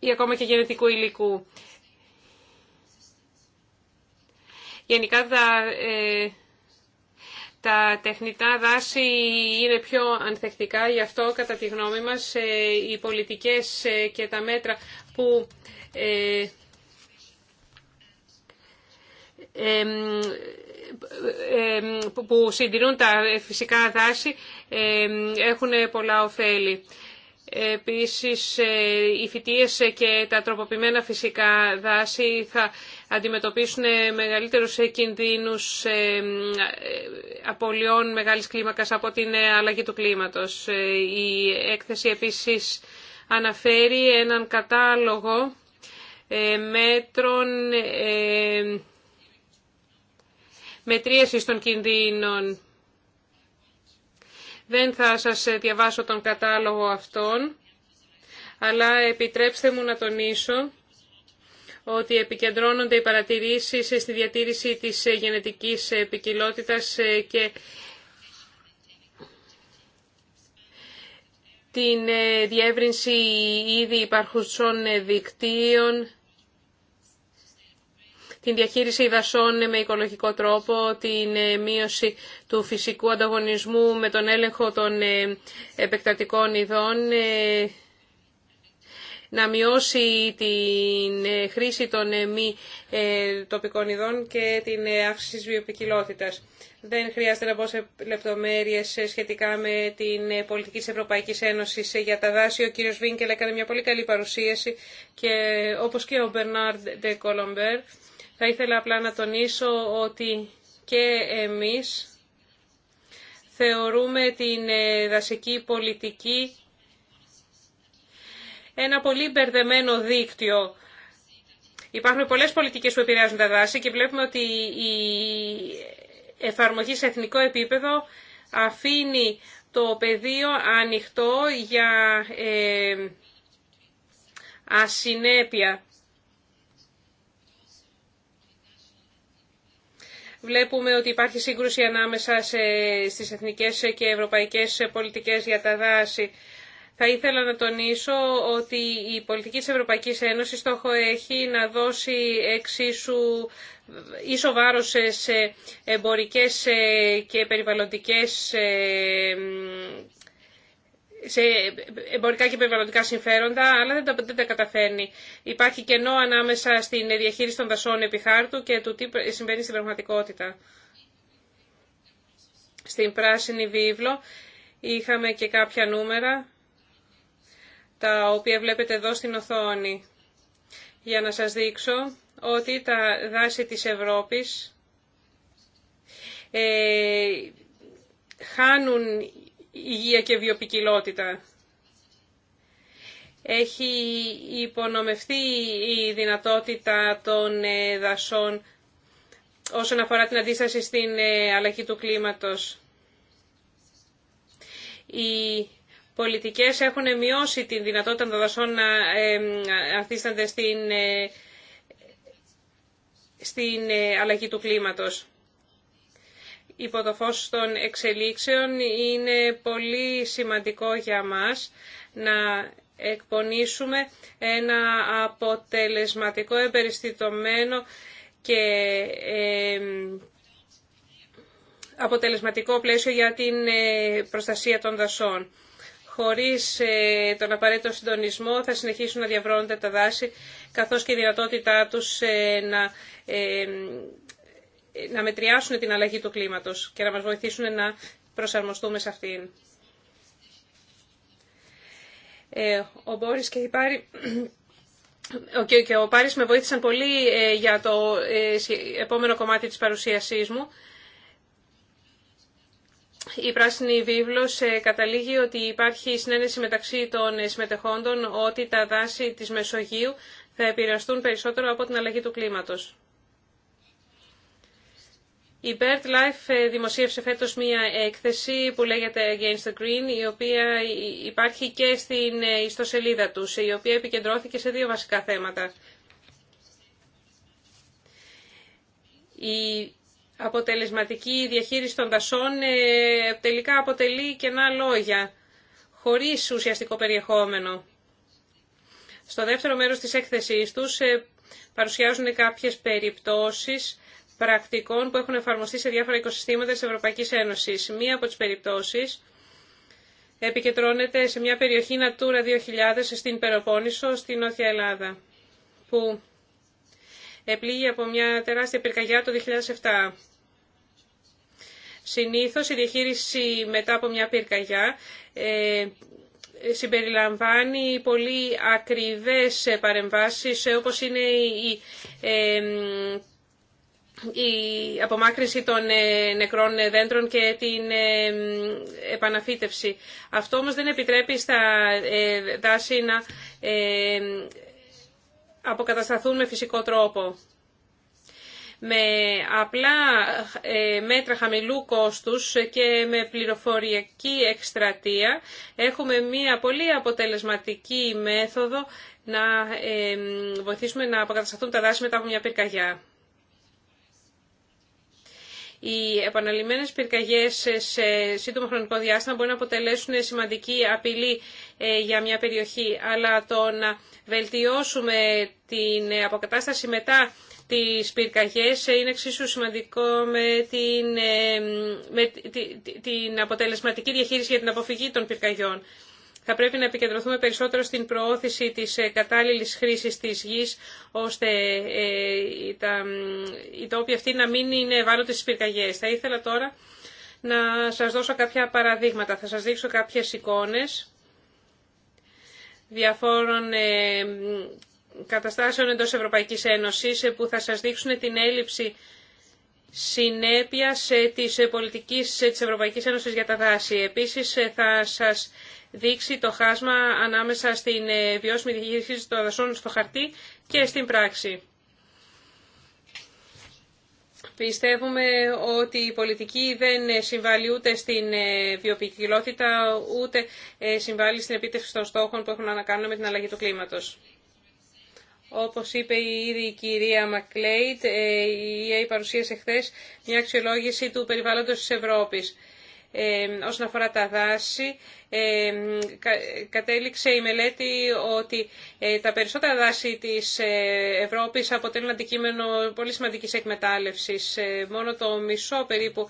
S5: ή, ακόμα και γενετικού υλικού. Γενικά τα τα τεχνητά δάση είναι πιο ανθεκτικά, γι' αυτό κατά τη γνώμη μας ε, οι πολιτικές ε, και τα μέτρα ε, που που συντηρούν τα φυσικά δάση έχουν πολλά ωφέλη. Επίσης, ε, οι φυτίες ε, και τα τροποποιημένα φυσικά δάση θα αντιμετωπίσουν ε, μεγαλύτερους κινδύνους απολειών μεγάλης κλίμακας από την αλλαγή του κλίματος. Η έκθεση επίσης αναφέρει έναν κατάλογο μέτρων μετρίασης των κινδύνων δεν θα σας διαβάσω τον κατάλογο αυτόν, αλλά επιτρέψτε μου να τονίσω ότι επικεντρώνονται οι παρατηρήσεις στη διατήρηση της γενετικής επικιλότητας και την διεύρυνση ήδη υπαρχουσών δικτύων την διαχείριση δασών με οικολογικό τρόπο, την ε, μείωση του φυσικού ανταγωνισμού με τον έλεγχο των ε, επεκτατικών ειδών, ε, να μειώσει την χρήση των μη τοπικών ειδών και την αύξηση της βιοποικιλότητας. Δεν χρειάζεται να πω σε λεπτομέρειες σχετικά με την πολιτική της Ευρωπαϊκής Ένωσης για τα δάση. Ο κύριος Βίνκελ έκανε μια πολύ καλή παρουσίαση και όπως και ο Μπερνάρντ Ντε Κολομπέρ θα ήθελα απλά να τονίσω ότι και εμείς θεωρούμε την ε, δασική πολιτική ένα πολύ μπερδεμένο δίκτυο. Υπάρχουν πολλές πολιτικές που επηρεάζουν τα δάση και βλέπουμε ότι η εφαρμογή σε εθνικό επίπεδο αφήνει το πεδίο ανοιχτό για ε, ασυνέπεια. Βλέπουμε ότι υπάρχει σύγκρουση ανάμεσα σε, στις εθνικές και ευρωπαϊκές πολιτικές για τα δάση. Θα ήθελα να τονίσω ότι η πολιτική της Ευρωπαϊκής Ένωσης στόχο έχει να δώσει εξίσου ίσο βάρος σε εμπορικές ε, και περιβαλλοντικές ε, σε εμπορικά και περιβαλλοντικά συμφέροντα, αλλά δεν τα, δεν καταφέρνει. Υπάρχει κενό ανάμεσα στην διαχείριση των δασών επί χάρτου και του τι συμβαίνει στην πραγματικότητα. Στην πράσινη βίβλο είχαμε και κάποια νούμερα, τα οποία βλέπετε εδώ στην οθόνη, για να σας δείξω ότι τα δάση της Ευρώπης ε, χάνουν υγεία και βιοπικιλότητα. Έχει υπονομευτεί η δυνατότητα των ε, δασών όσον αφορά την αντίσταση στην ε, αλλαγή του κλίματος. Οι πολιτικές έχουν μειώσει την δυνατότητα των δασών να ε, αντίστανται στην, στην αλλαγή του κλίματος υπό το φως των εξελίξεων είναι πολύ σημαντικό για μας να εκπονήσουμε ένα αποτελεσματικό, εμπεριστητωμένο και αποτελεσματικό πλαίσιο για την ε, προστασία των δασών. Χωρίς ε, τον απαραίτητο συντονισμό θα συνεχίσουν να διαβρώνονται τα δάση καθώς και η δυνατότητά τους ε, να να μετριάσουν την αλλαγή του κλίματος και να μας βοηθήσουν να προσαρμοστούμε σε αυτήν. Ε, ο Μπόρις και η Πάρη... Okay, και ο Πάρης με βοήθησαν πολύ ε, για το ε, επόμενο κομμάτι της παρουσίασής μου. Η πράσινη βίβλος καταλήγει ότι υπάρχει συνένεση μεταξύ των συμμετεχόντων ότι τα δάση της Μεσογείου θα επηρεαστούν περισσότερο από την αλλαγή του κλίματος. Η Life ε, δημοσίευσε φέτος μία έκθεση που λέγεται Against the Green, η οποία υπάρχει και στην ε, ιστοσελίδα τους, η οποία επικεντρώθηκε σε δύο βασικά θέματα. Η αποτελεσματική διαχείριση των δασών ε, τελικά αποτελεί κενά λόγια, χωρίς ουσιαστικό περιεχόμενο. Στο δεύτερο μέρος της έκθεσής τους παρουσιάζουν κάποιες περιπτώσεις πρακτικών που έχουν εφαρμοστεί σε διάφορα οικοσυστήματα της Ευρωπαϊκής Ένωσης. Μία από τις περιπτώσεις επικεντρώνεται σε μια περιοχή Natura 2000 στην Περοπόννησο, στην Νότια Ελλάδα, που επλήγει από μια τεράστια πυρκαγιά το 2007. Συνήθως η διαχείριση μετά από μια πυρκαγιά ε, συμπεριλαμβάνει πολύ ακριβές παρεμβάσεις όπως είναι η ε, η απομάκρυνση των ε, νεκρών ε, δέντρων και την ε, επαναφύτευση. Αυτό όμως δεν επιτρέπει στα δάση να αποκατασταθούν με φυσικό τρόπο. Με απλά μέτρα χαμηλού κόστους και με πληροφοριακή εκστρατεία έχουμε μία πολύ αποτελεσματική μέθοδο να βοηθήσουμε να αποκατασταθούν τα δάση μετά από μια πυρκαγιά. Οι επαναλημμένες πυρκαγιές σε σύντομο χρονικό διάστημα μπορεί να αποτελέσουν σημαντική απειλή ε, για μια περιοχή, αλλά το να βελτιώσουμε την αποκατάσταση μετά τις πυρκαγιές ε, είναι εξίσου σημαντικό με την, ε, με την αποτελεσματική διαχείριση για την αποφυγή των πυρκαγιών θα πρέπει να επικεντρωθούμε περισσότερο στην προώθηση της ε, κατάλληλης χρήσης της γης, ώστε η ε, τόποι αυτή να μην είναι ευάλωτη στις πυρκαγιές. Θα ήθελα τώρα να σας δώσω κάποια παραδείγματα. Θα σας δείξω κάποιες εικόνες διαφόρων ε, καταστάσεων εντός Ευρωπαϊκής Ένωσης που θα σας δείξουν την έλλειψη συνέπειας της πολιτικής της Ευρωπαϊκής Ένωσης για τα δάση. Επίσης θα σας δείξει το χάσμα ανάμεσα στην ε, βιώσιμη διαχείριση των δασών στο χαρτί και στην πράξη. Πιστεύουμε ότι η πολιτική δεν συμβάλλει ούτε στην ε, βιοποικιλότητα, ούτε ε, συμβάλλει στην επίτευξη των στόχων που έχουν να κάνουν με την αλλαγή του κλίματος. Όπως είπε ήδη η κυρία Μακλέιτ, η ΕΕ παρουσίασε χθε μια αξιολόγηση του περιβάλλοντος της Ευρώπης. Ε, όσον αφορά τα δάση, ε, κατέληξε η μελέτη ότι ε, τα περισσότερα δάση της Ευρώπης αποτελούν αντικείμενο πολύ σημαντικής εκμετάλλευσης. Μόνο το μισό περίπου,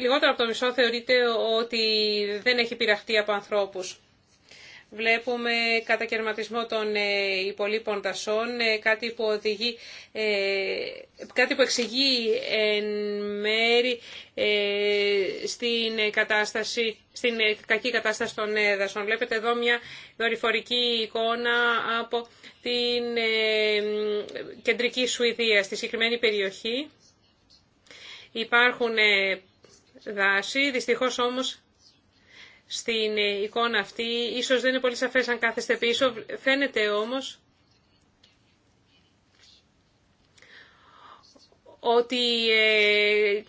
S5: λιγότερο από το μισό θεωρείται ότι δεν έχει πειραχτεί από ανθρώπους βλέπουμε κατακαιρματισμό των ε, υπολείπων δασών, ε, κάτι που, ε, κάτι που εξηγεί εν μέρη στην, κατάσταση, στην κακή κατάσταση των δασών. Βλέπετε εδώ μια δορυφορική εικόνα από την κεντρική Σουηδία, στη συγκεκριμένη περιοχή. Υπάρχουν δάση, δυστυχώς όμως στην εικόνα αυτή. Ίσως δεν είναι πολύ σαφές αν κάθεστε πίσω. Φαίνεται όμως ότι, ε,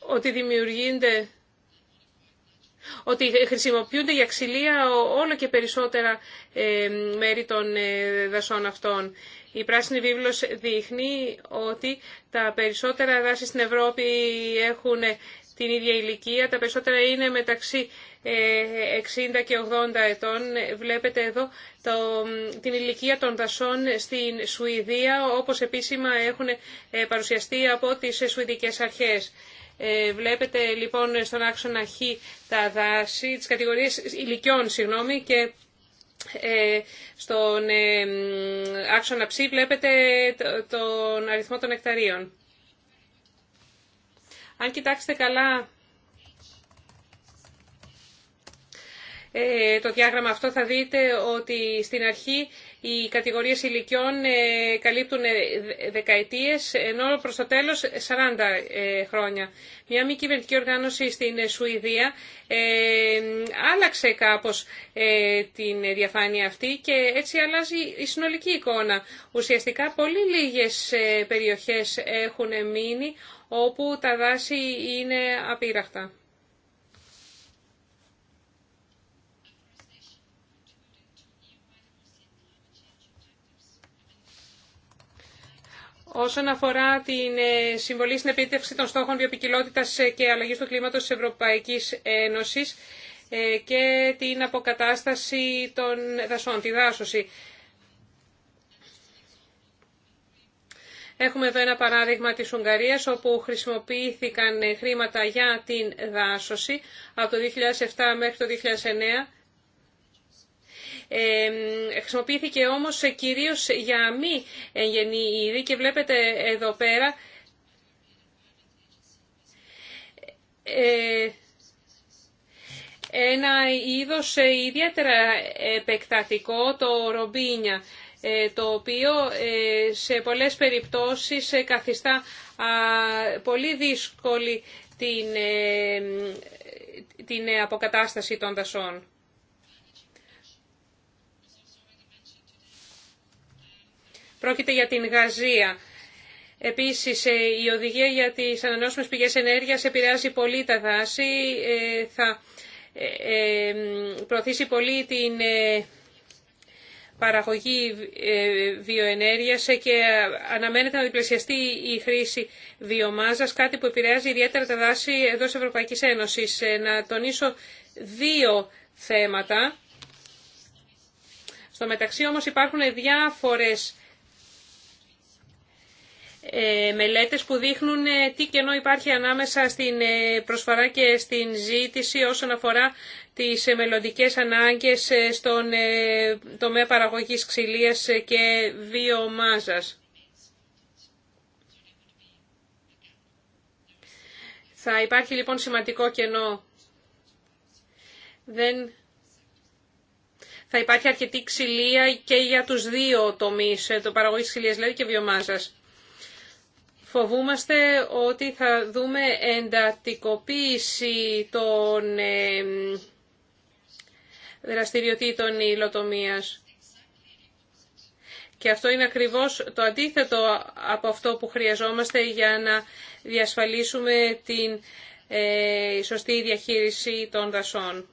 S5: ότι δημιουργούνται ότι χρησιμοποιούνται για ξυλία όλο και περισσότερα ε, μέρη των ε, δασών αυτών. Η Πράσινη Βίβλος δείχνει ότι τα περισσότερα δάση στην Ευρώπη έχουν την ίδια ηλικία. Τα περισσότερα είναι μεταξύ 60 ε, και 80 ετών. Βλέπετε εδώ το, την ηλικία των δασών στην Σουηδία, όπως επίσημα έχουν ε, παρουσιαστεί από τις Σουηδικές Αρχές. Ε, βλέπετε λοιπόν στον άξονα Χ τα δάση, τις κατηγορίες ηλικιών, συγγνώμη, και στον άξονα Ψ βλέπετε τον αριθμό των εκταρίων. Αν κοιτάξετε καλά ε, το διάγραμμα αυτό θα δείτε ότι στην αρχή οι κατηγορίες ηλικιών ε, καλύπτουν ε, δεκαετίες, ενώ προς το τέλος 40 χρόνια. Μια μη κυβερνητική οργάνωση στην Σουηδία άλλαξε κάπως την διαφάνεια αυτή και έτσι αλλάζει η συνολική εικόνα. Ουσιαστικά πολύ λίγες περιοχές έχουν μείνει όπου τα δάση είναι απείραχτα. Όσον αφορά την ε, συμβολή στην επίτευξη των στόχων βιοπικιλότητας ε, και αλλαγής του κλίματος της Ευρωπαϊκής Ένωσης ε, και την αποκατάσταση των δασών, τη δάσωση. Έχουμε εδώ ένα παράδειγμα της Ουγγαρίας όπου χρησιμοποιήθηκαν χρήματα για την δάσωση από το 2007 μέχρι το 2009. Ε, χρησιμοποιήθηκε όμως κυρίως για μη εγγενή είδη και βλέπετε εδώ πέρα ε, ένα είδος ιδιαίτερα επεκτατικό, το ρομπίνια. Ε, το οποίο ε, σε πολλές περιπτώσεις ε, καθιστά πολύ δύσκολη την, την αποκατάσταση των δασών. Πρόκειται για την γαζία. Επίσης, η οδηγία για τις ανανεώσιμες πηγές ενέργειας επηρεάζει πολύ τα δάση, θα προωθήσει πολύ την παραγωγή ε, βιοενέργειας ε, και αναμένεται να διπλασιαστεί η χρήση βιομάζας, κάτι που επηρεάζει ιδιαίτερα τα δάση εδώ της Ευρωπαϊκής Ένωσης. Ε, να τονίσω δύο θέματα. Στο μεταξύ όμως υπάρχουν διάφορες μελέτες που δείχνουν τι κενό υπάρχει ανάμεσα στην προσφορά και στην ζήτηση όσον αφορά τις μελλοντικέ ανάγκες ε, στον ε, τομέα παραγωγής ξυλίας ε, και βιομάζας. Θα υπάρχει λοιπόν σημαντικό κενό. Δεν... Θα υπάρχει αρκετή ξυλία και για τους δύο τομείς, το παραγωγής ξυλίας δηλαδή και βιομάζας. Φοβούμαστε ότι θα δούμε εντατικοποίηση των δραστηριοτήτων υλοτομία. Και αυτό είναι ακριβώς το αντίθετο από αυτό που χρειαζόμαστε για να διασφαλίσουμε την ε, σωστή διαχείριση των δασών.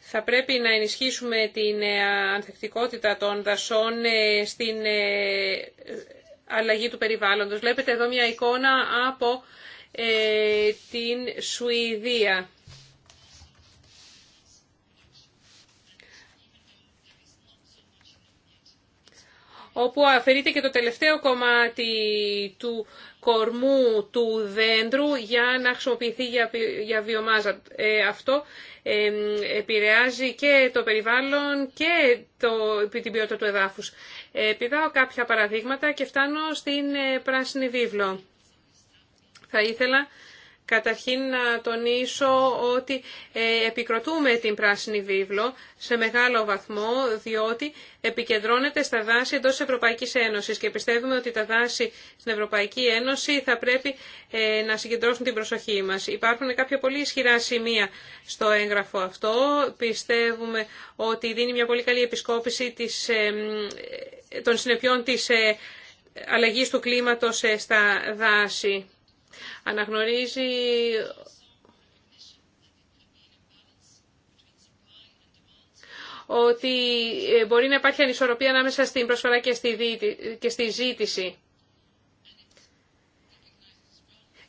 S5: Θα πρέπει να ενισχύσουμε την ε, ανθεκτικότητα των δασών ε, στην αλλαγή του περιβάλλοντος. Βλέπετε εδώ μια εικόνα από ε, την Σουηδία. όπου αφαιρείται και το τελευταίο κομμάτι του κορμού του δέντρου για να χρησιμοποιηθεί για βιομάζα. Ε, αυτό ε, επηρεάζει και το περιβάλλον και το, την ποιότητα του εδάφους. Πηδάω κάποια παραδείγματα και φτάνω στην Πράσινη Βίβλο. Θα ήθελα καταρχήν να τονίσω ότι ε, επικροτούμε την Πράσινη Βίβλο σε μεγάλο βαθμό, διότι επικεντρώνεται στα δάση εντός Ευρωπαϊκής Ένωσης και πιστεύουμε ότι τα δάση στην Ευρωπαϊκή Ένωση θα πρέπει ε, να συγκεντρώσουν την προσοχή μας. Υπάρχουν κάποια πολύ ισχυρά σημεία στο έγγραφο αυτό. Πιστεύουμε ότι δίνει μια πολύ καλή επισκόπηση ε, των συνεπειών της αλλαγής του κλίματος στα δάση αναγνωρίζει ότι μπορεί να υπάρχει ανισορροπία ανάμεσα στην προσφορά και στη ζήτηση.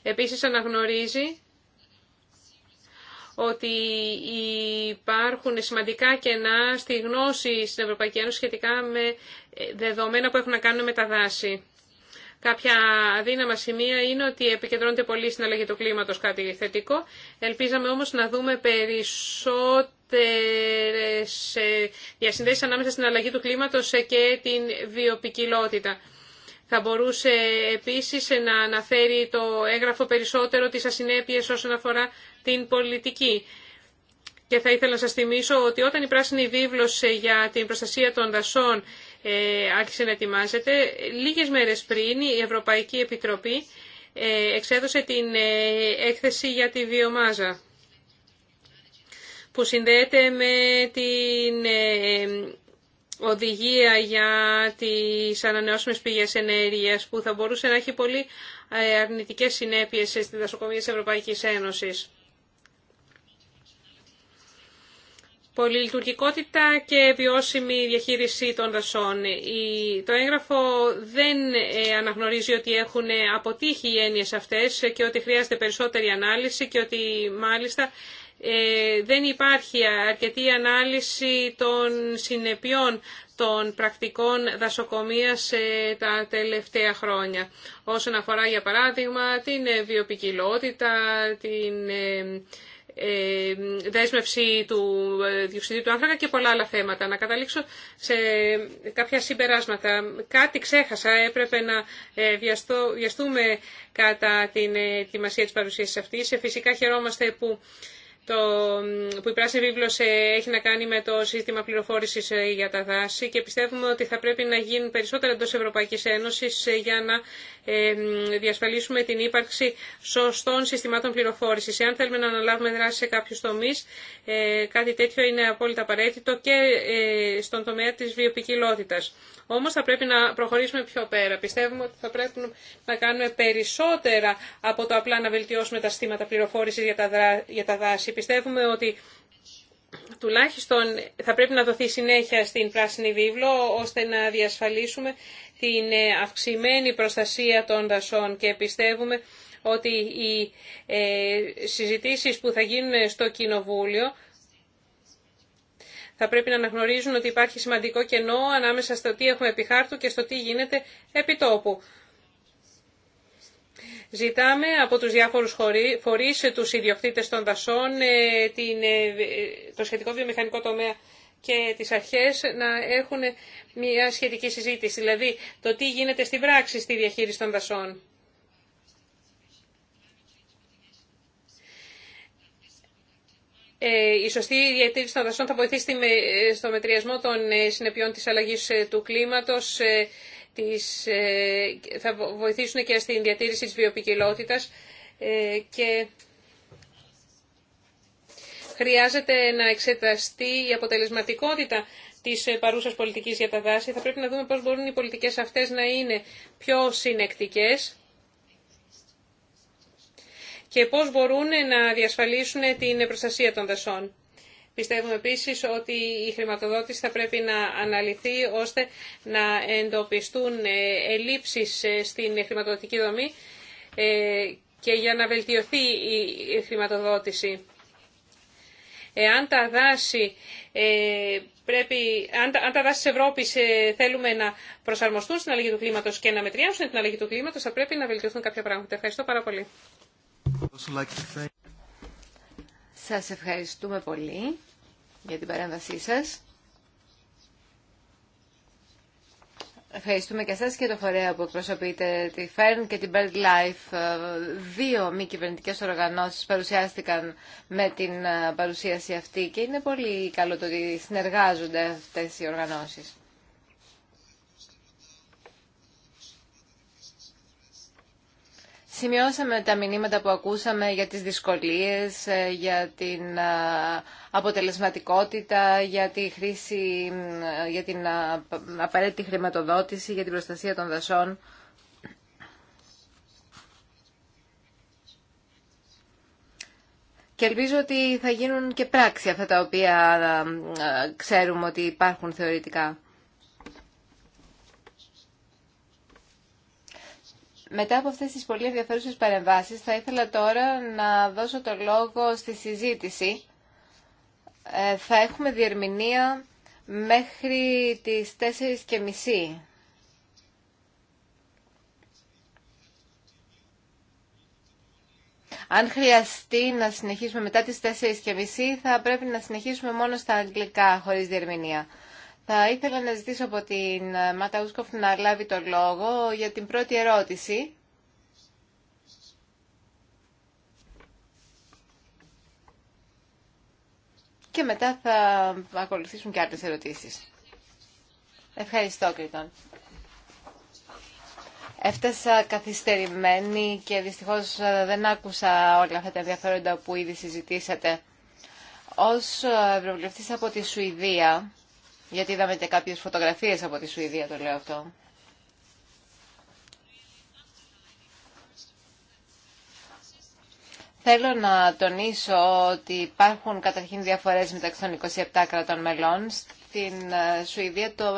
S5: Επίσης αναγνωρίζει ότι υπάρχουν σημαντικά κενά στη γνώση στην Ευρωπαϊκή Ένωση σχετικά με δεδομένα που έχουν να κάνουν με τα δάση. Κάποια αδύναμα σημεία είναι ότι επικεντρώνεται πολύ στην αλλαγή του κλίματος κάτι θετικό. Ελπίζαμε όμως να δούμε περισσότερες ε, διασυνδέσεις ανάμεσα στην αλλαγή του κλίματος ε, και την βιοπικιλότητα. Θα μπορούσε επίσης ε, να αναφέρει το έγγραφο περισσότερο τις ασυνέπειες όσον αφορά την πολιτική. Και θα ήθελα να σας θυμίσω ότι όταν η Πράσινη Βίβλος για την προστασία των δασών ε, άρχισε να ετοιμάζεται. Λίγες μέρες πριν η Ευρωπαϊκή Επιτροπή ε, εξέδωσε την ε, έκθεση για τη βιομάζα που συνδέεται με την οδηγία για τις ανανεώσιμες πηγές ενέργειας που θα μπορούσε να έχει πολύ αρνητικές συνέπειες στις δασοκομείες της Ευρωπαϊκής Ένωσης. Πολυλειτουργικότητα και βιώσιμη διαχείριση των δασών. Το έγγραφο δεν ε, αναγνωρίζει ότι έχουν αποτύχει οι έννοιες αυτές και ότι χρειάζεται περισσότερη ανάλυση και ότι μάλιστα ε, δεν υπάρχει αρκετή ανάλυση των συνεπειών των πρακτικών δασοκομείας ε, τα τελευταία χρόνια. Όσον αφορά για παράδειγμα την βιοπικιλότητα, την ε, δέσμευση του ε, διοξιδίου του άνθρακα και πολλά άλλα θέματα. Να καταλήξω σε κάποια συμπεράσματα. Κάτι ξέχασα, έπρεπε να ε, βιαστούμε κατά την ετοιμασία της παρουσίας αυτής. Φυσικά χαιρόμαστε που το, που η Πράσινη Βίβλος ε, έχει να κάνει με το σύστημα πληροφόρησης ε, για τα δάση και πιστεύουμε ότι θα πρέπει να γίνουν περισσότερα εντός Ευρωπαϊκής Ένωσης ε, για να διασφαλίσουμε την ύπαρξη σωστών συστημάτων πληροφόρησης. Εάν θέλουμε να αναλάβουμε δράση σε κάποιους τομείς, κάτι τέτοιο είναι απόλυτα απαραίτητο και στον τομέα της βιοπικιλότητας. Όμως θα πρέπει να προχωρήσουμε πιο πέρα. Πιστεύουμε ότι θα πρέπει να κάνουμε περισσότερα από το απλά να βελτιώσουμε τα συστήματα πληροφόρηση για τα δάση πιστεύουμε ότι τουλάχιστον θα πρέπει να δοθεί συνέχεια στην Πράσινη Βίβλο ώστε να διασφαλίσουμε την ε, αυξημένη προστασία των δασών και πιστεύουμε ότι οι ε, συζητήσεις που θα γίνουν στο Κοινοβούλιο θα πρέπει να αναγνωρίζουν ότι υπάρχει σημαντικό κενό ανάμεσα στο τι έχουμε επί και στο τι γίνεται επί Ζητάμε από τους διάφορους φορείς, τους ιδιοκτήτες των δασών, ε, την, ε, το σχετικό βιομηχανικό τομέα και τις αρχές να έχουν μια σχετική συζήτηση, δηλαδή το τι γίνεται στην πράξη στη διαχείριση των δασών. Ε, η σωστή διατήρηση των δασών θα βοηθήσει στο μετριασμό των συνεπειών της αλλαγής του κλίματος, τις, ε, θα βοηθήσουν και στην διατήρηση της βιοπικιλότητας ε, και χρειάζεται να εξεταστεί η αποτελεσματικότητα της ε, παρούσας πολιτικής για τα δάση. Θα πρέπει να δούμε πώς μπορούν οι πολιτικές αυτές να είναι πιο συνεκτικές και πώς μπορούν να διασφαλίσουν την προστασία των δασών. Πιστεύουμε επίσης ότι η χρηματοδότηση θα πρέπει να αναλυθεί ώστε να εντοπιστούν ε, ελλείψεις ε, στην χρηματοδοτική δομή ε, και για να βελτιωθεί η χρηματοδότηση. Εάν τα δάση ε, πρέπει, αν τα, δάση της Ευρώπης θέλουμε να προσαρμοστούν στην αλλαγή του κλίματος και να μετριάσουν την αλλαγή του κλίματος, θα πρέπει να βελτιωθούν κάποια
S4: πράγματα. Ευχαριστώ πάρα πολύ. Σας ευχαριστούμε πολύ για την παρέμβασή σας. Ευχαριστούμε και εσάς και το φορέα που εκπροσωπείτε, τη Fern και την Life. Ε, δύο μη κυβερνητικέ οργανώσεις παρουσιάστηκαν με την ε, παρουσίαση αυτή και είναι πολύ καλό το ότι συνεργάζονται αυτές οι οργανώσεις. Σημειώσαμε τα μηνύματα που ακούσαμε για τις δυσκολίες, ε, για την ε, αποτελεσματικότητα, για, τη χρήση, ε, για την απαραίτητη χρηματοδότηση, για την προστασία των δασών. Και ελπίζω ότι θα γίνουν και πράξη αυτά τα οποία ξέρουμε ότι υπάρχουν θεωρητικά. Μετά από αυτές τις πολύ ενδιαφέρουσες παρεμβάσεις θα ήθελα τώρα να δώσω το λόγο στη συζήτηση. Ε, θα έχουμε διερμηνία μέχρι τις 4.30. Αν χρειαστεί να συνεχίσουμε μετά τις 4.30 θα πρέπει να συνεχίσουμε μόνο στα αγγλικά χωρίς διερμηνία. Θα ήθελα να ζητήσω από την ε, Μάτα να λάβει το λόγο για την πρώτη ερώτηση. Και μετά θα ακολουθήσουν και άλλες ερωτήσεις. Ευχαριστώ, Κρήτον. Έφτασα καθυστερημένη και δυστυχώς ε, δεν άκουσα όλα αυτά τα ενδιαφέροντα που ήδη συζητήσατε. Ως ε, Ευρωβουλευτής από τη Σουηδία, γιατί είδαμε και κάποιες φωτογραφίες από τη Σουηδία, το λέω αυτό. Θέλω να τονίσω ότι υπάρχουν καταρχήν διαφορές μεταξύ των 27 κρατών μελών. Στην ε, Σουηδία το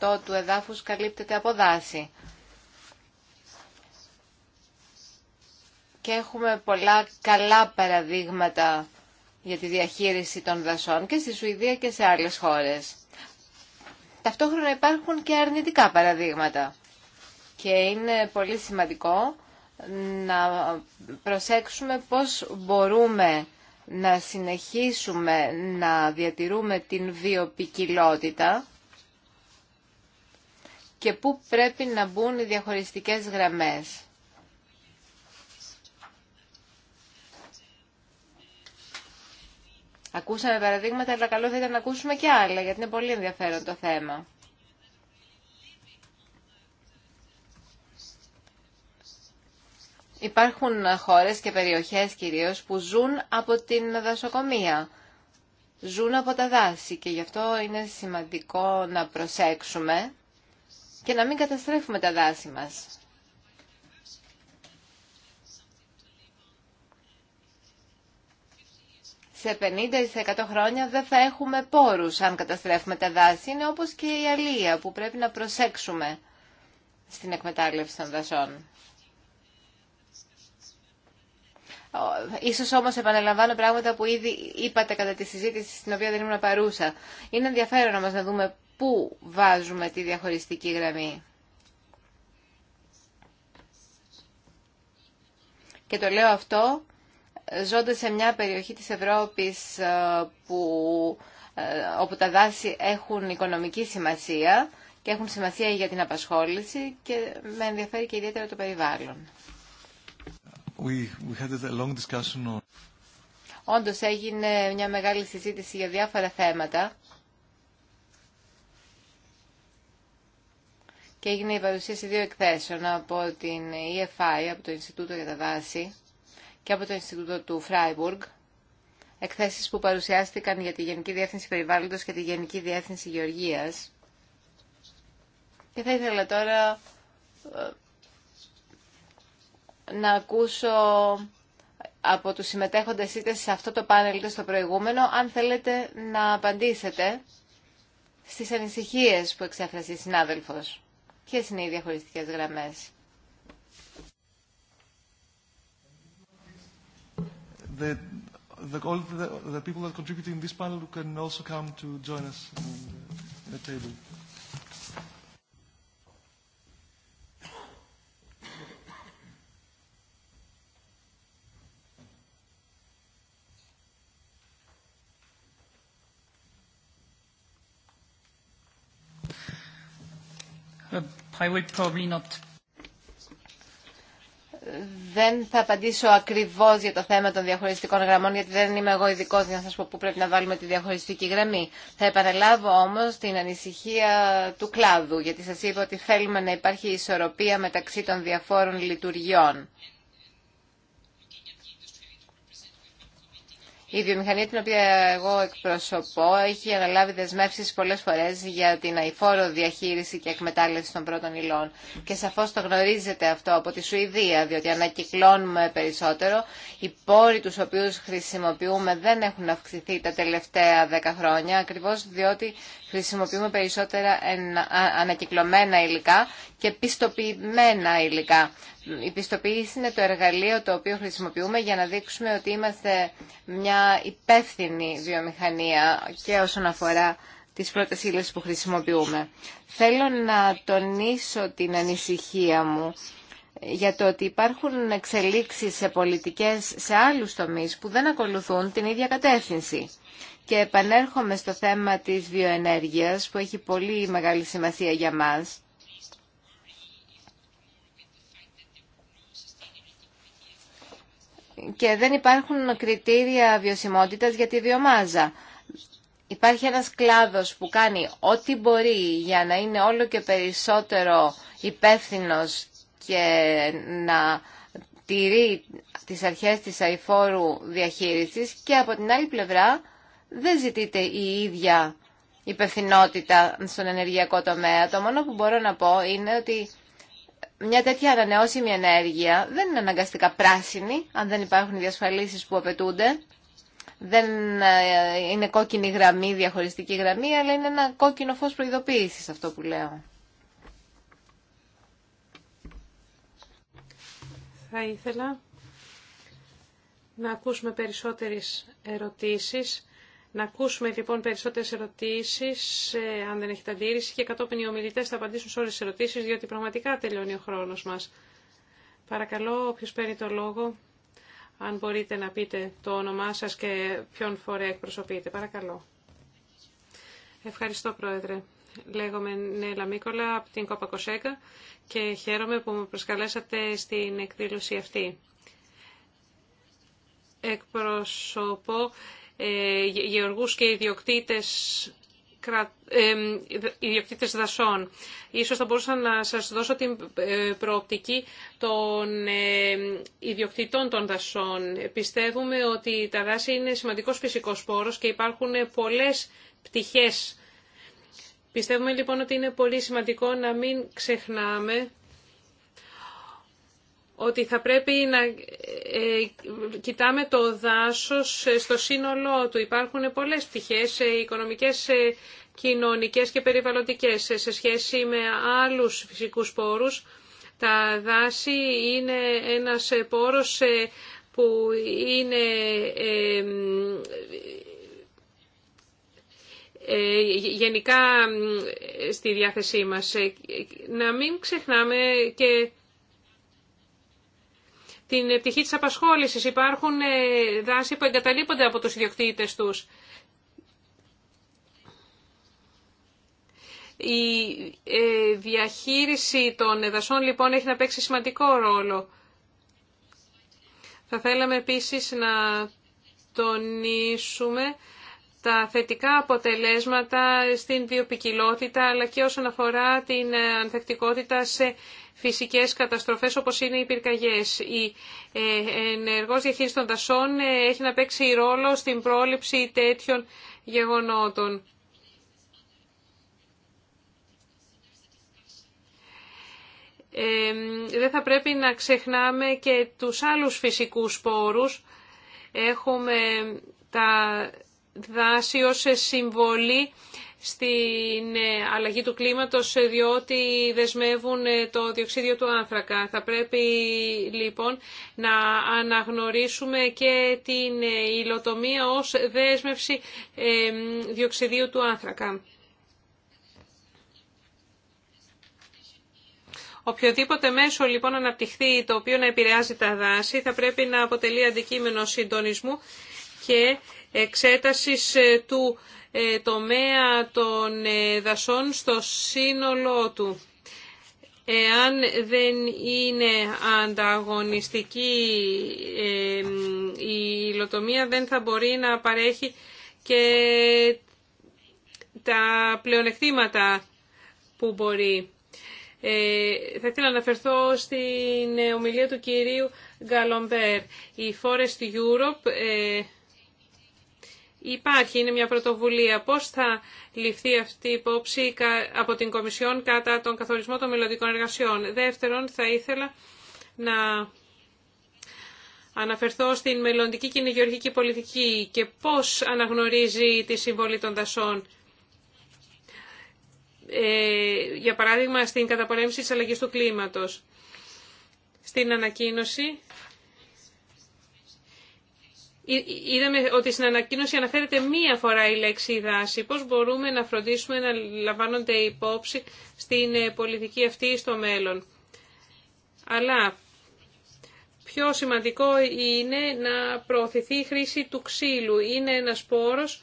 S4: 75% του εδάφους καλύπτεται από δάση. Και έχουμε πολλά καλά παραδείγματα για τη διαχείριση των δασών και στη Σουηδία και σε άλλες χώρες. Ταυτόχρονα υπάρχουν και αρνητικά παραδείγματα και είναι πολύ σημαντικό να προσέξουμε πώς μπορούμε να συνεχίσουμε να διατηρούμε την βιοπικιλότητα και πού πρέπει να μπουν οι διαχωριστικές γραμμές. Ακούσαμε παραδείγματα, αλλά καλό θα ήταν να ακούσουμε και άλλα, γιατί είναι πολύ ενδιαφέρον το θέμα. Υπάρχουν χώρες και περιοχές κυρίως που ζουν από την δασοκομεία. Ζουν από τα δάση και γι' αυτό είναι σημαντικό να προσέξουμε και να μην καταστρέφουμε τα δάση μας. σε 50 ή 100 χρόνια δεν θα έχουμε πόρους αν καταστρέφουμε τα δάση. Είναι όπως και η αλία που πρέπει να προσέξουμε στην εκμετάλλευση των δασών. Ίσως όμως επαναλαμβάνω πράγματα που ήδη είπατε κατά τη συζήτηση στην οποία δεν ήμουν παρούσα. Είναι ενδιαφέρον όμως να δούμε πού βάζουμε τη διαχωριστική γραμμή. Και το λέω αυτό ζώντας σε μια περιοχή της Ευρώπης ε, που, ε, όπου τα δάση έχουν οικονομική σημασία και έχουν σημασία για την απασχόληση και με ενδιαφέρει και ιδιαίτερα το περιβάλλον. We, Όντως έγινε μια μεγάλη συζήτηση για διάφορα θέματα και έγινε η παρουσίαση δύο εκθέσεων από την EFI, από το Ινστιτούτο για τα Δάση και από το Ινστιτούτο του Φράιμπουργκ, εκθέσεις που παρουσιάστηκαν για τη Γενική Διεύθυνση Περιβάλλοντος και τη Γενική Διεύθυνση Γεωργίας. Και θα ήθελα τώρα ε, να ακούσω από τους συμμετέχοντες είτε σε αυτό το πάνελ είτε στο προηγούμενο, αν θέλετε να απαντήσετε στις ανησυχίες που εξέφρασε η συνάδελφος. Ποιες είναι οι διαχωριστικές γραμμές.
S1: the, the, all the, the people that contributed in this panel can also come to join us in the table.
S6: I will probably not
S4: δεν θα απαντήσω ακριβώς για το θέμα των διαχωριστικών γραμμών, γιατί δεν είμαι εγώ ειδικό για να σα πω πού πρέπει να βάλουμε τη διαχωριστική γραμμή. Θα επαναλάβω όμως την ανησυχία του κλάδου, γιατί σας είπα ότι θέλουμε να υπάρχει ισορροπία μεταξύ των διαφόρων λειτουργιών. Η βιομηχανία την οποία εγώ εκπροσωπώ έχει αναλάβει δεσμεύσεις πολλές φορές για την αηφόρο διαχείριση και εκμετάλλευση των πρώτων υλών. Και σαφώς το γνωρίζετε αυτό από τη Σουηδία, διότι ανακυκλώνουμε περισσότερο. Οι πόροι τους οποίους χρησιμοποιούμε δεν έχουν αυξηθεί τα τελευταία δέκα χρόνια, ακριβώς διότι χρησιμοποιούμε περισσότερα ανακυκλωμένα υλικά και πιστοποιημένα υλικά. Η πιστοποίηση είναι το εργαλείο το οποίο χρησιμοποιούμε για να δείξουμε ότι είμαστε μια υπεύθυνη βιομηχανία και όσον αφορά τις πρώτες ύλες που χρησιμοποιούμε. Θέλω να τονίσω την ανησυχία μου για το ότι υπάρχουν εξελίξεις σε πολιτικές σε άλλους τομείς που δεν ακολουθούν την ίδια κατεύθυνση. Και επανέρχομαι στο θέμα της βιοενέργειας που έχει πολύ μεγάλη σημασία για μας. Και δεν υπάρχουν κριτήρια βιωσιμότητας για τη βιομάζα. Υπάρχει ένας κλάδος που κάνει ό,τι μπορεί για να είναι όλο και περισσότερο υπεύθυνος και να τηρεί τις αρχές της αηφόρου διαχείρισης και από την άλλη πλευρά δεν ζητείται η ίδια υπευθυνότητα στον ενεργειακό τομέα. Το μόνο που μπορώ να πω είναι ότι μια τέτοια ανανεώσιμη ενέργεια δεν είναι αναγκαστικά πράσινη, αν δεν υπάρχουν διασφαλίσεις που απαιτούνται. Δεν ε, είναι κόκκινη γραμμή, διαχωριστική γραμμή, αλλά είναι ένα κόκκινο φως προειδοποίησης αυτό που λέω.
S5: Θα ήθελα να ακούσουμε περισσότερες ερωτήσεις να ακούσουμε λοιπόν περισσότερες ερωτήσεις, ε, αν δεν έχετε αντίρρηση, και κατόπιν οι ομιλητές θα απαντήσουν σε όλες τις ερωτήσεις, διότι πραγματικά τελειώνει ο χρόνος μας. Παρακαλώ, όποιο παίρνει το λόγο, αν μπορείτε να πείτε το όνομά σας και ποιον φορέα εκπροσωπείτε. Παρακαλώ. Ευχαριστώ, Πρόεδρε. Λέγομαι Νέλα Μίκολα από την Κόπα Κοσέκα και χαίρομαι που με προσκαλέσατε στην εκδήλωση αυτή. Εκπροσωπώ ε, γεωργούς και ιδιοκτήτες ε, ιδιοκτήτες δασών. Ίσως θα μπορούσα να σας δώσω την ε, προοπτική των ιδιοκτητών των δασών. Πιστεύουμε ότι τα δάση είναι σημαντικός φυσικός πόρος και υπάρχουν πολλές πτυχές. Πιστεύουμε λοιπόν ότι είναι πολύ σημαντικό να μην ξεχνάμε ότι θα πρέπει να ε, κοιτάμε το δάσος ε, στο σύνολό του. Υπάρχουν πολλές πτυχές, ε, οικονομικές, κοινωνικές και περιβαλλοντικές. Σε σχέση με άλλους φυσικούς πόρους, τα δάση είναι ένας πόρος που είναι γενικά στη διάθεσή μας. Να μην ξεχνάμε και την πτυχή της απασχόλησης. Υπάρχουν ε, δάση που εγκαταλείπονται από τους ιδιοκτήτες τους. Η ε, διαχείριση των δασών λοιπόν έχει να παίξει σημαντικό ρόλο. Θα θέλαμε επίσης να τονίσουμε τα θετικά αποτελέσματα στην βιοπικιλότητα αλλά και όσον αφορά την ε, ανθεκτικότητα σε φυσικές καταστροφές όπως είναι οι πυρκαγιές. Η ε, ενεργός διαχείριση των δασών ε, έχει να παίξει ρόλο στην πρόληψη τέτοιων γεγονότων. Ε, δεν θα πρέπει να ξεχνάμε και τους άλλους φυσικούς πόρους. Έχουμε τα δάση ως συμβολή στην ε, αλλαγή του κλίματος ε, διότι δεσμεύουν ε, το διοξίδιο του άνθρακα. Θα πρέπει λοιπόν να αναγνωρίσουμε και την υλοτομία ως δέσμευση διοξιδίου του άνθρακα. Οποιοδήποτε μέσο λοιπόν αναπτυχθεί το οποίο να επηρεάζει τα δάση θα πρέπει να αποτελεί αντικείμενο συντονισμού και εξέτασης του ε, τομέα των ε, δασών στο σύνολό του. Εάν δεν είναι ανταγωνιστική ε, η υλοτομία δεν θα μπορεί να παρέχει και τα πλεονεκτήματα που μπορεί. Θα ήθελα να αναφερθώ στην ομιλία του κυρίου Γκαλομπέρ. Η Forest Europe υπάρχει, είναι μια πρωτοβουλία. Πώς θα ληφθεί αυτή η υπόψη από την Κομισιόν κατά τον καθορισμό των μελλοντικών εργασιών. Δεύτερον, θα ήθελα να αναφερθώ στην μελλοντική κυνηγεωργική πολιτική και πώς αναγνωρίζει τη συμβολή των δασών. Ε, για παράδειγμα, στην καταπολέμηση της αλλαγής του κλίματος. Στην ανακοίνωση Είδαμε ότι στην ανακοίνωση αναφέρεται μία φορά η λέξη δάση. Πώς μπορούμε να φροντίσουμε να λαμβάνονται υπόψη στην ε, πολιτική αυτή στο μέλλον. Αλλά πιο σημαντικό είναι να προωθηθεί η χρήση του ξύλου. Είναι ένας πόρος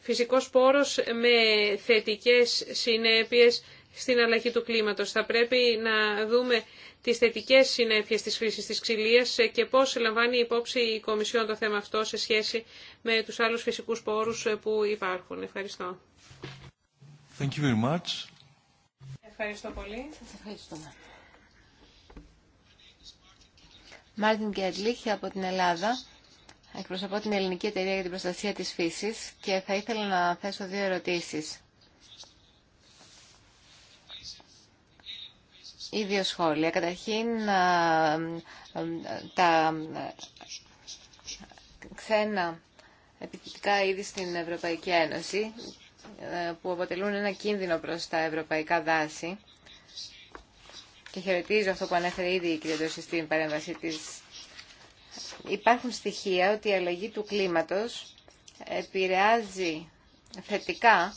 S5: φυσικός πόρος με θετικές συνέπειες στην αλλαγή του κλίματος. Θα πρέπει να δούμε τις θετικές συνέπειες της χρήσης της ξυλίας και πώς λαμβάνει υπόψη η Κομισιόν το θέμα αυτό σε σχέση με τους άλλους φυσικούς πόρους που υπάρχουν. Ευχαριστώ.
S1: Thank you very
S4: much.
S5: Ευχαριστώ πολύ. Σας ευχαριστούμε.
S4: Μάρτιν Κερλίχη από την Ελλάδα. Εκπροσωπώ την Ελληνική Εταιρεία για την Προστασία της Φύσης και θα ήθελα να θέσω δύο ερωτήσεις. ή δύο σχόλια. Καταρχήν, τα ξένα επιθετικά είδη στην Ευρωπαϊκή Ένωση ε, που αποτελούν ένα κίνδυνο προς τα ευρωπαϊκά δάση και χαιρετίζω αυτό που ανέφερε ήδη η κυρία Τόση στην παρέμβαση της. Υπάρχουν στοιχεία ότι η αλλαγή του κλίματος επηρεάζει θετικά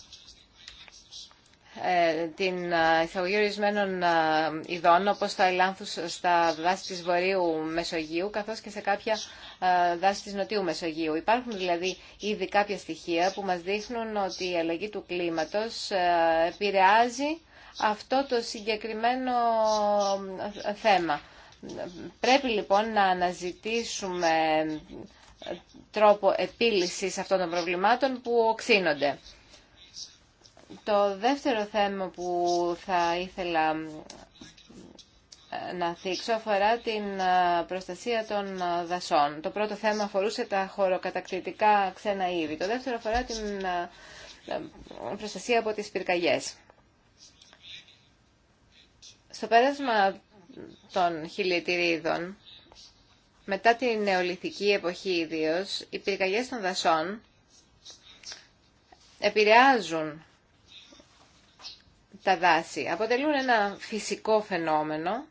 S4: ε, την ε, εισαγωγή ορισμένων ε, ειδών όπως τα ελάνθους στα δάση της Βορείου Μεσογείου καθώς και σε κάποια δάση της Νοτιού Μεσογείου. Υπάρχουν δηλαδή ήδη κάποια στοιχεία που μας δείχνουν ότι η αλλαγή του κλίματος επηρεάζει αυτό το συγκεκριμένο θέμα. Πρέπει λοιπόν να αναζητήσουμε τρόπο επίλυσης αυτών των προβλημάτων που οξύνονται. Το δεύτερο θέμα που θα ήθελα ε, να θίξω αφορά την ε, προστασία των ε, δασών. Το πρώτο θέμα αφορούσε τα χωροκατακτητικά ξένα είδη. Το δεύτερο αφορά την προστασία από τις πυρκαγιές. Στο πέρασμα των χιλιετηρίδων, μετά την νεολιθική εποχή ιδίω, οι πυρκαγιές των δασών επηρεάζουν τα δάση αποτελούν ένα φυσικό φαινόμενο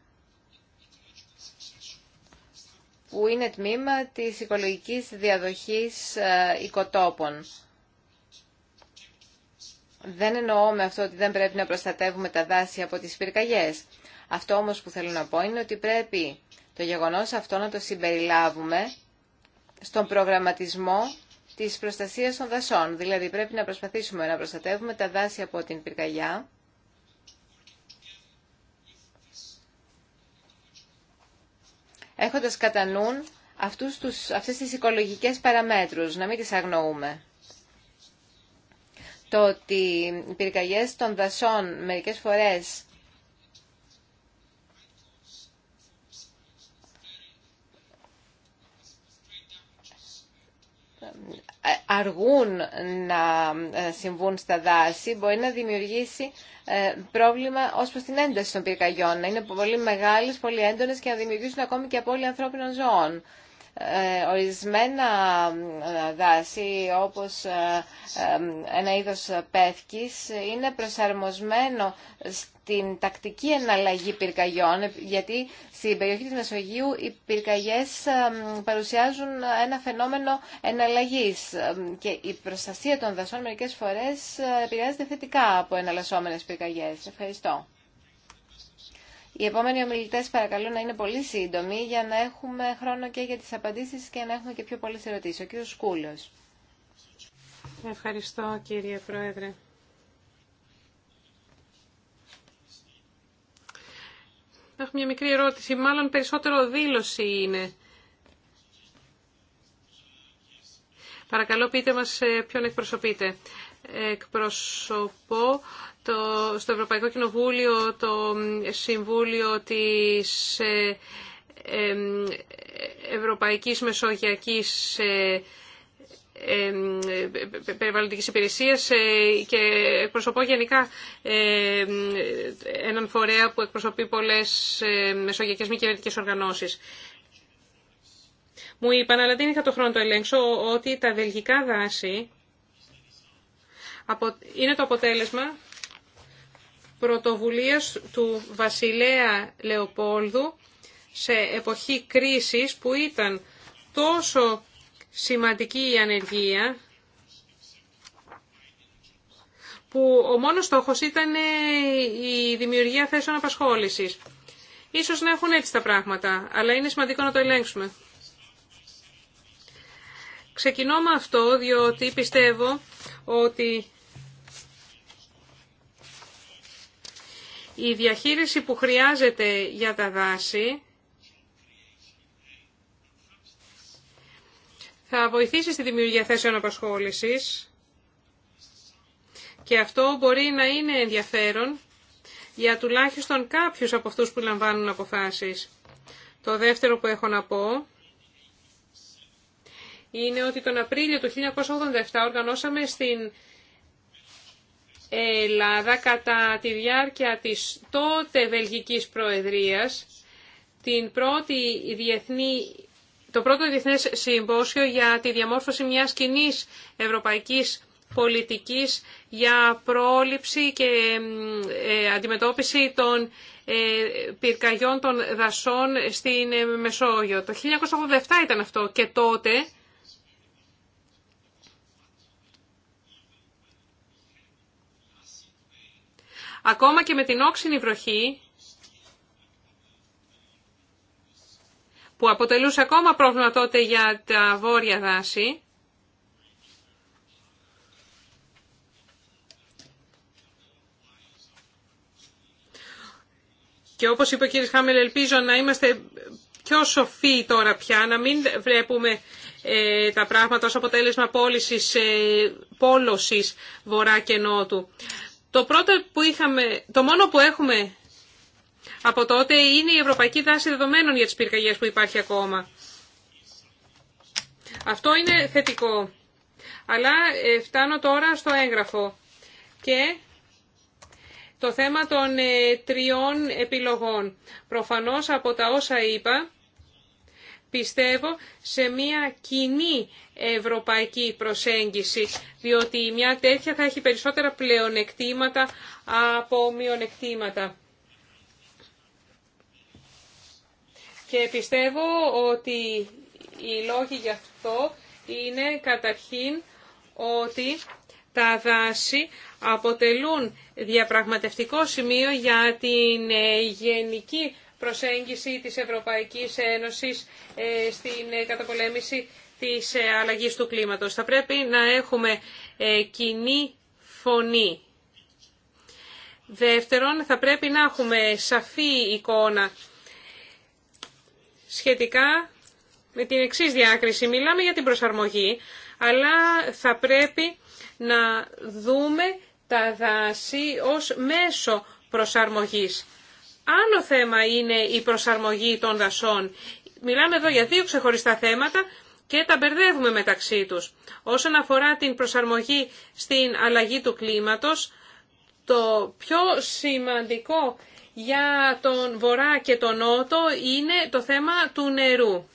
S4: που είναι τμήμα της οικολογικής διαδοχής ε, οικοτόπων. Δεν εννοώ με αυτό ότι δεν πρέπει να προστατεύουμε τα δάση από τις πυρκαγιές. Αυτό όμως που θέλω να πω είναι ότι πρέπει το γεγονός αυτό να το συμπεριλάβουμε στον προγραμματισμό της προστασίας των δασών. Δηλαδή πρέπει να προσπαθήσουμε να προστατεύουμε τα δάση από την πυρκαγιά έχοντας κατά νου αυτούς τους, αυτές τις οικολογικές παραμέτρους, να μην τις αγνοούμε. Το ότι οι πυρκαγιές των δασών μερικές φορές Ε, αργούν να ε, συμβούν στα δάση μπορεί να δημιουργήσει ε, πρόβλημα ω προ την ένταση των πυρκαγιών. Να είναι πολύ μεγάλε, πολύ έντονε, και να δημιουργήσουν ακόμη και απώλεια ανθρώπινων ζώων. Ε, ορισμένα ε, δάση όπως ε, ένα είδος πέθκης είναι προσαρμοσμένο στην τακτική εναλλαγή πυρκαγιών γιατί στην περιοχή της Μεσογείου οι πυρκαγιές παρουσιάζουν ένα φαινόμενο εναλλαγής και η προστασία των δασών μερικές φορές επηρεάζεται θετικά από εναλλασσόμενες πυρκαγιές. Ευχαριστώ. Οι επόμενοι ομιλητέ παρακαλώ να είναι πολύ σύντομοι για να έχουμε χρόνο και για τι απαντήσει και να έχουμε και πιο πολλέ ερωτήσει. Ο κύριο Σκούλος.
S5: Ευχαριστώ κύριε Πρόεδρε. Έχω μια μικρή ερώτηση, μάλλον περισσότερο δήλωση είναι. Παρακαλώ πείτε μας ε, ποιον εκπροσωπείτε. Εκπροσωπώ το, στο Ευρωπαϊκό Κοινοβούλιο, το Συμβούλιο της ε, Ευρωπαϊκής Μεσογειακής ε, ε, περιβαλλοντικής υπηρεσίας και εκπροσωπώ γενικά έναν φορέα που εκπροσωπεί πολλές μεσογειακές μη κυβερνητικές οργανώσεις. Μου είπαν, αλλά δεν είχα το χρόνο το ελέγξω, ότι τα βελγικά δάση είναι το αποτέλεσμα πρωτοβουλίας του βασιλέα Λεοπόλδου σε εποχή κρίσης που ήταν τόσο σημαντική η ανεργία που ο μόνος στόχος ήταν η δημιουργία θέσεων απασχόλησης. Ίσως να έχουν έτσι τα πράγματα, αλλά είναι σημαντικό να το ελέγξουμε. Ξεκινώ με αυτό διότι πιστεύω ότι Η διαχείριση που χρειάζεται για τα δάση θα βοηθήσει στη δημιουργία θέσεων απασχόλησης και αυτό μπορεί να είναι ενδιαφέρον για τουλάχιστον κάποιους από αυτούς που λαμβάνουν αποφάσεις. Το δεύτερο που έχω να πω είναι ότι τον Απρίλιο του 1987 οργανώσαμε στην Ελλάδα κατά τη διάρκεια της τότε Βελγικής Προεδρίας την πρώτη διεθνή, το πρώτο διεθνές συμπόσιο για τη διαμόρφωση μιας κοινή ευρωπαϊκής πολιτικής για πρόληψη και ε, αντιμετώπιση των ε, πυρκαγιών των δασών στην ε, Μεσόγειο. Το 1987 ήταν αυτό και τότε Ακόμα και με την όξινη βροχή, που αποτελούσε ακόμα πρόβλημα τότε για τα βόρεια δάση, Και όπως είπε ο κ. Χάμελ, ελπίζω να είμαστε πιο σοφοί τώρα πια, να μην βλέπουμε ε, τα πράγματα ως αποτέλεσμα πώλησης, ε, πόλωσης βορρά και νότου. Το πρώτο που είχαμε, το μόνο που έχουμε από τότε είναι η ευρωπαϊκή δάση δεδομένων για τις πυρκαγιές που υπάρχει ακόμα. Αυτό είναι θετικό. Αλλά ε, φτάνω τώρα στο έγγραφο και το θέμα των ε, τριών επιλογών. Προφανώς από τα όσα είπα πιστεύω σε μια κοινή ευρωπαϊκή προσέγγιση, διότι μια τέτοια θα έχει περισσότερα πλεονεκτήματα από μειονεκτήματα. Και πιστεύω ότι οι λόγοι γι' αυτό είναι καταρχήν ότι τα δάση αποτελούν διαπραγματευτικό σημείο για την γενική προσέγγιση της Ευρωπαϊκής Ένωσης ε, στην ε, καταπολέμηση της ε, αλλαγής του κλίματος. Θα πρέπει να έχουμε κοινή φωνή. Δεύτερον, θα πρέπει να έχουμε σαφή εικόνα σχετικά με την εξή διάκριση. Μιλάμε για την προσαρμογή, αλλά θα πρέπει να δούμε τα δάση ως μέσο προσαρμογής. Άλλο θέμα είναι η προσαρμογή των δασών. Μιλάμε εδώ για δύο ξεχωριστά θέματα και τα μπερδεύουμε μεταξύ τους. Όσον αφορά την προσαρμογή στην αλλαγή του κλίματος, το πιο σημαντικό για τον Βορρά και τον Νότο είναι το θέμα του νερού.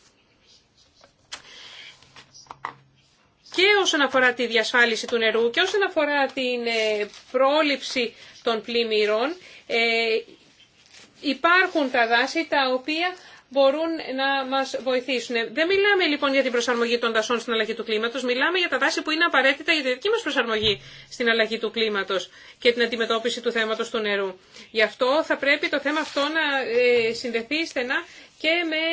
S5: Και όσον αφορά τη διασφάλιση του νερού και όσον αφορά την ε, πρόληψη των πλημμύρων, ε, υπάρχουν τα δάση τα οποία μπορούν να μας βοηθήσουν. Δεν μιλάμε λοιπόν για την προσαρμογή των δασών στην αλλαγή του κλίματος, μιλάμε για τα δάση που είναι απαραίτητα για τη δική μας προσαρμογή στην αλλαγή του κλίματος και την αντιμετώπιση του θέματος του νερού. Γι' αυτό θα πρέπει το θέμα αυτό να ε, συνδεθεί στενά και με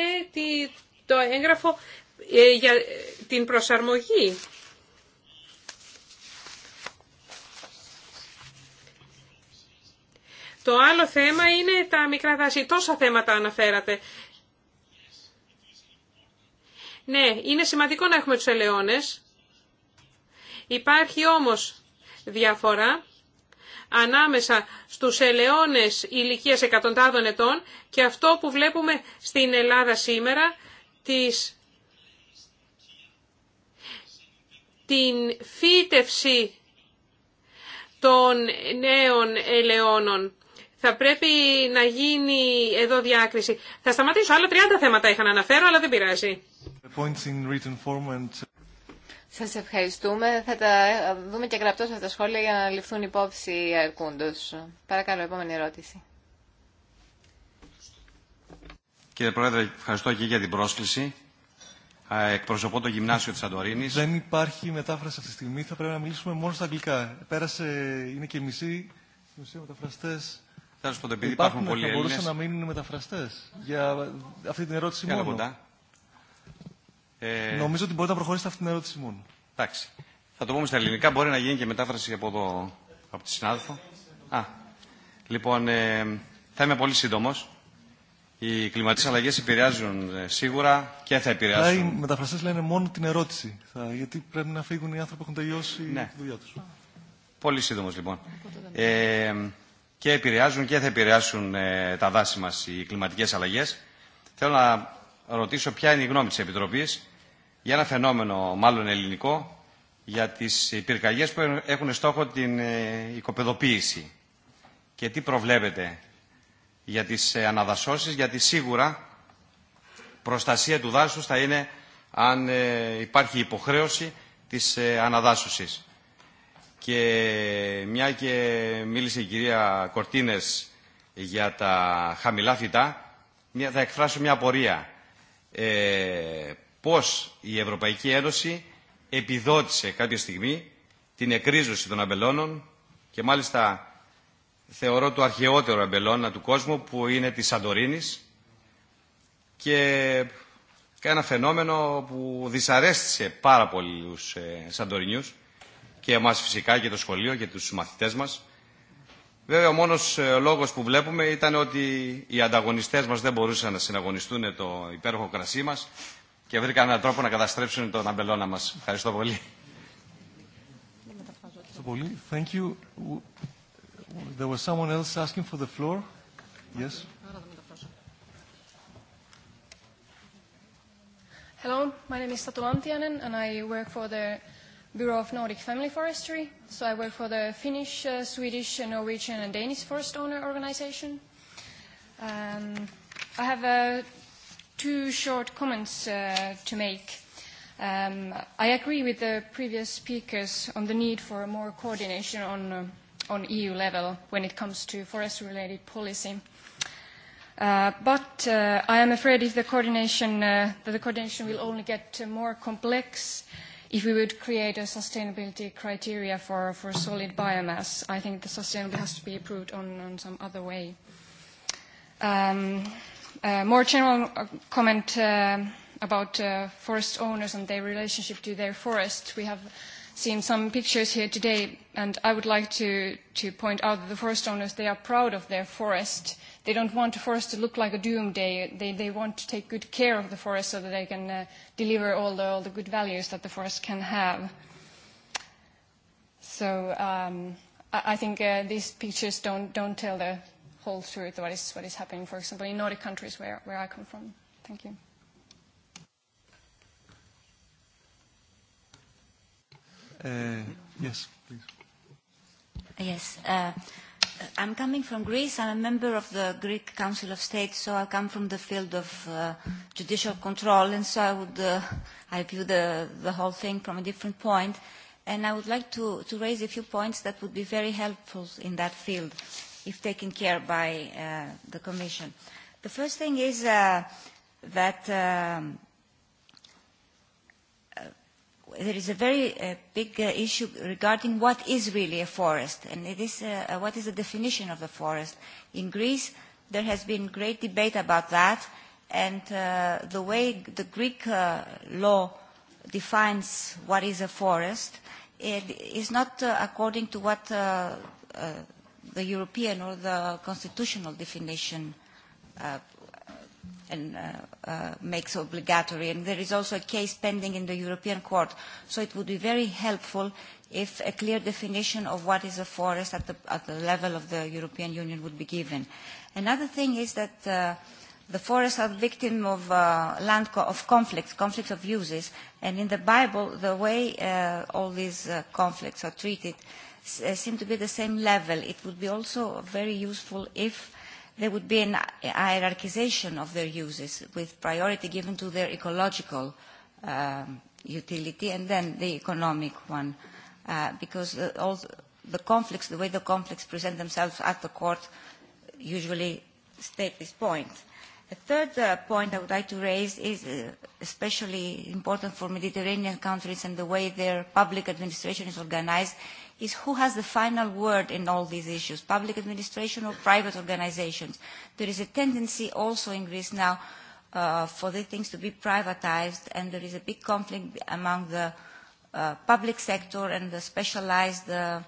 S5: το έγγραφο ε, για την προσαρμογή Το άλλο θέμα είναι τα μικρά δάση. Τόσα θέματα αναφέρατε. Ναι, είναι σημαντικό να έχουμε τους ελαιώνες. Υπάρχει όμως διαφορά ανάμεσα στους ελαιώνες ηλικίας εκατοντάδων ετών και αυτό που βλέπουμε στην Ελλάδα σήμερα, τις... την φύτευση των νέων ελαιώνων. Θα πρέπει να γίνει εδώ διάκριση. Θα σταματήσω. Άλλα 30 θέματα είχα να αναφέρω, αλλά δεν πειράζει.
S4: Σας ευχαριστούμε. Θα τα ε, δούμε και γραπτώς αυτά τα σχόλια για να ληφθούν υπόψη οι αρκούντος. Παρακαλώ, επόμενη ερώτηση.
S7: Κύριε Πρόεδρε, ευχαριστώ και για την πρόσκληση. Εκπροσωπώ το γυμνάσιο τη Αντορίνη. Δεν υπάρχει
S1: μετάφραση αυτή τη στιγμή. Θα πρέπει να μιλήσουμε μόνο στα αγγλικά. Πέρασε, είναι και μισή. Μισή μεταφραστέ. Θα σου επειδή υπάρχουν, υπάρχουν πολλοί θα μπορούσαν να μείνουν μεταφραστέ για αυτή την ερώτηση
S7: για μόνο. Ε... Νομίζω
S1: ότι μπορείτε να προχωρήσετε αυτή την ερώτηση μόνο.
S7: Εντάξει. Θα το πούμε στα ελληνικά. Μπορεί να γίνει και μετάφραση από εδώ, από τη συνάδελφο. Α. Λοιπόν, ε, θα είμαι πολύ σύντομο. Οι κλιματικέ αλλαγέ επηρεάζουν ε, σίγουρα και θα επηρεάσουν. οι
S1: μεταφραστέ λένε μόνο την ερώτηση. Θα, γιατί πρέπει να φύγουν οι άνθρωποι που έχουν τελειώσει ναι. τη δουλειά του.
S7: Πολύ σύντομο λοιπόν. Ε, και επηρεάζουν και θα επηρεάσουν ε, τα δάση μας οι κλιματικές αλλαγές. Θέλω να ρωτήσω ποια είναι η γνώμη της Επιτροπής για ένα φαινόμενο μάλλον ελληνικό για τις πυρκαγιές που έχουν στόχο την ε, οικοπεδοποίηση και τι προβλέπετε για τις ε, αναδασώσει, για γιατί σίγουρα προστασία του δάσους θα είναι αν ε, υπάρχει υποχρέωση της αναδάσωσης. Και μια και μίλησε η κυρία Κορτίνες για τα χαμηλά φυτά, θα εκφράσω μια απορία. Ε, πώς η Ευρωπαϊκή Ένωση επιδότησε κάποια στιγμή την εκρίζωση των αμπελώνων και μάλιστα θεωρώ το αρχαιότερο αμπελώνα του κόσμου που είναι της Σαντορίνης και ένα φαινόμενο που δυσαρέστησε πάρα πολλούς ε, Σαντορινιούς και εμάς φυσικά και το σχολείο και τους μαθητές μας. Βέβαια ο μόνος ε, λόγος που βλέπουμε ήταν ότι οι ανταγωνιστές μας δεν μπορούσαν να συναγωνιστούν το υπέροχο κρασί μας και βρήκαν έναν τρόπο να καταστρέψουν τον αμπελώνα μας. Ευχαριστώ πολύ.
S3: Ευχαριστώ πολύ.
S1: Thank you. There was someone else asking for the floor. Yes.
S8: Hello, my name is Satu Antianen and I work for the Bureau of Nordic Family Forestry. So I work for the Finnish, Swedish, Norwegian and Danish forest owner organization. Um, I have two short comments to make. Um, I agree with the previous speakers on the need for more coordination on, on EU level when it comes to forest-related policy. But I am afraid if the coordination, that the coordination will only get more complex if we would create a sustainability criteria for for solid biomass, I think the sustainability has to be approved on some other way. More general comment about forest owners and their relationship to their forests. We have seen some pictures here today, and I would like to point out that the forest owners, they are proud of their forest. They don't want the forest to look like a doomsday. They they want to take good care of the forest so that they can deliver all the all the good values that the forest can have. So I think these pictures don't don't tell the whole truth what is what is happening, for example, in Nordic countries where where I come from. Thank you.
S1: Yes, please.
S9: Yes. I'm coming from Greece. I'm a member of the Greek Council of State, so I come from the field of judicial control, and so I would I view the the whole thing from a different point. And I would like to to raise a few points that would be very helpful in that field, if taken care by the Commission. The first thing is that there is a very big issue regarding what is really a forest and it is what is the definition of the forest. In Greece there has been great debate about that and the way the Greek law defines what is a forest is not according to what the European or the constitutional definition and makes obligatory. And there is also a case pending in the European Court. So it would be very helpful if a clear definition of what is a forest at the level of the European Union would be given. Another thing is that the forests are victim of land of conflicts, conflicts of uses. And in the Bible, the way all these conflicts are treated seem to be at the same level. It would be also very useful if there would be an hierarchisation of their uses with priority given to their ecological utility and then the economic one because all the conflicts, the way the conflicts present themselves at the court usually state this point. A third point I would like to raise is especially important for Mediterranean countries and the way their public administration is organised is who has the final word in all these issues, public administration or private organizations. There is a tendency also in Greece now for the things to be privatized, and there is a big conflict among the public sector and the specialized the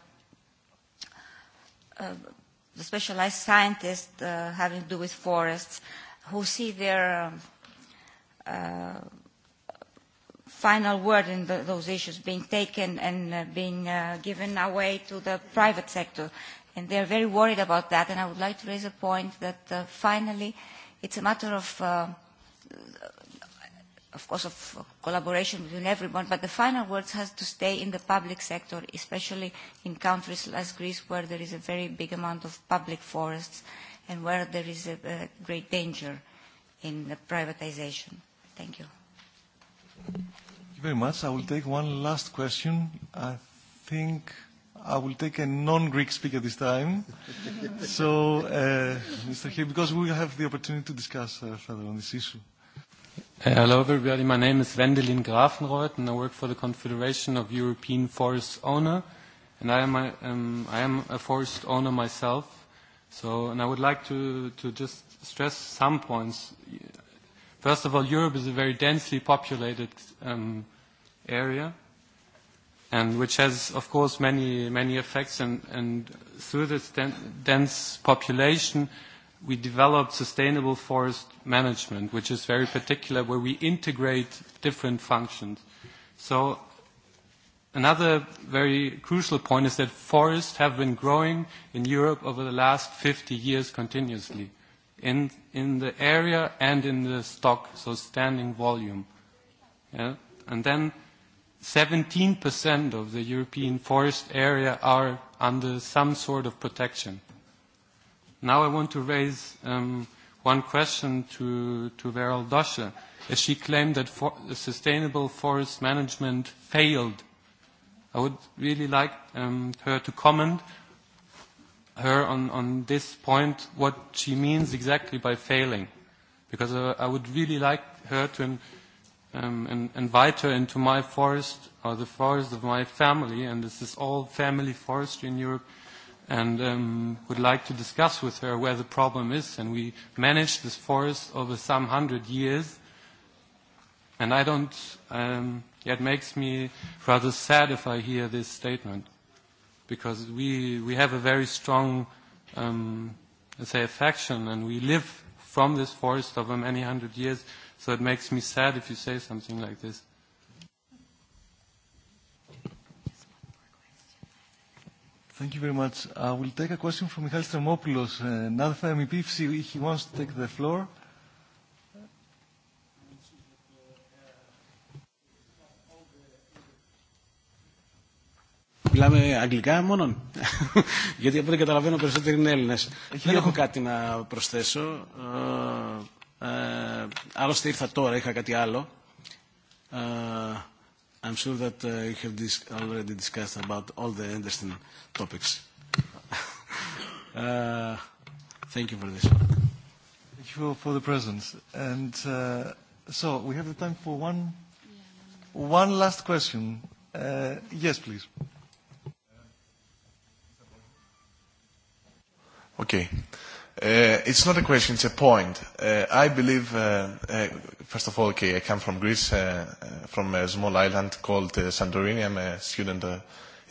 S9: specialized scientists having to do with forests who see their final word in those issues being taken and being given away to the private sector. And they are very worried about that. And I would like to raise a point that finally it's a matter of, of course, of collaboration between everyone, but the final words has to stay in the public sector, especially in countries like Greece where there is a very big amount of public forests and where there is a great danger in the privatization.
S1: Thank you very much. I will take one last question. I think I will take a non-Greek speaker this time.
S10: so, uh, Mr. Hill, because we will have the opportunity to discuss further on this issue. Hello, everybody. My name is Wendelin Grafenreuth, and I work for the Confederation of European Forest Owner. And I am, a, um, I am a forest owner myself. So, and I would like to, to just stress some points. First of all, Europe is a very densely populated um, area and which has of course many many effects and and through this dense population we developed sustainable forest management which is very particular where we integrate different functions so another very crucial point is that forests have been growing in Europe over the last 50 years continuously in in the area and in the stock so standing volume yeah and then 17% of the European forest area are under some sort of protection. Now I want to raise one question to Veral Dosche, as she claimed that sustainable forest management failed. I would really like her to comment her on this point, what she means exactly by failing, because I would really like her to and invite her into my forest or the forest of my family, and this is all family forestry in Europe, and um would like to discuss with her where the problem is. And we managed this forest over some hundred years, and I don't. It makes me rather sad if I hear this statement, because we we have a very strong, let's say, affection, and we live from this forest over many hundred years So it makes me sad if you say something like this. Thank you very much. I will take a question from Michael Stramopoulos,
S1: another MEP, if he wants to take the floor.
S11: Μιλάμε αγγλικά μόνον. Γιατί από ό,τι καταλαβαίνω περισσότεροι είναι Έλληνες. Δεν έχω κάτι να προσθέσω άλλωστε ήρθα τώρα, είχα κάτι άλλο. I'm sure that you have already discussed about all the interesting topics. Thank you for this.
S1: Thank you for the presence. And so we have the time for one, one last question. Yes,
S11: please. Okay. It's not a question, it's a point. I believe, first of all, okay, I come from Greece, from a small island called Santorini. I'm a student in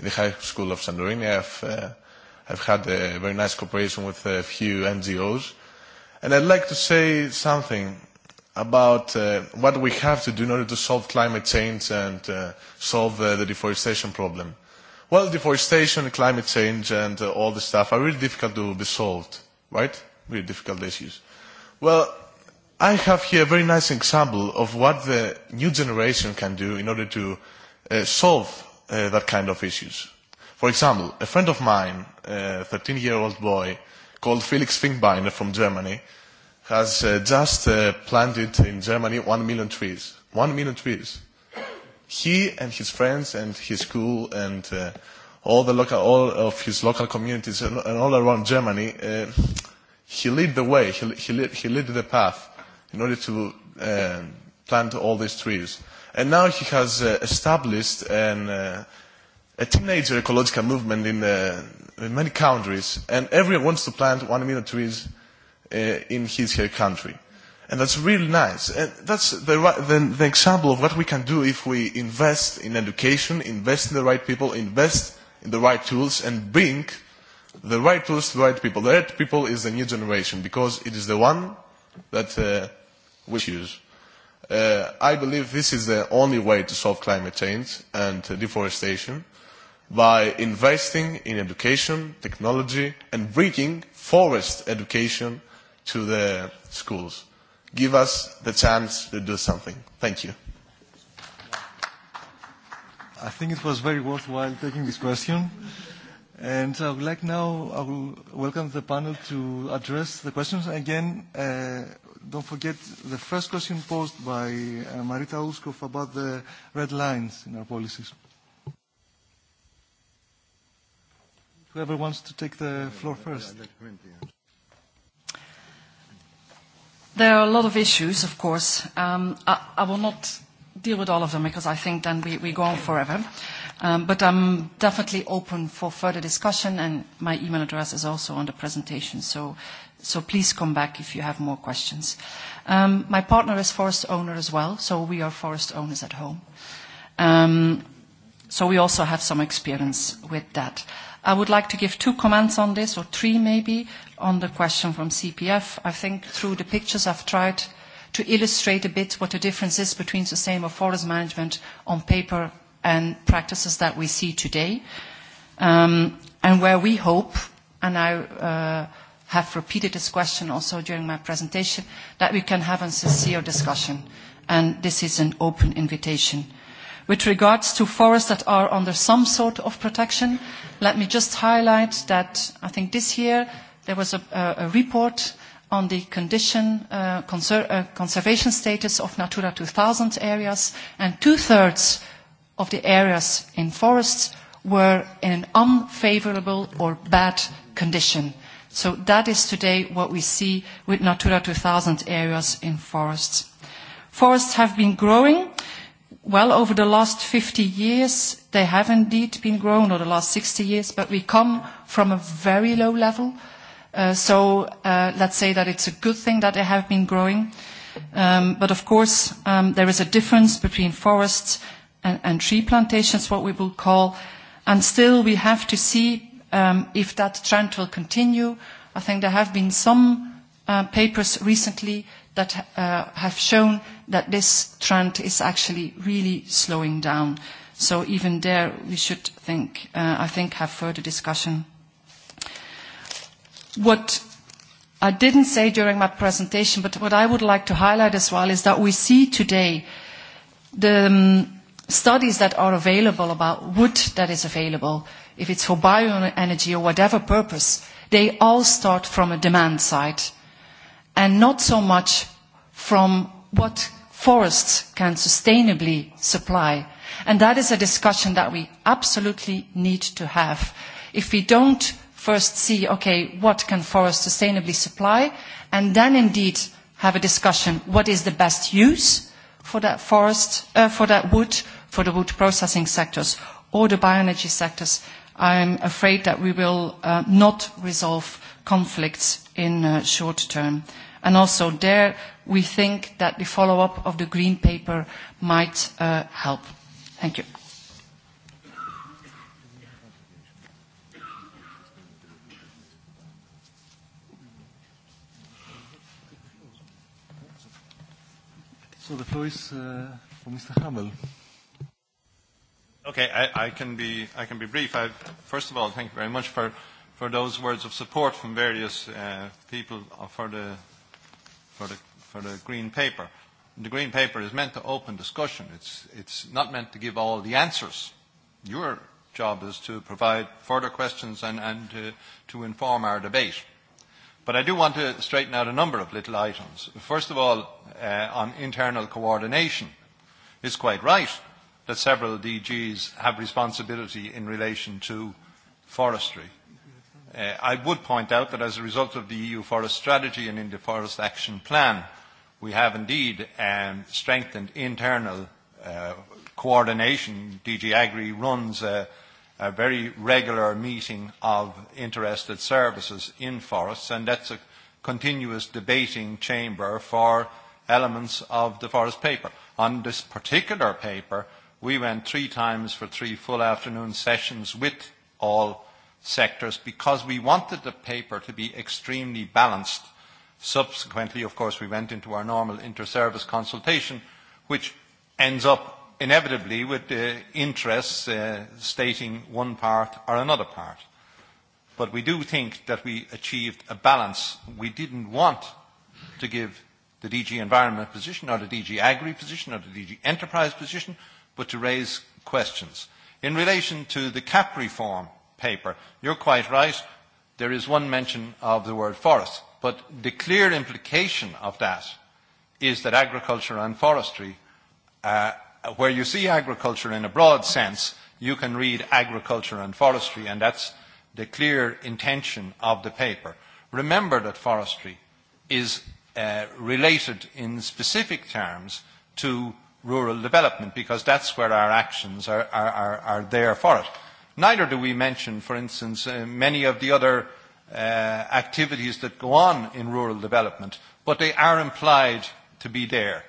S11: the high school of Santorini. I've I've had a very nice cooperation with a few NGOs, and I'd like to say something about what we have to do in order to solve climate change and solve the deforestation problem. Well, deforestation, climate change, and all this stuff are really difficult to be solved right? Very difficult issues. Well, I have here a very nice example of what the new generation can do in order to solve that kind of issues. For example, a friend of mine, a 13-year-old boy called Felix Finkbeiner from Germany, has just planted in Germany one million trees. One million trees. He and his friends and his school and all the local, all of his local communities and, all around Germany, he led the way, he, he, led, he the path in order to plant all these trees. And now he has established an, a teenager ecological movement in, in many countries, and everyone wants to plant one million trees in his her country. And that's really nice. And that's the, the, the example of what we can do if we invest in education, invest in the right people, invest the right tools and bring the right tools to the right people. The right people is the new generation because it is the one that we choose. I believe this is the only way to solve climate change and deforestation by investing in education, technology and bringing forest education to the schools. Give us the chance to do something. Thank you.
S1: I think it was very worthwhile taking this question. And I would like now, I will welcome the panel to address the questions. Again, don't forget the first question posed by Marita Uskov about the red lines in our policies. Whoever wants to take the floor first.
S12: There are a lot of issues, of course. I will not deal with all of them because I think then we, we go on forever. Um, but I'm definitely open for further discussion and my email address is also on the presentation. So, so please come back if you have more questions. Um, my partner is forest owner as well, so we are forest owners at home. Um, so we also have some experience with that. I would like to give two comments on this, or three maybe, on the question from CPF. I think through the pictures I've tried to illustrate a bit what the difference is between sustainable forest management on paper and practices that we see today. And where we hope, and I have repeated this question also during my presentation, that we can have a sincere discussion. And this is an open invitation. With regards to forests that are under some sort of protection, let me just highlight that I think this year there was a report on the condition, conservation status of Natura 2000 areas, and two-thirds of the areas in forests were in an unfavorable or bad condition. So that is today what we see with Natura 2000 areas in forests. Forests have been growing. Well, over the last 50 years, they have indeed been growing, or the last 60 years, but we come from a very low level. So let's say that it's a good thing that they have been growing. But of course, there is a difference between forests and tree plantations, what we will call. And still, we have to see if that trend will continue. I think there have been some papers recently that have shown that this trend is actually really slowing down. So even there, we should think, I think, have further discussion. What I didn't say during my presentation, but what I would like to highlight as well is that we see today the studies that are available about wood that is available, if it's for bioenergy or whatever purpose, they all start from a demand side and not so much from what forests can sustainably supply. And that is a discussion that we absolutely need to have. If we don't first see, okay, what can forests sustainably supply, and then indeed have a discussion, what is the best use for that forest, for that wood, for the wood processing sectors or the bioenergy sectors. I'm afraid that we will not resolve conflicts in short term. And also there, we think that the follow-up of the Green Paper might help. Thank you.
S3: So the
S1: floor is for Mr. Hamel.
S2: Okay, I can be I can be brief. First of all, thank you very much for for those words of support from various people for the for the for the green paper. The green paper is meant to open discussion. It's it's not meant to give all the answers. Your job is to provide further questions and and to inform our debate. But I do want to straighten out a number of little items. First of all, on internal coordination, it's quite right that several DGs have responsibility in relation to forestry. I would point out that as a result of the EU Forest Strategy and in the Forest Action Plan, we have indeed strengthened internal coordination. DG Agri runs a very regular meeting of interested services in forests, and that's a continuous debating chamber for elements of the forest paper. On this particular paper, we went three times for three full afternoon sessions with all sectors because we wanted the paper to be extremely balanced. Subsequently, of course, we went into our normal inter-service consultation, which ends up inevitably with the interests stating one part or another part. But we do think that we achieved a balance. We didn't want to give the DG Environment position or the DG Agri position or the DG Enterprise position, but to raise questions. In relation to the CAP reform paper, you're quite right. There is one mention of the word forest, but the clear implication of that is that agriculture and forestry where you see agriculture in a broad sense, you can read agriculture and forestry, and that's the clear intention of the paper. Remember that forestry is related in specific terms to rural development, because that's where our actions are there for it. Neither do we mention, for instance, many of the other activities that go on in rural development, but they are implied to be there.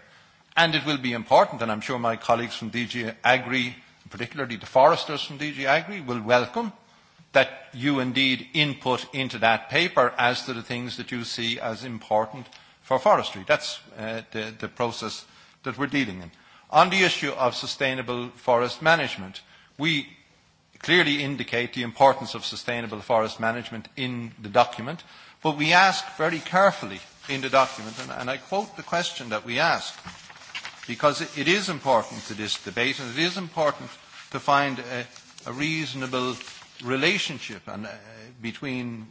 S2: And it will be important, and I'm sure my colleagues from DG Agri, particularly the foresters from DG Agri, will welcome that you indeed input into that paper as to the things that you see as important for forestry. That's the process that we're dealing in. On the issue of sustainable forest management, we clearly indicate the importance of sustainable forest management in the document, but we ask very carefully in the document, and I quote the question that we ask, because it is important to this debate and it is important to find a reasonable relationship between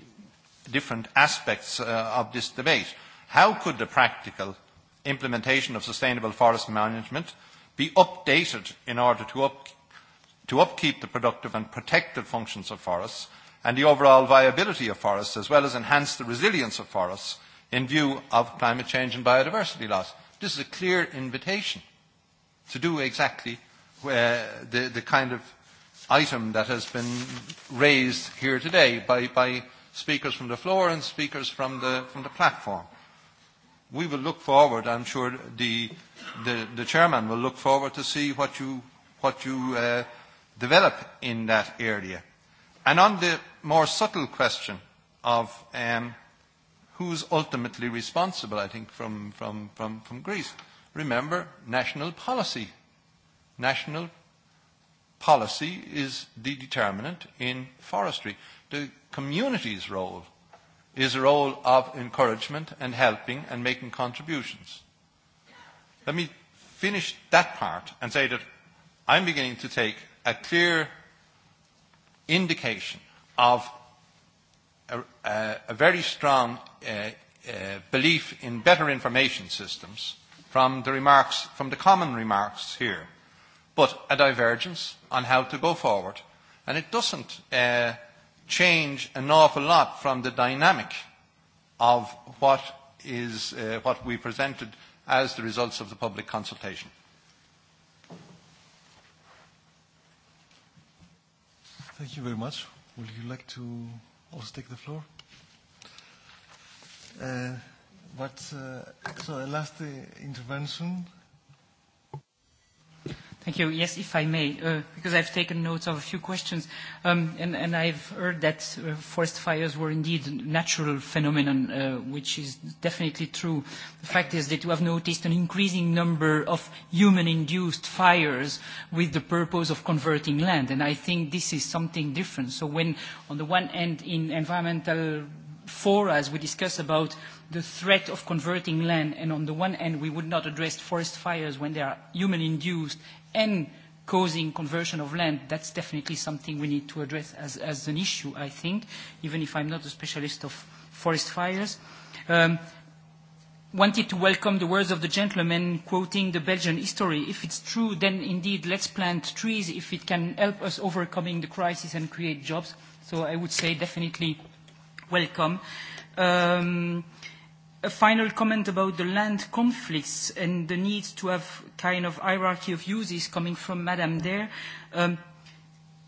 S2: different aspects of this debate. How could the practical implementation of sustainable forest management be updated in order to upkeep the productive and protective functions of forests and the overall viability of forests, as well as enhance the resilience of forests in view of climate change and biodiversity loss? This is a clear invitation to do exactly the, the kind of item that has been raised here today by, by speakers from the floor and speakers from the, from the platform. We will look forward, I'm sure the, the, the chairman will look forward to see what you, what you develop in that area. And on the more subtle question of who's ultimately responsible, I think, from, from, from, from Greece. Remember, national policy. National policy is the determinant in forestry. The community's role is a role of encouragement and helping and making contributions. Let me finish that part and say that I'm beginning to take a clear indication of a very strong belief in better information systems from the remarks from the common remarks here, but a divergence on how to go forward. And it doesn't change an awful lot from the dynamic of what is what we presented as the results of the public consultation.
S1: Thank you very much. Would you like to also take the floor?
S6: Uh, but, so, a last intervention. Thank you. Yes, if I may, because I've taken notes of a few questions, and I've heard that forest fires were indeed a natural phenomenon, which is definitely true. The fact is that you have noticed an increasing number of human-induced fires with the purpose of converting land, and I think this is something different. So when, on the one hand, in environmental for as we discuss about the threat of converting land, and on the one hand, we would not address forest fires when they are human-induced and causing conversion of land. That's definitely something we need to address as an issue, I think, even if I'm not a specialist of forest fires. Wanted to welcome the words of the gentleman quoting the Belgian history. If it's true, then indeed let's plant trees if it can help us overcoming the crisis and create jobs. So I would say definitely welcome. A final comment about the land conflicts and the need to have kind of hierarchy of uses coming from Madame there.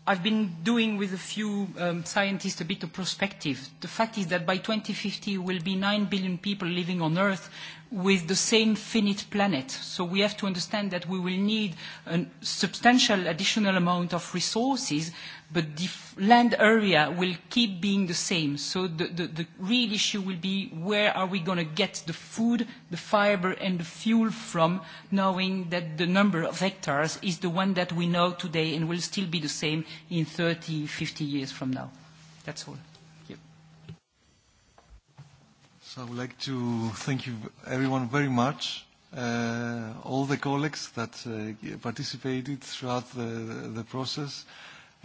S6: I've been doing with a few scientists a bit of perspective. The fact is that by 2050 will be 9 billion people living on Earth with the same finite planet. So we have to understand that we will need a substantial additional amount of resources, but the land area will keep being the same. So the real issue will be where are we going to get the food, the fiber, and the fuel from, knowing that the number of hectares is the one that we know today and will still be the same in 30, 50 years from now. That's all.
S1: I would like to thank you everyone very much, all the colleagues that participated throughout the, process,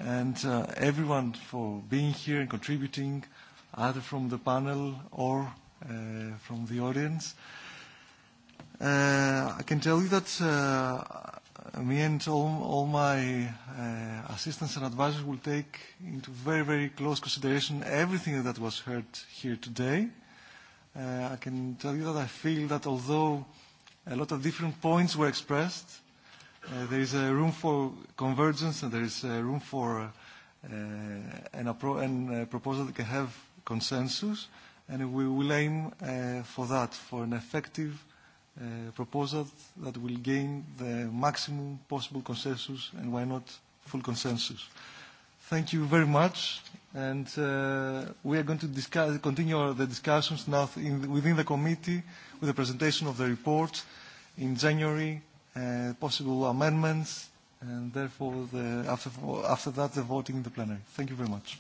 S1: and everyone for being here and contributing, either from the panel or from the audience. I can tell you that me and all, all my assistants and advisors will take into very, very close consideration everything that was heard here today I can tell you that I feel that although a lot of different points were expressed, there is a room for convergence and there is a room for a proposal that can have consensus, and we will aim for that, for an effective proposal that will gain the maximum possible consensus and why not full consensus. Thank you very much and we are going to discuss, continue the discussions now within the committee with the presentation of the report in January, possible amendments, and therefore the, after, after that the voting in the plenary. Thank you very much.